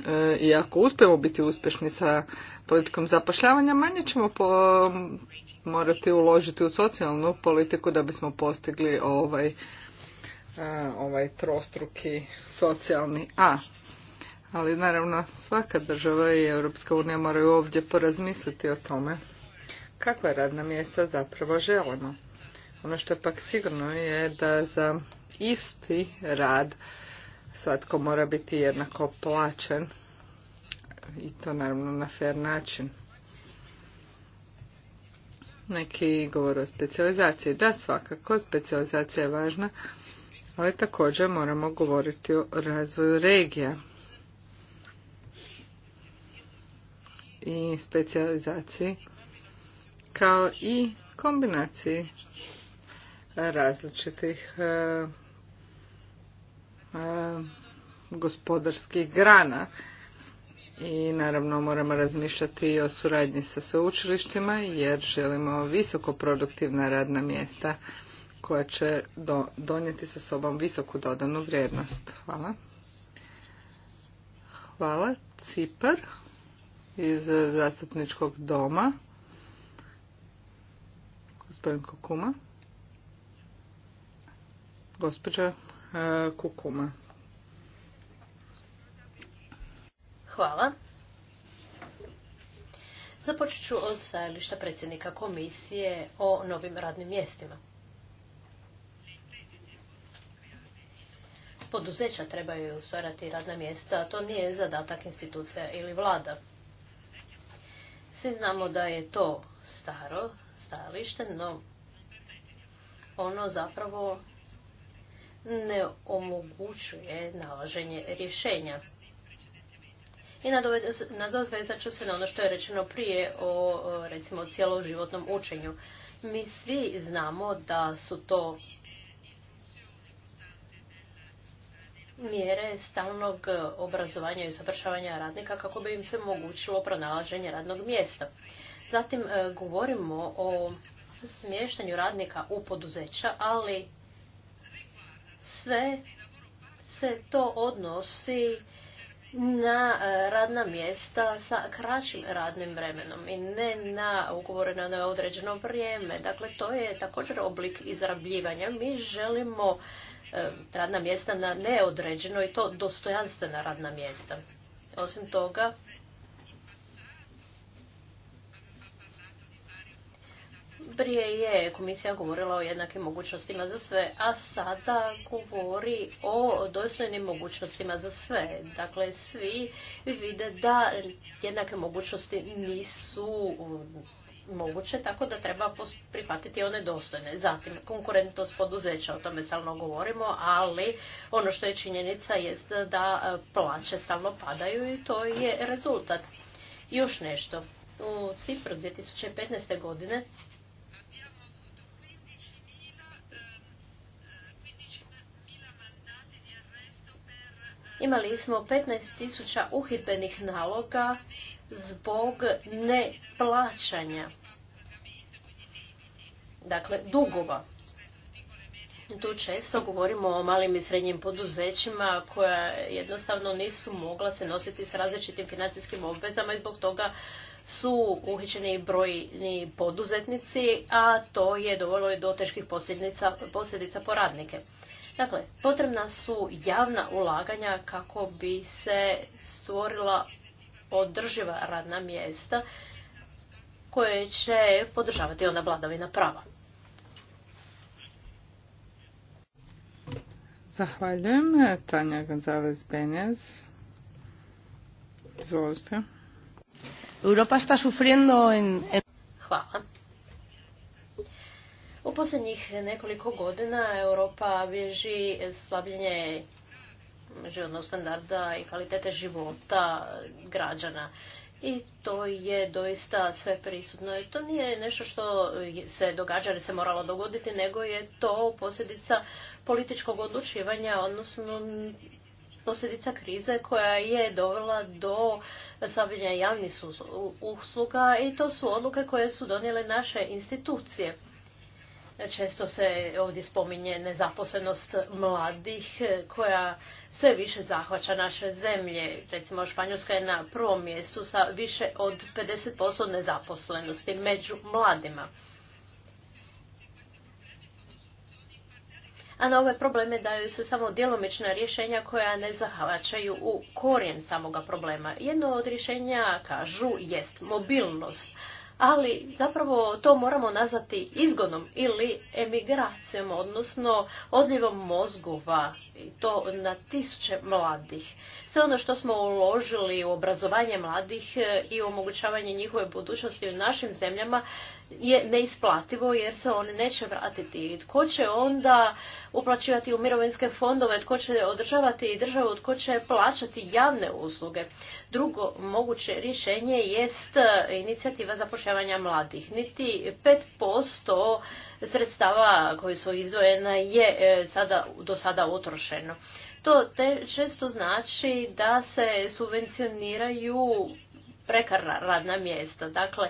e, i ako uspijemo biti uspješni sa politikom zapošljavanja, manje ćemo morati uložiti u socijalnu politiku da bismo postigli ovaj ovaj trostruki socijalni A. Ali naravno svaka država i Europska unija moraju ovdje porazmisliti o tome kakva radna mjesta zapravo želimo. Ono što je pak sigurno je da za isti rad svatko mora biti jednako plaćen i to naravno na fair način. Neki govore o specializaciji. Da, svakako, specializacija je važna, ali također moramo govoriti o razvoju regija i specijalizaciji kao i kombinaciji različitih e, e, gospodarskih grana i naravno moramo razmišljati i o suradnji sa sveučilištima jer želimo visoko produktivna radna mjesta koja će donijeti sa sobom visoku dodanu vrijednost. Hvala. Hvala. Cipar iz zastupničkog doma. Gospodin Kukuma. Gospođa e, Kukuma. Hvala. Započet ću od stajališta predsjednika komisije o novim radnim mjestima. poduzeća trebaju stvarati radna mjesta, a to nije zadatak institucija ili vlada. Svi znamo da je to staro stajalište, no ono zapravo ne omogućuje nalaženje rješenja. I nadovezat ću se na ono što je rečeno prije o recimo cijeloživotnom učenju. Mi svi znamo da su to mjere stalnog e, obrazovanja i završavanja radnika kako bi im se omogućilo pronalaženje radnog mjesta. Zatim e, govorimo o smještanju radnika u poduzeća, ali sve se to odnosi na e, radna mjesta sa kraćim radnim vremenom i ne na ugovore na određeno vrijeme. Dakle, to je također oblik izrabljivanja. Mi želimo radna mjesta na neodređeno i to dostojanstvena radna mjesta. Osim toga, prije je komisija govorila o jednakim mogućnostima za sve, a sada govori o dostojnim mogućnostima za sve. Dakle, svi vide da jednake mogućnosti nisu moguće, tako da treba prihvatiti one dostojne. Zatim, konkurentnost poduzeća, o tome stalno govorimo, ali ono što je činjenica jest da e, plaće stalno padaju i to je rezultat. Još nešto. U Cipru 2015. godine imali smo 15.000 uhidbenih naloga zbog neplaćanja dakle dugova. Tu često govorimo o malim i srednjim poduzećima koja jednostavno nisu mogla se nositi s različitim financijskim obvezama i zbog toga su uhićeni brojni poduzetnici, a to je dovoljno do teških posljedica, posljedica po radnike. Dakle, potrebna su javna ulaganja kako bi se stvorila održiva radna mjesta koje će podržavati ona vladavina prava. Zahvaljujem. Tanja González Benez. Izvolite. Europa sufriendo en... Hvala. U posljednjih nekoliko godina Europa bježi slabljenje životnog standarda i kvalitete života građana. I to je doista sve prisutno. I to nije nešto što se događa ili se moralo dogoditi, nego je to posljedica političkog odlučivanja, odnosno posljedica krize koja je dovela do slabljenja javnih usluga i to su odluke koje su donijele naše institucije. Često se ovdje spominje nezaposlenost mladih koja sve više zahvaća naše zemlje. Recimo Španjolska je na prvom mjestu sa više od 50% nezaposlenosti među mladima. a na ove probleme daju se samo djelomična rješenja koja ne zahvaćaju u korijen samoga problema. Jedno od rješenja, kažu, jest mobilnost, ali zapravo to moramo nazvati izgonom ili emigracijom, odnosno odljevom mozgova, i to na tisuće mladih sve ono što smo uložili u obrazovanje mladih e, i omogućavanje njihove budućnosti u našim zemljama je neisplativo jer se oni neće vratiti. Tko će onda uplaćivati u mirovinske fondove, tko će održavati državu, tko će plaćati javne usluge. Drugo moguće rješenje jest e, inicijativa zapošljavanja mladih. Niti 5% sredstava koji su izdvojena je e, do sada utrošeno. To te često znači da se subvencioniraju prekarna radna mjesta. Dakle,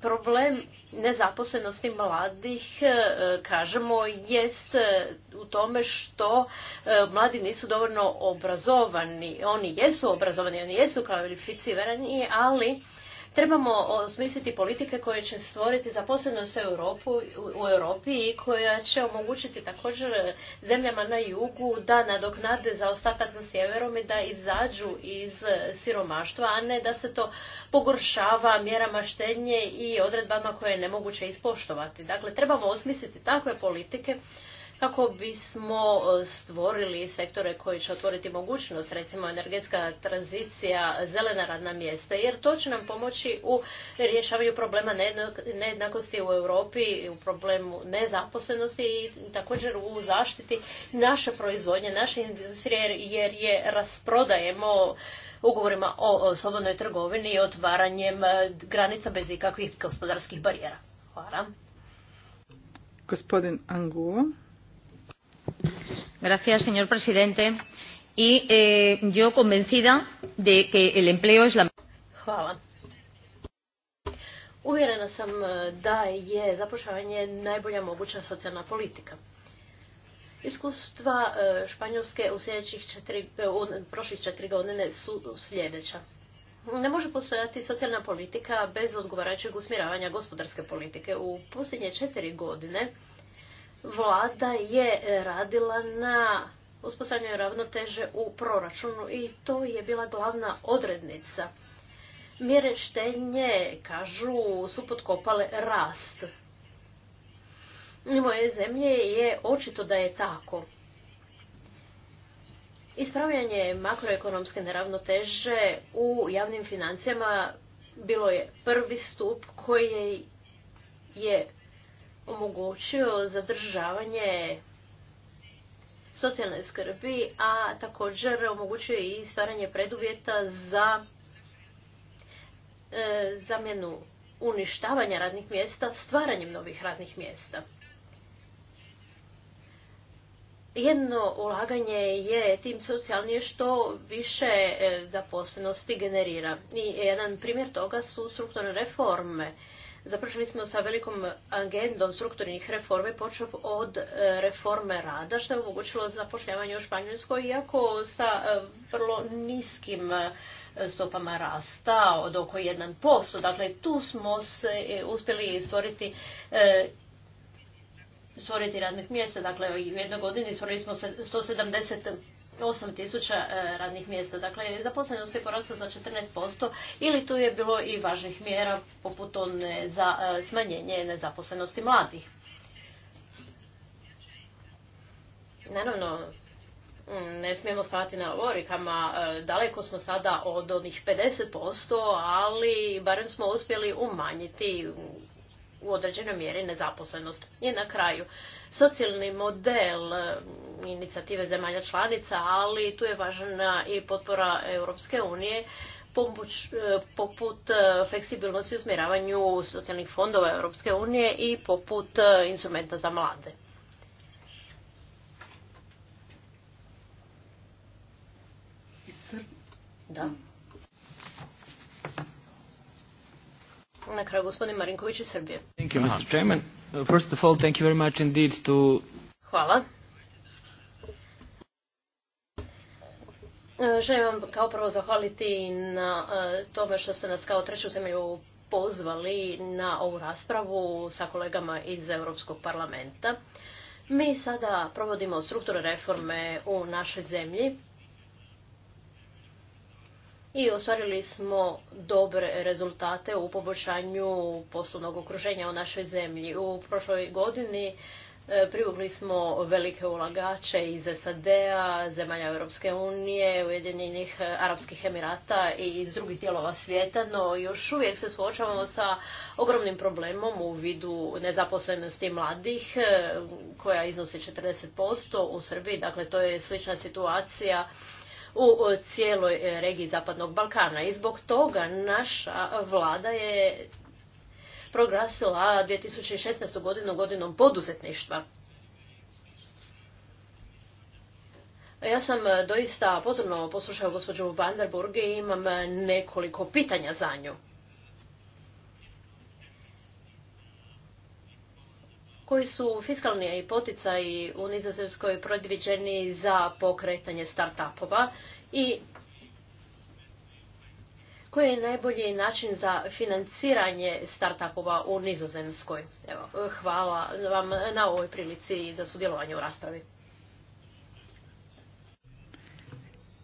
problem nezaposlenosti mladih, e, kažemo, jest e, u tome što e, mladi nisu dovoljno obrazovani. Oni jesu obrazovani, oni jesu kvalificirani, ali Trebamo osmisliti politike koje će stvoriti zaposlenost u, Europu, u Europi i koja će omogućiti također zemljama na jugu da nadoknade za ostatak za sjeverom i da izađu iz siromaštva, a ne da se to pogoršava mjerama štednje i odredbama koje je nemoguće ispoštovati. Dakle, trebamo osmisliti takve politike kako bismo e, stvorili sektore koji će otvoriti mogućnost, recimo energetska tranzicija, zelena radna mjesta, jer to će nam pomoći u rješavanju problema nejednakosti u Europi, u problemu nezaposlenosti i također u zaštiti naše proizvodnje, naše industrije, jer je rasprodajemo ugovorima o slobodnoj trgovini i otvaranjem e, granica bez ikakvih gospodarskih barijera. Hvala. Gospodin Anguo señor presidente. Eh, yo convencida de que el empleo es la... Hvala. Uvjerena sam eh, da je zapošljavanje najbolja moguća socijalna politika. Iskustva eh, Španjolske u, četiri, u prošlih četiri godine su sljedeća. Ne može postojati socijalna politika bez odgovarajućeg usmjeravanja gospodarske politike. U posljednje četiri godine vlada je e, radila na uspostavljanju ravnoteže u proračunu i to je bila glavna odrednica. Mjere štenje, kažu, su potkopale rast. moje zemlje je očito da je tako. Ispravljanje makroekonomske neravnoteže u javnim financijama bilo je prvi stup koji je omogućio zadržavanje socijalne skrbi, a također omogućuje i stvaranje preduvjeta za e, zamjenu uništavanja radnih mjesta stvaranjem novih radnih mjesta. Jedno ulaganje je tim socijalnije što više e, zaposlenosti generira. I jedan primjer toga su strukturne reforme. Započeli smo sa velikom agendom strukturnih reforme, počeo od e, reforme rada, što je omogućilo zapošljavanje u Španjolskoj, iako sa e, vrlo niskim e, stopama rasta od oko 1%. Dakle, tu smo se uspjeli stvoriti stvoriti radnih mjesta. Dakle, u jednoj godini stvorili smo 170 tisuća e, radnih mjesta. Dakle, zaposlenost je porasla za 14% ili tu je bilo i važnih mjera poput one za e, smanjenje nezaposlenosti mladih. Naravno, mm, ne smijemo spati na lorikama, e, daleko smo sada od onih 50%, ali barem smo uspjeli umanjiti u određenoj mjeri nezaposlenost. I na kraju, socijalni model inicijative zemalja članica, ali tu je važna i potpora Europske unije poput e, fleksibilnosti u usmjeravanju socijalnih fondova Europske unije i poput e, instrumenta za mlade. Da. Na kraju gospodin Marinković iz Srbije. Thank you, Mr. Chairman. First of all, thank you very much indeed to... Hvala. E, želim vam kao prvo zahvaliti na e, tome što ste nas kao treću zemlju pozvali na ovu raspravu sa kolegama iz Europskog parlamenta. Mi sada provodimo strukture reforme u našoj zemlji i ostvarili smo dobre rezultate u poboljšanju poslovnog okruženja u našoj zemlji. U prošloj godini E, privukli smo velike ulagače iz SAD-a, zemalja Europske unije, Ujedinjenih Arapskih Emirata i iz drugih dijelova svijeta, no još uvijek se suočavamo sa ogromnim problemom u vidu nezaposlenosti mladih, e, koja iznosi 40% u Srbiji, dakle to je slična situacija u cijeloj regiji Zapadnog Balkana. I zbog toga naša vlada je proglasila 2016. godinu godinom poduzetništva. Ja sam e, doista pozorno poslušao gospođu Vanderburg i imam e, nekoliko pitanja za nju. Koji su fiskalni i poticaji u Nizozemskoj predviđeni za pokretanje start-upova i koji je najbolji način za financiranje startupova u Nizozemskoj? Evo, hvala vam na ovoj prilici i za sudjelovanje u raspravi.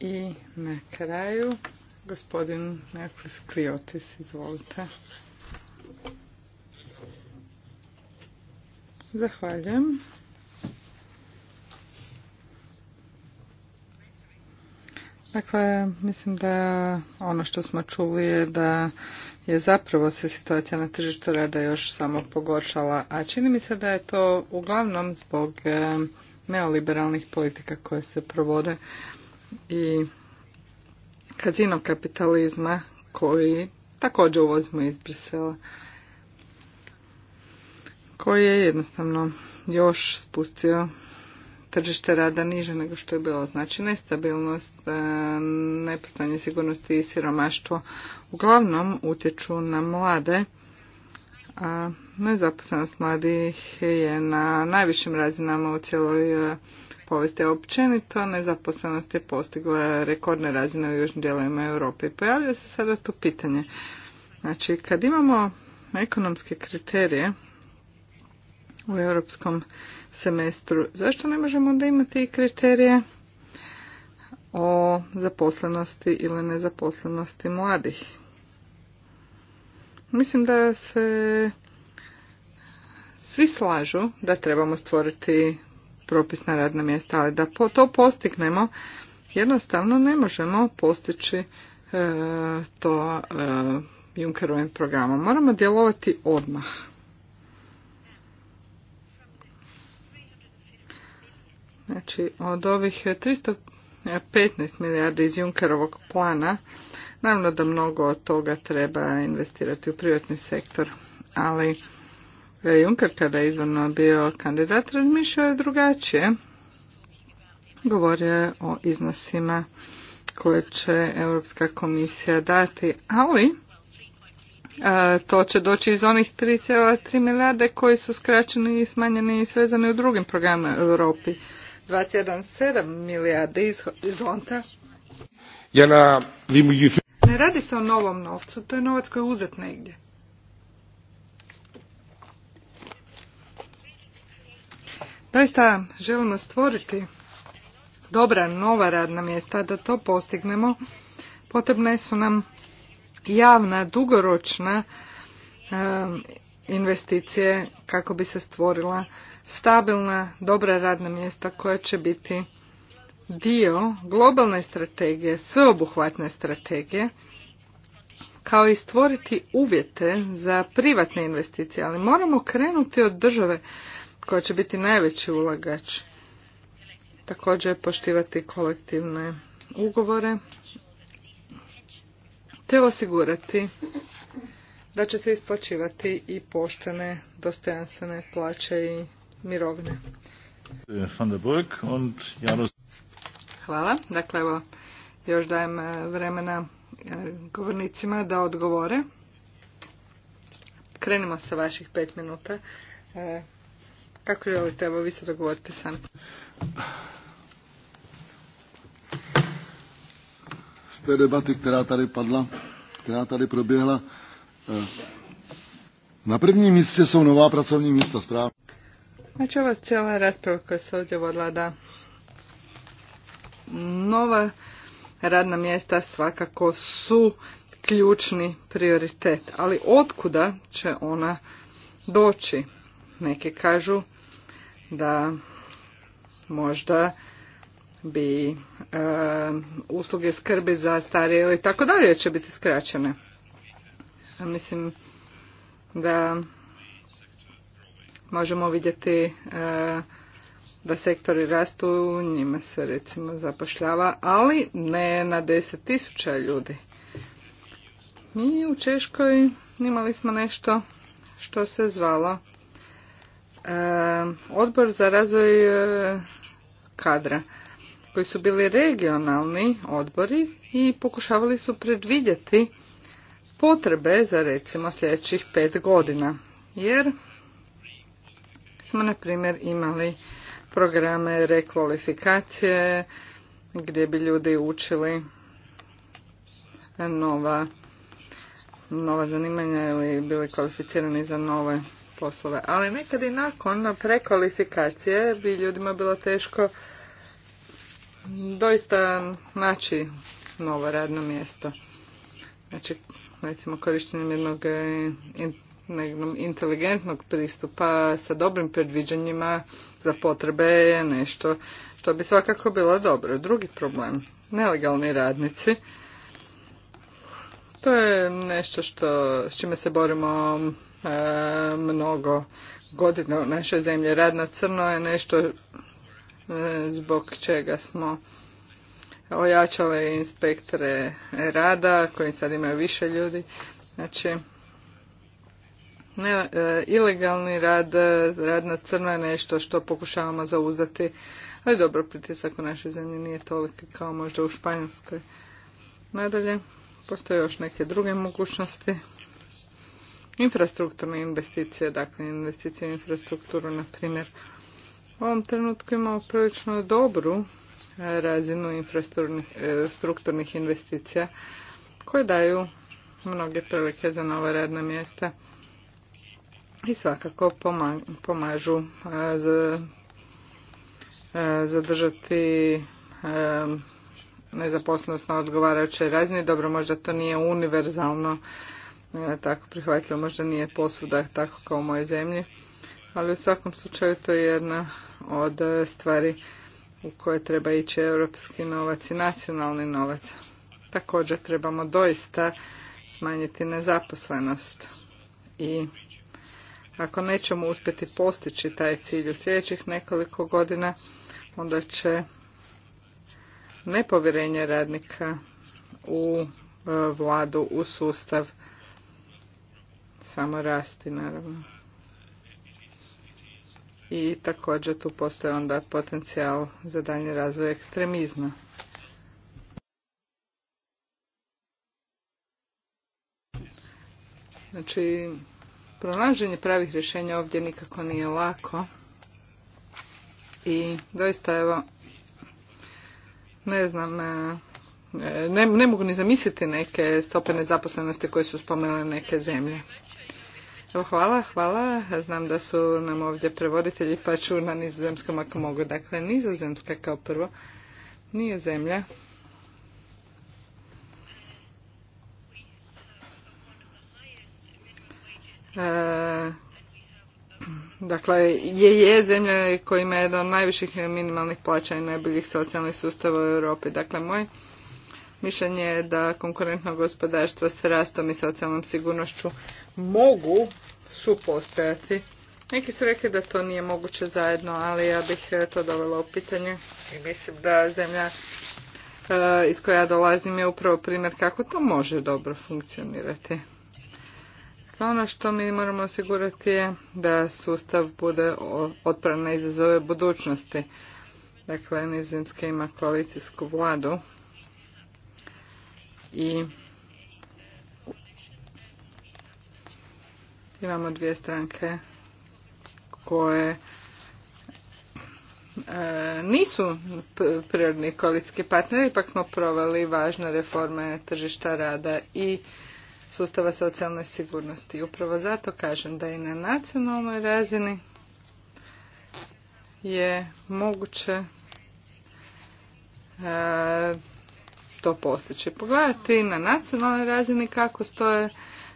I na kraju gospodin Neklis Kliotis, izvolite. Zahvaljujem. Dakle, mislim da ono što smo čuli je da je zapravo se situacija na tržištu rada još samo pogoršala, a čini mi se da je to uglavnom zbog e, neoliberalnih politika koje se provode i kazino kapitalizma koji također uvozimo iz Brisela koji je jednostavno još spustio tržište rada niže nego što je bilo. Znači nestabilnost, e, nepostanje sigurnosti i siromaštvo uglavnom utječu na mlade. nezaposlenost mladih je na najvišim razinama u cijeloj e, povijesti općenito. Nezaposlenost je postigla rekordne razine u južnim dijelovima Europe. I se sada to pitanje. Znači, kad imamo ekonomske kriterije, u europskom semestru. Zašto ne možemo da imati i kriterije o zaposlenosti ili nezaposlenosti mladih? Mislim da se svi slažu da trebamo stvoriti propisna radna mjesta, ali da to postignemo jednostavno ne možemo postići e, to e, Junkerovim programom. Moramo djelovati odmah. Znači, od ovih 315 milijardi iz Junkerovog plana, naravno da mnogo od toga treba investirati u privatni sektor, ali e, Juncker kada je izvrno bio kandidat razmišljao je drugačije. Govorio je o iznosima koje će Europska komisija dati, ali e, to će doći iz onih 3,3 milijarde koji su skraćeni i smanjeni i svezani u drugim programima u Europi. 27 milijardi iz horizonta. Ne radi se o novom novcu, to je novac koji je uzet negdje. Doista želimo stvoriti dobra nova radna mjesta, da to postignemo, potrebne su nam javna, dugoročna eh, investicije kako bi se stvorila stabilna, dobra radna mjesta koja će biti dio globalne strategije, sveobuhvatne strategije, kao i stvoriti uvjete za privatne investicije, ali moramo krenuti od države koja će biti najveći ulagač. Također poštivati kolektivne ugovore te osigurati da će se isplaćivati i poštene, dostojanstvene plaće i mirovine. Hvala. Dakle, evo, još dajem e, vremena e, govornicima da odgovore. Krenimo sa vaših pet minuta. E, kako želite, evo, vi se dogovorite sami. Z té debaty, která tady padla, která tady proběhla, na prvním místě jsou nová pracovní místa, Znači ova cijela rasprava koja se ovdje vodila da nova radna mjesta svakako su ključni prioritet. Ali otkuda će ona doći? Neki kažu da možda bi usluge skrbi za starije ili tako dalje će biti skraćene. Mislim da možemo vidjeti e, da sektori rastu, njima se recimo zapošljava, ali ne na tisuća ljudi. Mi u Češkoj imali smo nešto što se zvalo e, Odbor za razvoj e, kadra koji su bili regionalni odbori i pokušavali su predvidjeti potrebe za recimo sljedećih pet godina. Jer smo, na primjer, imali programe rekvalifikacije gdje bi ljudi učili nova, nova zanimanja ili bili kvalificirani za nove poslove. Ali nekad i nakon prekvalifikacije bi ljudima bilo teško doista naći novo radno mjesto. Znači, recimo korištenjem jednog inteligentnog pristupa sa dobrim predviđanjima za potrebe je nešto što bi svakako bilo dobro. Drugi problem, nelegalni radnici. To je nešto što, s čime se borimo e, mnogo godina u našoj zemlji. Rad na crno je nešto e, zbog čega smo ojačale inspektore rada koji sad imaju više ljudi. Znači, ne, e, ilegalni rad, e, rad na crno je nešto što pokušavamo zauzdati, ali dobro, pritisak u našoj zemlji nije toliko kao možda u Španjolskoj. Nadalje, postoje još neke druge mogućnosti. Infrastrukturne investicije, dakle investicije u infrastrukturu, na primjer. U ovom trenutku imamo prilično dobru razinu infrastrukturnih e, investicija koje daju mnoge prilike za nova radna mjesta i svakako pomažu e, e, zadržati e, nezaposlenost na odgovarajućoj razini. Dobro, možda to nije univerzalno tako prihvatljivo, možda nije posuda tako kao u mojoj zemlji, ali u svakom slučaju to je jedna od stvari u koje treba ići europski novac i nacionalni novac. Također trebamo doista smanjiti nezaposlenost i ako nećemo uspjeti postići taj cilj u sljedećih nekoliko godina, onda će nepovjerenje radnika u e, vladu, u sustav samo rasti naravno. I također tu postoji onda potencijal za daljnji razvoj ekstremizma. Znači, Pronalaženje pravih rješenja ovdje nikako nije lako. I doista evo, ne znam, e, ne, mogu ni zamisliti neke stope nezaposlenosti koje su spomenule neke zemlje. Evo, hvala, hvala. Znam da su nam ovdje prevoditelji, pa ću na nizozemskom ako mogu. Dakle, nizozemska kao prvo nije zemlja E, dakle, je je zemlja koja ima jedan od najviših minimalnih plaća i najboljih socijalnih sustava u Europi. Dakle, moje mišljenje je da konkurentno gospodarstvo s rastom i socijalnom sigurnošću mogu supostojati. Neki su rekli da to nije moguće zajedno, ali ja bih e, to dovela u pitanje i mislim da zemlja e, iz koja dolazim je upravo primjer kako to može dobro funkcionirati ono što mi moramo osigurati je da sustav bude otporan na izazove budućnosti. Dakle, Nizozemska ima koalicijsku vladu i imamo dvije stranke koje e, nisu prirodni koalicijski partneri, ipak smo proveli važne reforme tržišta rada i sustava socijalne sigurnosti. Upravo zato kažem da i na nacionalnoj razini je moguće e, to postići. Pogledati na nacionalnoj razini kako stoje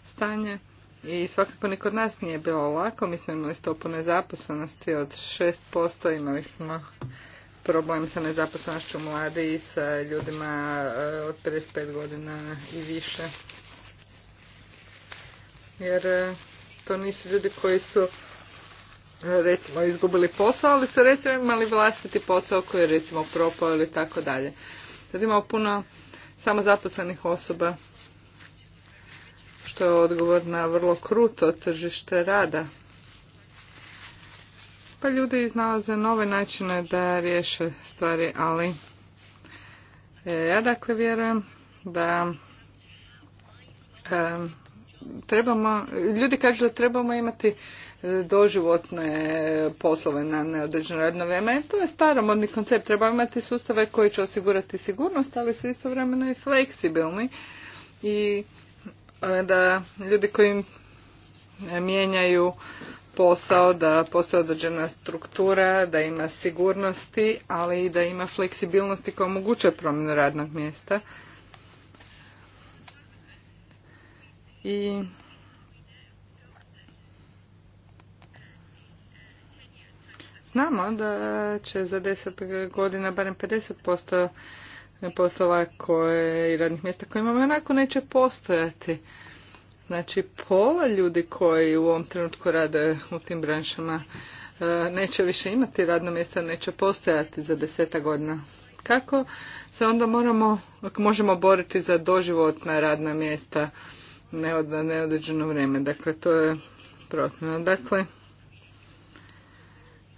stanje i svakako ni kod nas nije bilo lako. Mi smo imali stopu nezaposlenosti od 6%, imali smo problem sa nezaposlenošću mladi i sa ljudima e, od 55 godina i više jer e, to nisu ljudi koji su e, recimo izgubili posao, ali su recimo imali vlastiti posao koji je recimo propao ili tako dalje. Sad imamo puno samozaposlenih osoba što je odgovor na vrlo kruto tržište rada. Pa ljudi iznalaze nove načine da riješe stvari, ali e, ja dakle vjerujem da trebamo, ljudi kažu da trebamo imati e, doživotne poslove na neodređeno radno vrijeme. To je staromodni koncept. Treba imati sustave koji će osigurati sigurnost, ali su istovremeno i fleksibilni. I e, da ljudi koji mijenjaju posao, da postoji određena struktura, da ima sigurnosti, ali i da ima fleksibilnosti koja omogućuje promjenu radnog mjesta. i znamo da će za deset godina barem 50% poslova koje i radnih mjesta koje imamo onako neće postojati. Znači pola ljudi koji u ovom trenutku rade u tim branšama e, neće više imati radno mjesto, neće postojati za deseta godina. Kako se onda moramo, možemo boriti za doživotna radna mjesta? neodređeno vrijeme. Dakle, to je protivno. Dakle,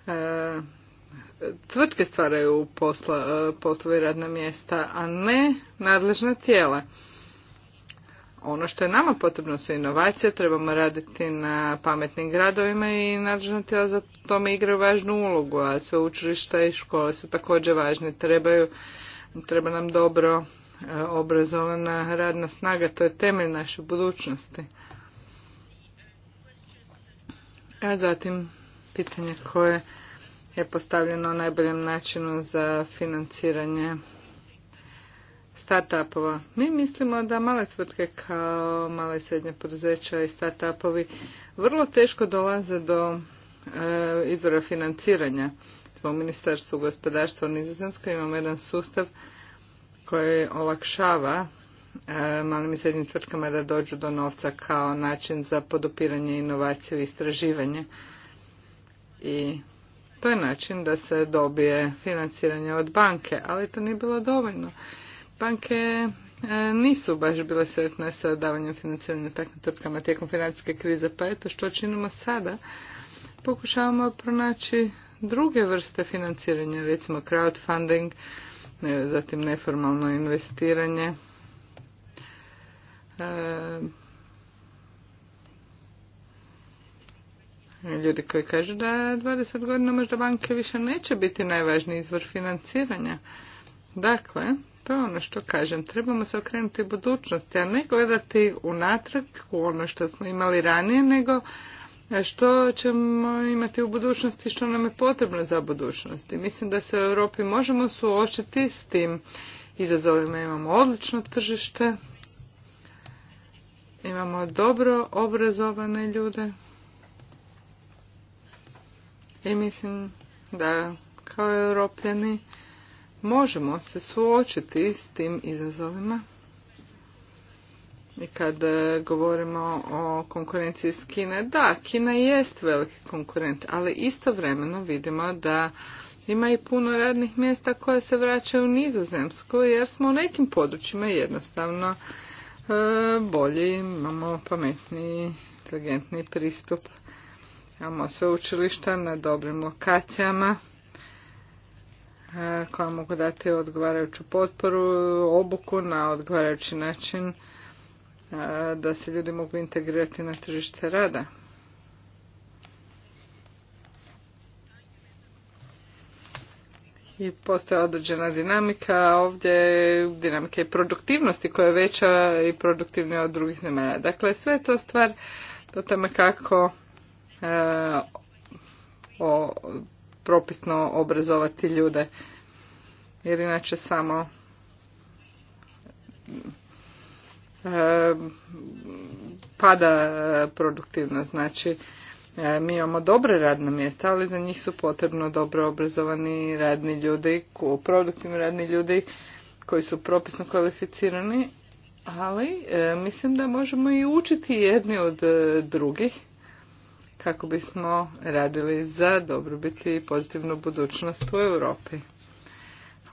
e, tvrtke stvaraju e, poslove i radna mjesta, a ne nadležna tijela. Ono što je nama potrebno su inovacije, trebamo raditi na pametnim gradovima i nadležna tijela za tome igraju važnu ulogu, a sve učilišta i škole su također važne, trebaju, treba nam dobro E, obrazovana radna snaga, to je temelj naše budućnosti. A zatim pitanje koje je postavljeno najboljem načinu za financiranje start-upova. Mi mislimo da male tvrtke kao male i srednje poduzeća i start-upovi vrlo teško dolaze do e, izvora financiranja. u Ministarstvu gospodarstva u Nizozemskoj imamo jedan sustav koje olakšava e, malim i srednjim tvrtkama da dođu do novca kao način za podupiranje inovacije i istraživanje. I to je način da se dobije financiranje od banke, ali to nije bilo dovoljno. Banke e, nisu baš bile sretne sa davanjem financiranja takvim tvrtkama tijekom financijske krize, pa eto što činimo sada. Pokušavamo pronaći druge vrste financiranja, recimo crowdfunding, E, zatim neformalno investiranje. E, ljudi koji kažu da 20 godina možda banke više neće biti najvažniji izvor financiranja. Dakle, to je ono što kažem. Trebamo se okrenuti budućnosti, a ne gledati unatrag u ono što smo imali ranije, nego E, što ćemo imati u budućnosti, što nam je potrebno za budućnost. I mislim da se u Europi možemo suočiti s tim izazovima. Imamo odlično tržište, imamo dobro obrazovane ljude i mislim da kao europljani možemo se suočiti s tim izazovima kad e, govorimo o konkurenciji s Kine, da, Kina jest veliki konkurent, ali istovremeno vidimo da ima i puno radnih mjesta koja se vraćaju u nizozemsku jer smo u nekim područjima jednostavno e, bolji, imamo pametni, inteligentni pristup, imamo sve učilišta na dobrim lokacijama e, koja mogu dati odgovarajuću potporu, obuku na odgovarajući način da se ljudi mogu integrirati na tržište rada. i postoje određena dinamika, ovdje dinamika i produktivnosti koja je veća i produktivnija od drugih zemalja. Dakle, sve je to stvar do tome kako o, propisno obrazovati ljude. Jer inače samo E, pada e, produktivno. Znači, e, mi imamo dobre radne mjesta, ali za njih su potrebno dobro obrazovani radni ljudi, produktivni radni ljudi koji su propisno kvalificirani, ali mislim da možemo i učiti jedni od drugih kako bismo radili za dobrobiti i pozitivnu budućnost u Europi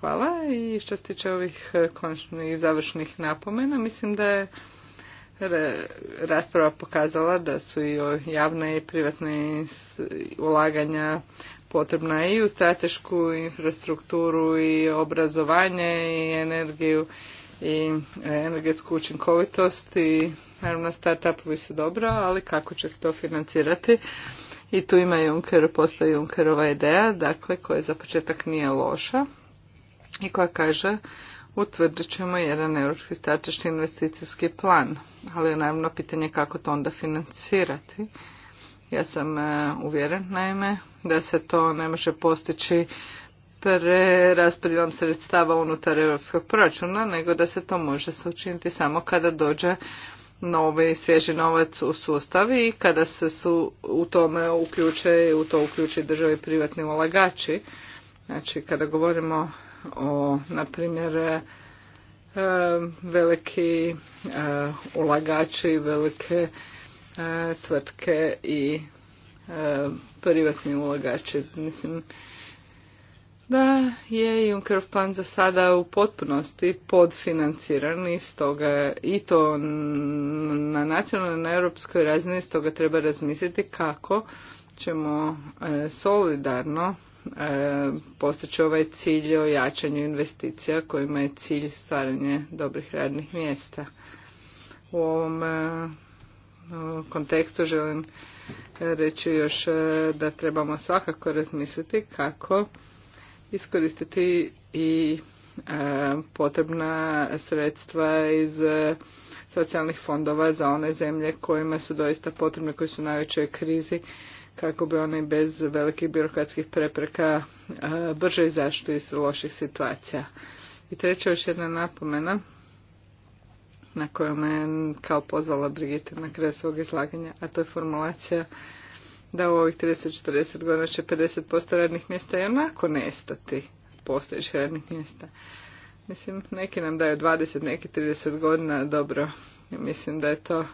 hvala i što se tiče ovih e, konačnih i završnih napomena, mislim da je rasprava pokazala da su i javne i privatne ulaganja potrebna i u stratešku infrastrukturu i obrazovanje i energiju i e, energetsku učinkovitost i naravno start su dobro, ali kako će se to financirati? I tu ima Juncker, postoji Junckerova ideja, dakle, koja za početak nije loša, i koja kaže utvrdit ćemo jedan europski strateški investicijski plan, ali je naravno pitanje kako to onda financirati. Ja sam e, uvjeren naime da se to ne može postići preraspodjelom sredstava unutar europskog proračuna, nego da se to može učiniti samo kada dođe novi svježi novac u sustav i kada se su u tome uključe u to uključe države privatni ulagači. Znači, kada govorimo o, na primjer, e, veliki e, ulagači, velike e, tvrtke i privatni ulagači. Mislim, da je Juncker plan za sada u potpunosti podfinanciran i stoga i to na nacionalnoj na europskoj razini stoga treba razmisliti kako ćemo solidarno E, postići ovaj cilj o jačanju investicija kojima je cilj stvaranje dobrih radnih mjesta. U ovom e, kontekstu želim reći još e, da trebamo svakako razmisliti kako iskoristiti i potrebna sredstva iz socijalnih fondova za one zemlje kojima su doista potrebne, koji su u najvećoj krizi kako bi oni bez velikih birokratskih prepreka e, brže izašli iz loših situacija. I treća još jedna napomena na koju me kao pozvala Brigitte na kraju svog izlaganja, a to je formulacija da u ovih 30-40 godina će 50% radnih mjesta i onako nestati postojećih radnih mjesta. Mislim, neki nam daju 20, neki 30 godina, dobro, mislim da je to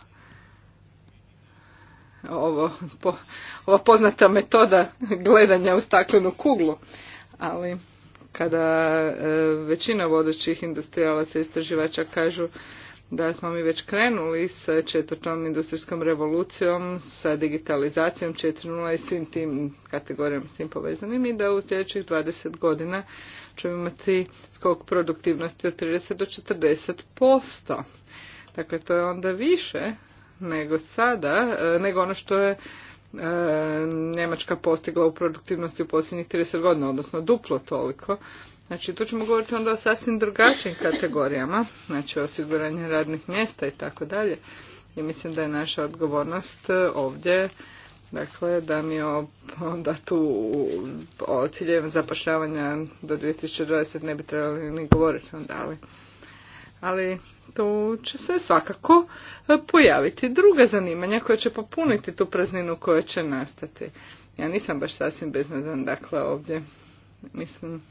ovo, po, ova poznata metoda gledanja u staklenu kuglu, ali kada e, većina vodećih industrijalaca i istraživača kažu da smo mi već krenuli sa četvrtom industrijskom revolucijom, sa digitalizacijom 4.0 i svim tim kategorijama s tim povezanim i da u sljedećih 20 godina ćemo imati skok produktivnosti od 30 do 40%. Dakle, to je onda više nego sada, e, nego ono što je e, Njemačka postigla u produktivnosti u posljednjih 30 godina, odnosno duplo toliko. Znači, tu ćemo govoriti onda o sasvim drugačijim kategorijama, znači osiguranju radnih mjesta i tako dalje. I mislim da je naša odgovornost e, ovdje, dakle, da mi onda tu o ciljevima zapošljavanja do 2020 ne bi trebali ni govoriti onda, ali ali to će se svakako e, pojaviti druga zanimanja koja će popuniti tu prazninu koja će nastati. Ja nisam baš sasvim beznadan, dakle ovdje mislim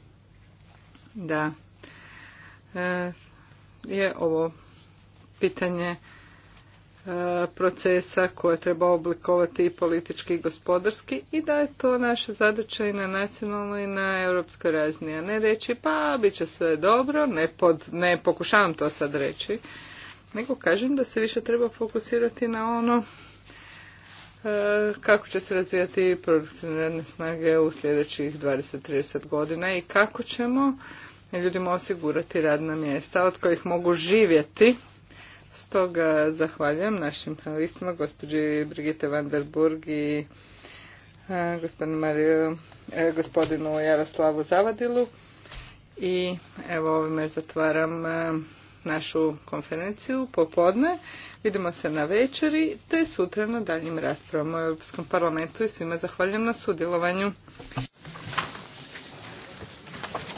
da e, je ovo pitanje E, procesa koje treba oblikovati i politički i gospodarski i da je to naša zadaća i na nacionalnoj i na europskoj razini, a ne reći pa bit će sve dobro, ne, pod, ne pokušavam to sad reći, nego kažem da se više treba fokusirati na ono e, kako će se razvijati produktivne radne snage u sljedećih 20-30 godina i kako ćemo ljudima osigurati radna mjesta od kojih mogu živjeti Stoga zahvaljujem našim panelistima, gospođi Brigitte Vanderburg i e, gospodinu, Mariju, e, gospodinu Jaroslavu Zavadilu. I evo ovime zatvaram e, našu konferenciju popodne. Vidimo se na večeri te sutra na daljim raspravama u Europskom parlamentu i svima zahvaljujem na sudjelovanju.